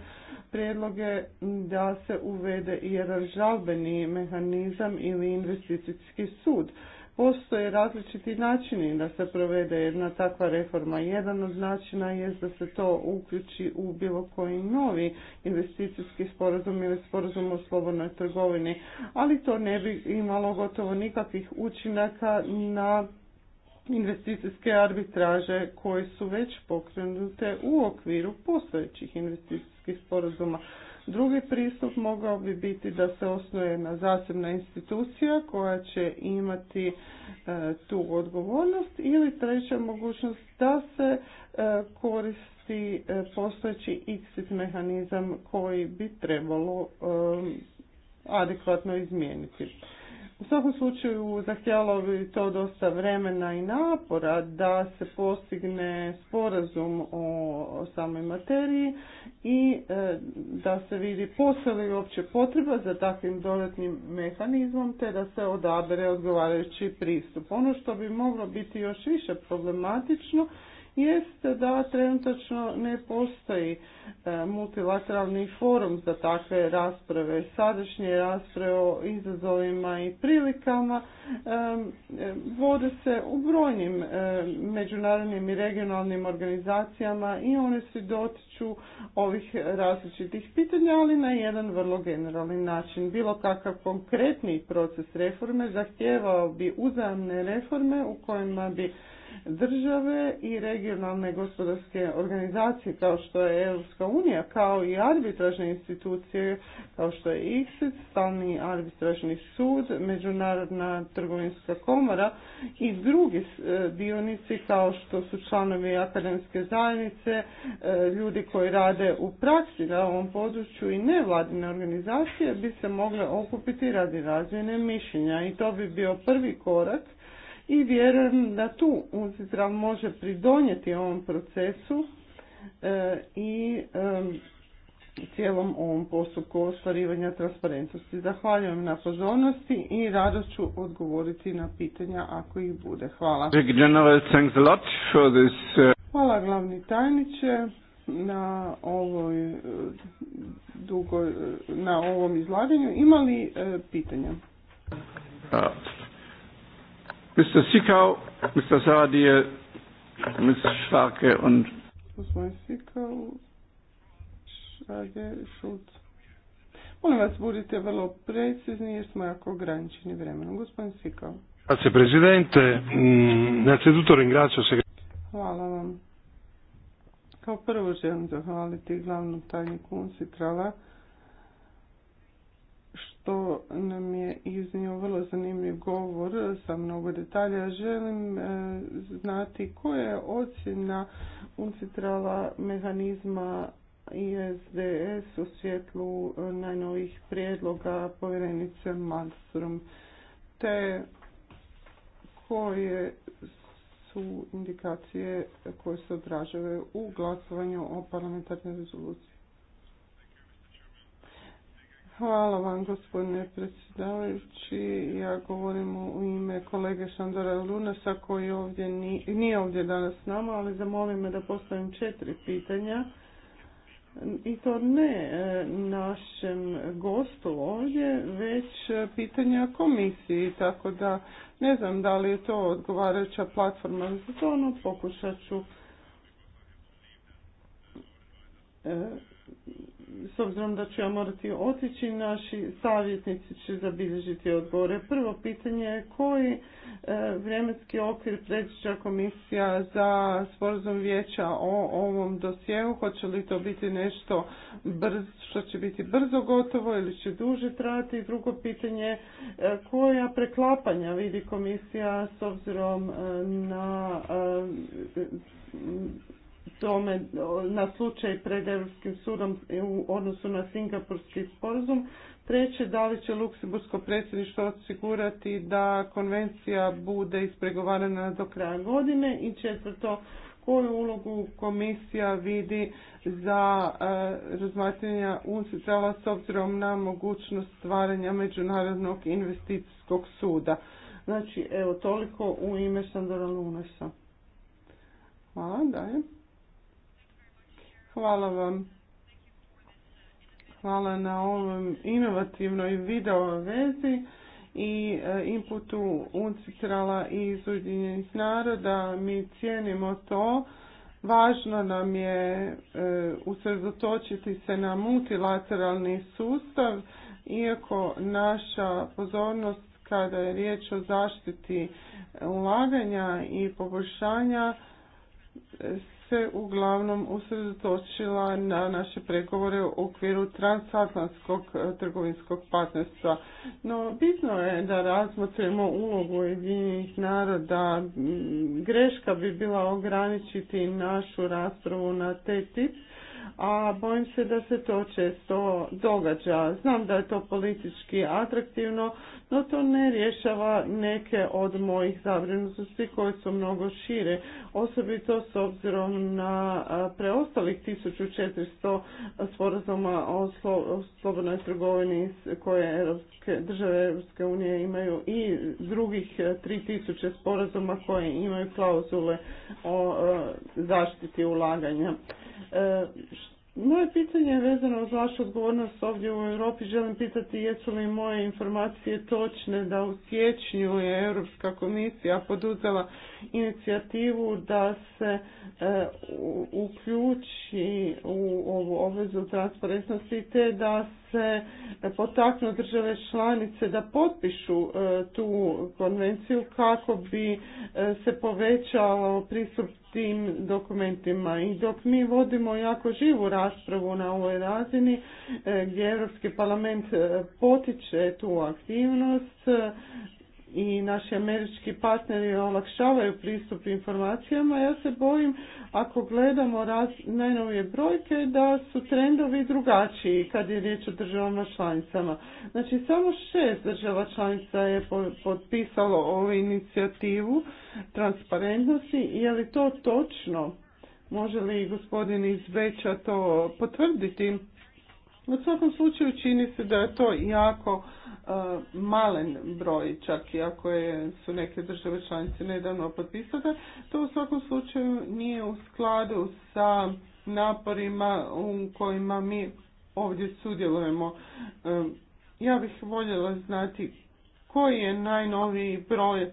prijedloge da se uvede jedan žalbeni mehanizam ili investicijski sud Postoje različiti načini da se provede jedna takva reforma. Jedan od načina je da se to uključi u bilo koji novi investicijski sporazum ili sporazum o slobodnoj trgovini, ali to ne bi imalo gotovo nikakvih učinaka na investicijske arbitraže koje su već pokrenute u okviru postojećih investicijskih sporazuma. Drugi pristup mogao bi biti da se osnuje na zasebna institucija koja će imati e, tu odgovornost ili treća mogućnost da se e, koristi e, postojeći exit mehanizam koji bi trebalo adekvatno izmijeniti. U svakom slučaju zahtjevalo bi to dosta vremena i napora da se postigne sporazum o samoj materiji i e, da se vidi postoji li uopće potreba za takvim dodatnim mehanizmom te da se odabere odgovarajući pristup. Ono što bi moglo biti još više problematično jest da trenutačno ne postoji e, multilateralni forum za takve rasprave. Sadašnje rasprave o izazovima i prilikama e, e, vode se u brojnim međunarodnim i regionalnim organizacijama i one se dotiču ovih različitih pitanja, ali na jedan vrlo generalni način. Bilo kakav konkretni proces reforme zahtjevao bi uzajamne reforme u kojima bi države i regionalne gospodarske organizacije kao što je Europska unija, kao i arbitražne institucije kao što je ICSID, stalni arbitražni sud, Međunarodna trgovinska komora i drugi e, dionici kao što su članovi akademske zajednice, e, ljudi koji rade u praksi na ovom području i nevladine organizacije bi se mogle okupiti radi razvijene mišljenja i to bi bio prvi korak i vjerujem da tu Uncitral može pridonijeti ovom procesu e, i e, cijelom ovom postupku ostvarivanja transparentnosti. Zahvaljujem na pozornosti i rado ću odgovoriti na pitanja ako ih bude. Hvala. Uh, Hvala glavni tajniče na ovoj e, dugo, na ovom izlaganju. Ima li pitanja? Uh, Mr. Sikau, Mr. Saradil, Ms. Schwarke und gospodin Sikau, Šage, Šulc. Molim vas, budite vrlo precizni jer smo jako ograničeni vremenom. Gospodin Sikao. Grazie Presidente, mm, innanzitutto ringrazio Hvala vam. Kao prvo želim zahvaliti glavnom tajniku Uncitrala to nam je iznio vrlo zanimljiv govor sa mnogo detalja. Želim e, znati koja je ocjena uncitrala mehanizma ISDS u svjetlu e, najnovih prijedloga povjerenice Malmström te koje su indikacije koje se odražave u glasovanju o parlamentarnoj rezoluciji. Hvala vam gospodine predsjedavajući. Ja govorim u ime kolege Šandora Lunasa koji ovdje ni, nije ovdje danas s nama, ali zamolim me da postavim četiri pitanja. I to ne e, našem gostu ovdje, već pitanja komisiji, tako da ne znam da li je to odgovarajuća platforma za to, no pokušat ću e, s obzirom da ću ja morati otići, naši savjetnici će zabilježiti odgovore. Prvo pitanje je koji e, vremenski okvir predviđa komisija za sporazum vijeća o ovom dosjeu, hoće li to biti nešto brz, što će biti brzo gotovo ili će duže trajati. Drugo pitanje e, koja preklapanja vidi komisija s obzirom e, na tome na slučaj pred Europskim sudom u odnosu na Singapurski sporazum. Treće, da li će Luksembursko predsjedništvo osigurati da konvencija bude ispregovarana do kraja godine i četvrto, koju ulogu komisija vidi za e, razmatranja a s obzirom na mogućnost stvaranja Međunarodnog investicijskog suda. Znači, evo, toliko u ime Sandora Lunasa. Hvala, dajem. Hvala vam. Hvala na ovom inovativnoj video vezi i e, inputu UNCITRALA i iz Ujedinjenih naroda. Mi cijenimo to. Važno nam je e, usredotočiti se na multilateralni sustav, iako naša pozornost kada je riječ o zaštiti ulaganja i poboljšanja se uglavnom usredotočila na naše pregovore u okviru transatlantskog e, trgovinskog partnerstva. No, bitno je da razmotrimo ulogu jedinih naroda. Greška bi bila ograničiti našu raspravu na te a bojim se da se to često događa. Znam da je to politički atraktivno, no to ne rješava neke od mojih zabrinutosti koje su mnogo šire, osobito s obzirom na preostalih 1400 sporazuma o slobodnoj trgovini koje države Europske unije imaju i drugih 3000 e, sporazuma koje imaju klauzule o e, zaštiti ulaganja. E, moje pitanje je vezano uz vašu odgovornost ovdje u Europi. Želim pitati jesu li moje informacije točne da u siječnju je Europska komisija poduzela inicijativu da se e, uključi u ovu obvezu transparentnosti te da se potaknu države članice da potpišu e, tu konvenciju kako bi e, se povećalo pristup tim dokumentima. I dok mi vodimo jako živu raspravu na ovoj razini eh, gdje Europski parlament eh, potiče tu aktivnost, i naši američki partneri olakšavaju pristup informacijama, ja se bojim ako gledamo raz, najnovije brojke da su trendovi drugačiji kad je riječ o državama članicama. Znači samo šest država članica je potpisalo ovu inicijativu transparentnosti. Je li to točno? Može li gospodin iz Beća to potvrditi? U svakom slučaju čini se da je to jako e, malen broj, čak i ako je, su neke države članice nedavno potpisale, to u svakom slučaju nije u skladu sa naporima u kojima mi ovdje sudjelujemo. E, ja bih voljela znati koji je najnoviji broj,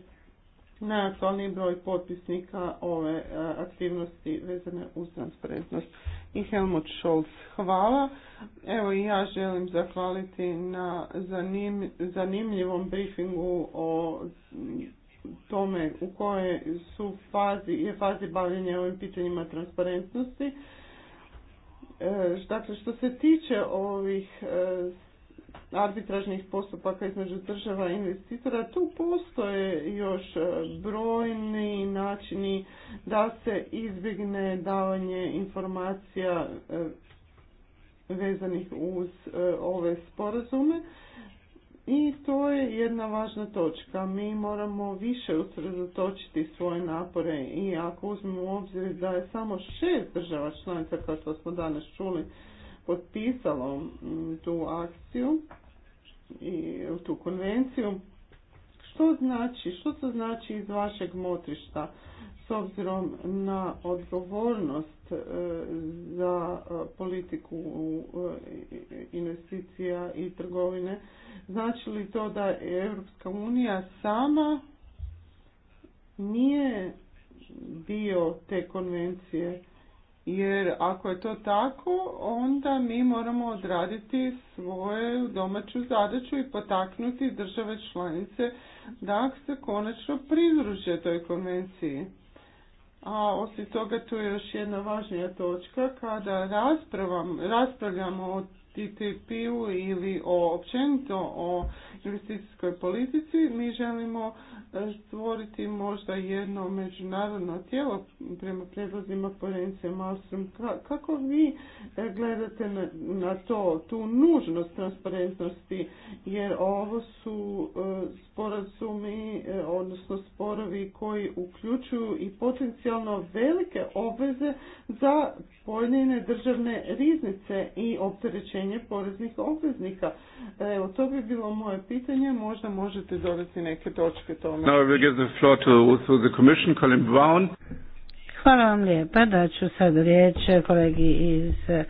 najaktualniji broj potpisnika ove e, aktivnosti vezane uz transparentnost i Helmut Scholz. Hvala. Evo i ja želim zahvaliti na zanimljivom briefingu o tome u kojoj su fazi, je fazi bavljenja ovim pitanjima transparentnosti. E, dakle, što se tiče ovih e, arbitražnih postupaka između država i investitora. Tu postoje još e, brojni načini da se izbjegne davanje informacija e, vezanih uz e, ove sporazume. I to je jedna važna točka. Mi moramo više usredotočiti svoje napore i ako uzmemo u obzir da je samo šest država članica, kao što smo danas čuli, potpisalo mm, tu akciju, i e, u tu konvenciju. Što znači, što to znači iz vašeg motrišta s obzirom na odgovornost e, za e, politiku investicija i trgovine? Znači li to da Europska unija sama nije dio te konvencije? Jer ako je to tako, onda mi moramo odraditi svoju domaću zadaću i potaknuti države članice da se konačno pridruže toj konvenciji. A osim toga tu je još jedna važnija točka kada raspravljamo o TTIP-u ili o općenito o investicijskoj politici, mi želimo stvoriti možda jedno međunarodno tijelo prema predlozima Forencije Malstrom. Kako vi e, gledate na, na to, tu nužnost transparentnosti, jer ovo su e, sporazumi, e, odnosno sporovi koji uključuju i potencijalno velike obveze za pojedine državne riznice i opterećenje poreznih obveznika. Evo, to bi bilo moje pitanje, možda možete dodati neke točke tome. Now Hvala vam lijepa, sad riječ kolegi iz eh,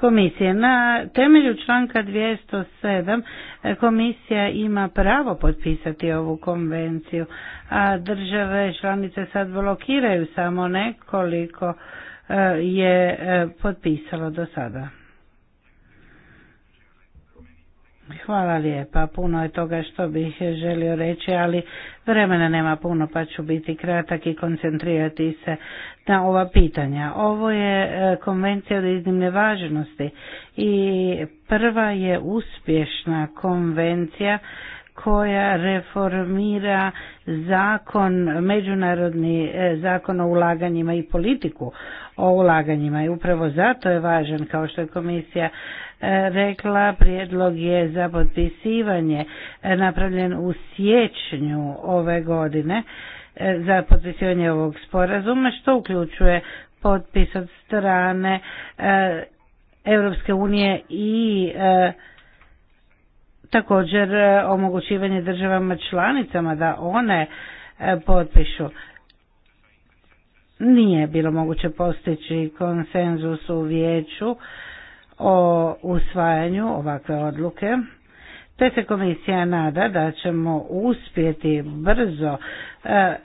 komisije. Na temelju članka 207 eh, komisija ima pravo potpisati ovu konvenciju, a države članice sad blokiraju samo nekoliko eh, je potpisalo do sada. Hvala lijepa, puno je toga što bih želio reći, ali vremena nema puno pa ću biti kratak i koncentrirati se na ova pitanja. Ovo je e, konvencija od iznimne važnosti i prva je uspješna konvencija koja reformira zakon, međunarodni e, zakon o ulaganjima i politiku o ulaganjima i upravo zato je važan kao što je komisija e, rekla prijedlog je za potpisivanje e, napravljen u siječnju ove godine za potpisivanje ovog sporazuma što uključuje potpis od strane Europske unije i također e, omogućivanje državama članicama da one e, potpišu. Nije bilo moguće postići konsenzus u vijeću o usvajanju ovakve odluke, te se komisija nada da ćemo uspjeti brzo e,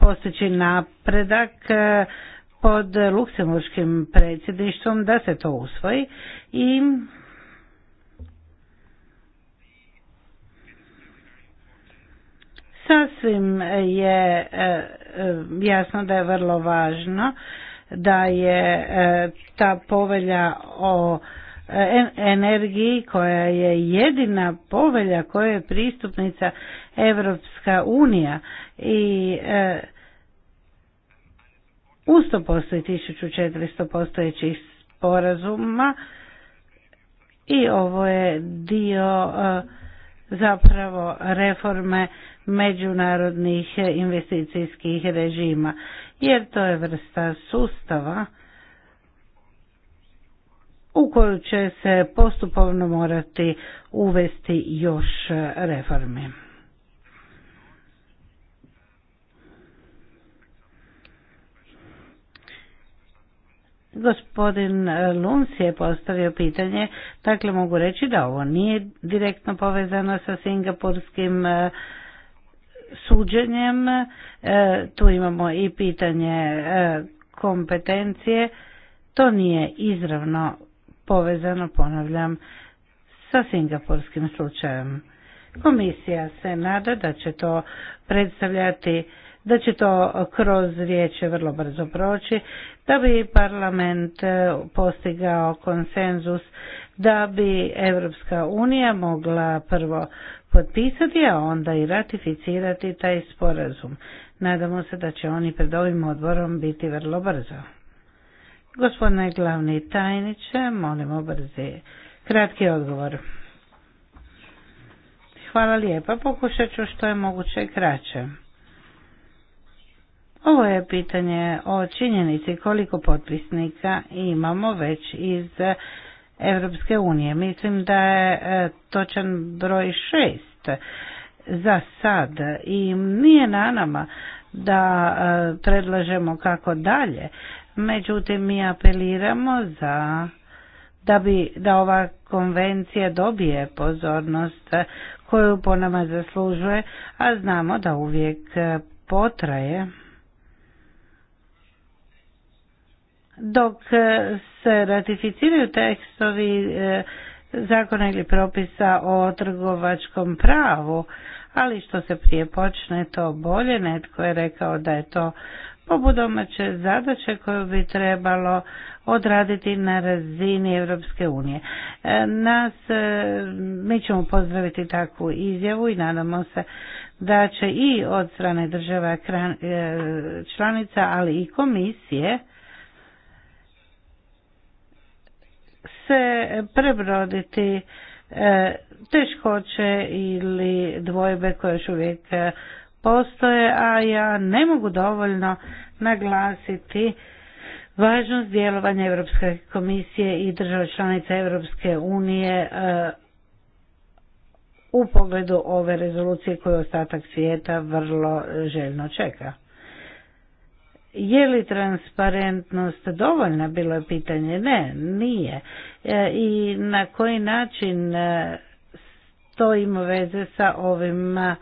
postići napredak pod luksemburškim predsjedništvom da se to usvoji i Sasvim je e, e, jasno da je vrlo važno da je e, ta povelja o energiji koja je jedina povelja koja je pristupnica Evropska unija i usto postoji 1400 postojećih sporazuma i ovo je dio zapravo reforme međunarodnih investicijskih režima, jer to je vrsta sustava u koju će se postupovno morati uvesti još reforme. Gospodin Luns je postavio pitanje, dakle mogu reći da ovo nije direktno povezano sa singapurskim eh, suđenjem, e, tu imamo i pitanje e, kompetencije, to nije izravno povezano, ponavljam, sa singapurskim slučajem. Komisija se nada da će to predstavljati, da će to kroz vijeće vrlo brzo proći, da bi parlament e, postigao konsenzus, da bi Europska unija mogla prvo potpisati, a onda i ratificirati taj sporazum. Nadamo se da će oni pred ovim odborom biti vrlo brzo. Gospodine glavni tajniče, molim brzi kratki odgovor. Hvala lijepa, pokušat ću što je moguće kraće. Ovo je pitanje o činjenici koliko potpisnika imamo već iz Europske unije. Mislim da je e, točan broj šest za sad i nije na nama da e, predlažemo kako dalje. Međutim, mi apeliramo za da bi da ova konvencija dobije pozornost koju po nama zaslužuje, a znamo da uvijek e, potraje. dok e, se ratificiraju tekstovi e, zakona ili propisa o trgovačkom pravu, ali što se prije počne to bolje, netko je rekao da je to pobudomaće domaće zadaće koju bi trebalo odraditi na razini Europske unije. E, nas, mi ćemo pozdraviti takvu izjavu i nadamo se da će i od strane država članica, ali i komisije, se prebroditi e, teškoće ili dvojbe koje još uvijek postoje, a ja ne mogu dovoljno naglasiti važnost djelovanja Europske komisije i država članica Europske unije e, u pogledu ove rezolucije koju ostatak svijeta vrlo željno čeka. Je li transparentnost dovoljna, bilo je pitanje, ne, nije. E, I na koji način e, to ima veze sa ovim e,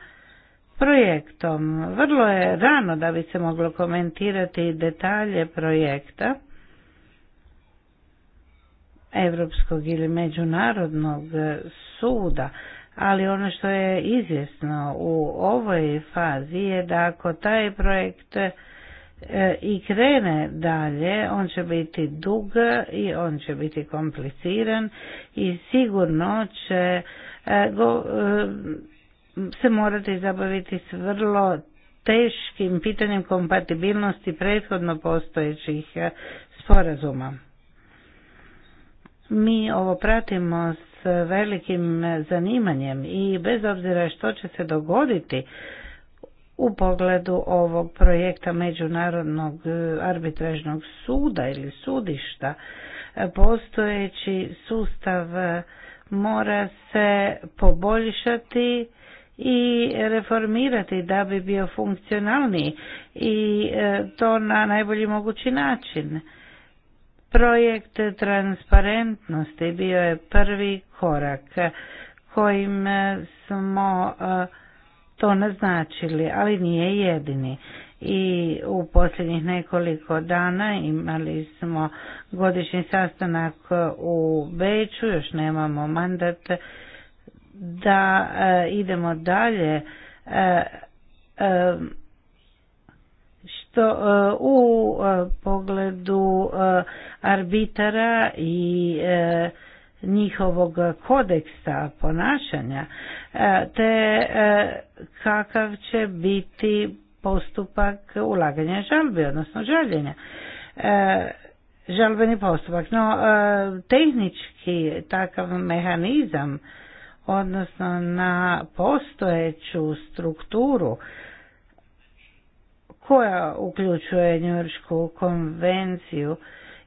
projektom? Vrlo je rano da bi se moglo komentirati detalje projekta Europskog ili Međunarodnog suda, ali ono što je izvjesno u ovoj fazi je da ako taj projekt E, i krene dalje, on će biti dug i on će biti kompliciran i sigurno će e, go, e, se morati zabaviti s vrlo teškim pitanjem kompatibilnosti prethodno postojećih sporazuma. Mi ovo pratimo s velikim zanimanjem i bez obzira što će se dogoditi u pogledu ovog projekta Međunarodnog e, arbitražnog suda ili sudišta e, postojeći sustav e, mora se poboljšati i reformirati da bi bio funkcionalniji i to na najbolji mogući način. Projekt transparentnosti bio je prvi korak kojim smo to naznačili, ali nije jedini. I u posljednjih nekoliko dana imali smo godišnji sastanak u Beću, još nemamo mandat da e, idemo dalje. E, e, što u pogledu arbitara i njihovog kodeksa ponašanja, e, te e, kakav će biti postupak ulaganja žalbe, odnosno žaljenja. E, žalbeni postupak. No, tehnički takav mehanizam, odnosno na postojeću strukturu koja uključuje Njuršku konvenciju,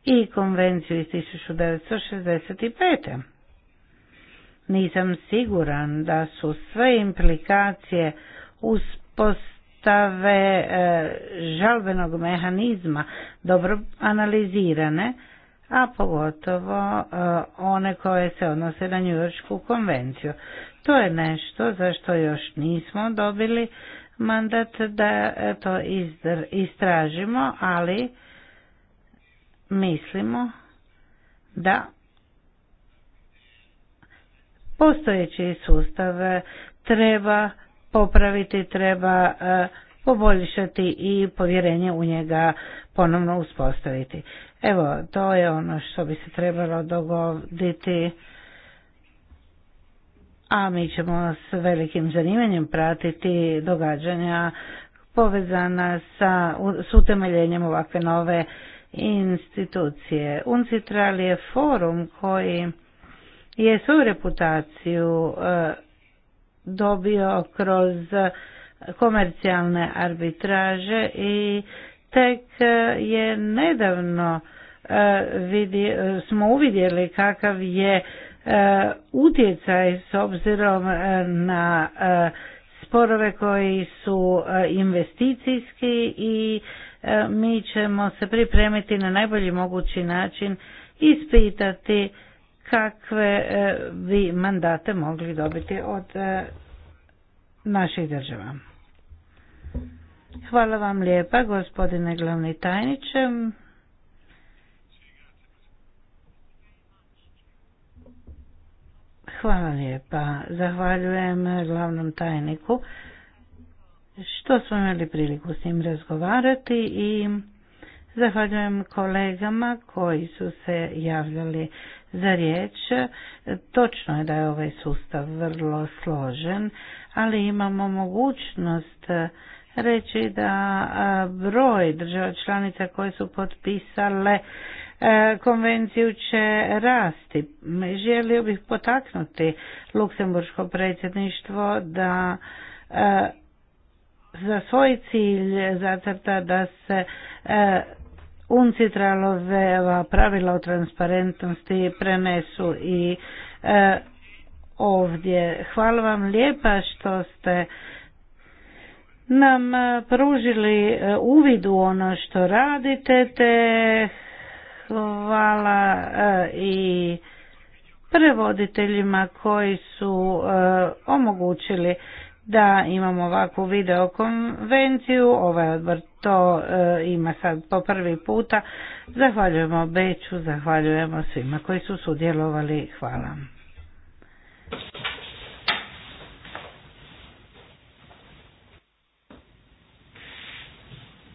i konvenciju iz 1965. Nisam siguran da su sve implikacije uspostave e, žalbenog mehanizma dobro analizirane, a pogotovo e, one koje se odnose na Njujoršku konvenciju. To je nešto za što još nismo dobili mandat da e, to istražimo, ali mislimo da postojeći sustav treba popraviti, treba e, poboljšati i povjerenje u njega ponovno uspostaviti. Evo, to je ono što bi se trebalo dogoditi, a mi ćemo s velikim zanimanjem pratiti događanja povezana sa, s utemeljenjem ovakve nove institucije. UNCITRAL je forum koji je svoju reputaciju e, dobio kroz komercijalne arbitraže i tek e, je nedavno e, smo uvidjeli kakav je utjecaj s obzirom na sporove koji su investicijski i E, mi ćemo se pripremiti na najbolji mogući način ispitati kakve vi e, mandate mogli dobiti od e, naših država. Hvala vam lijepa, gospodine glavni tajniče. Hvala lijepa. Zahvaljujem glavnom tajniku što smo imali priliku s njim razgovarati i zahvaljujem kolegama koji su se javljali za riječ. Točno je da je ovaj sustav vrlo složen, ali imamo mogućnost reći da broj država članica koje su potpisale e, konvenciju će rasti. Želio bih potaknuti Luksemburško predsjedništvo da e, za svoj cilj zacrta da se e, uncitralove pravila o transparentnosti prenesu i e, ovdje. Hvala vam lijepa što ste nam e, pružili uvid u ono što radite, te hvala i prevoditeljima koji su omogućili da imamo ovakvu videokonvenciju, ovaj odbor to e, ima sad po prvi puta. Zahvaljujemo Beću, zahvaljujemo svima koji su sudjelovali. Hvala.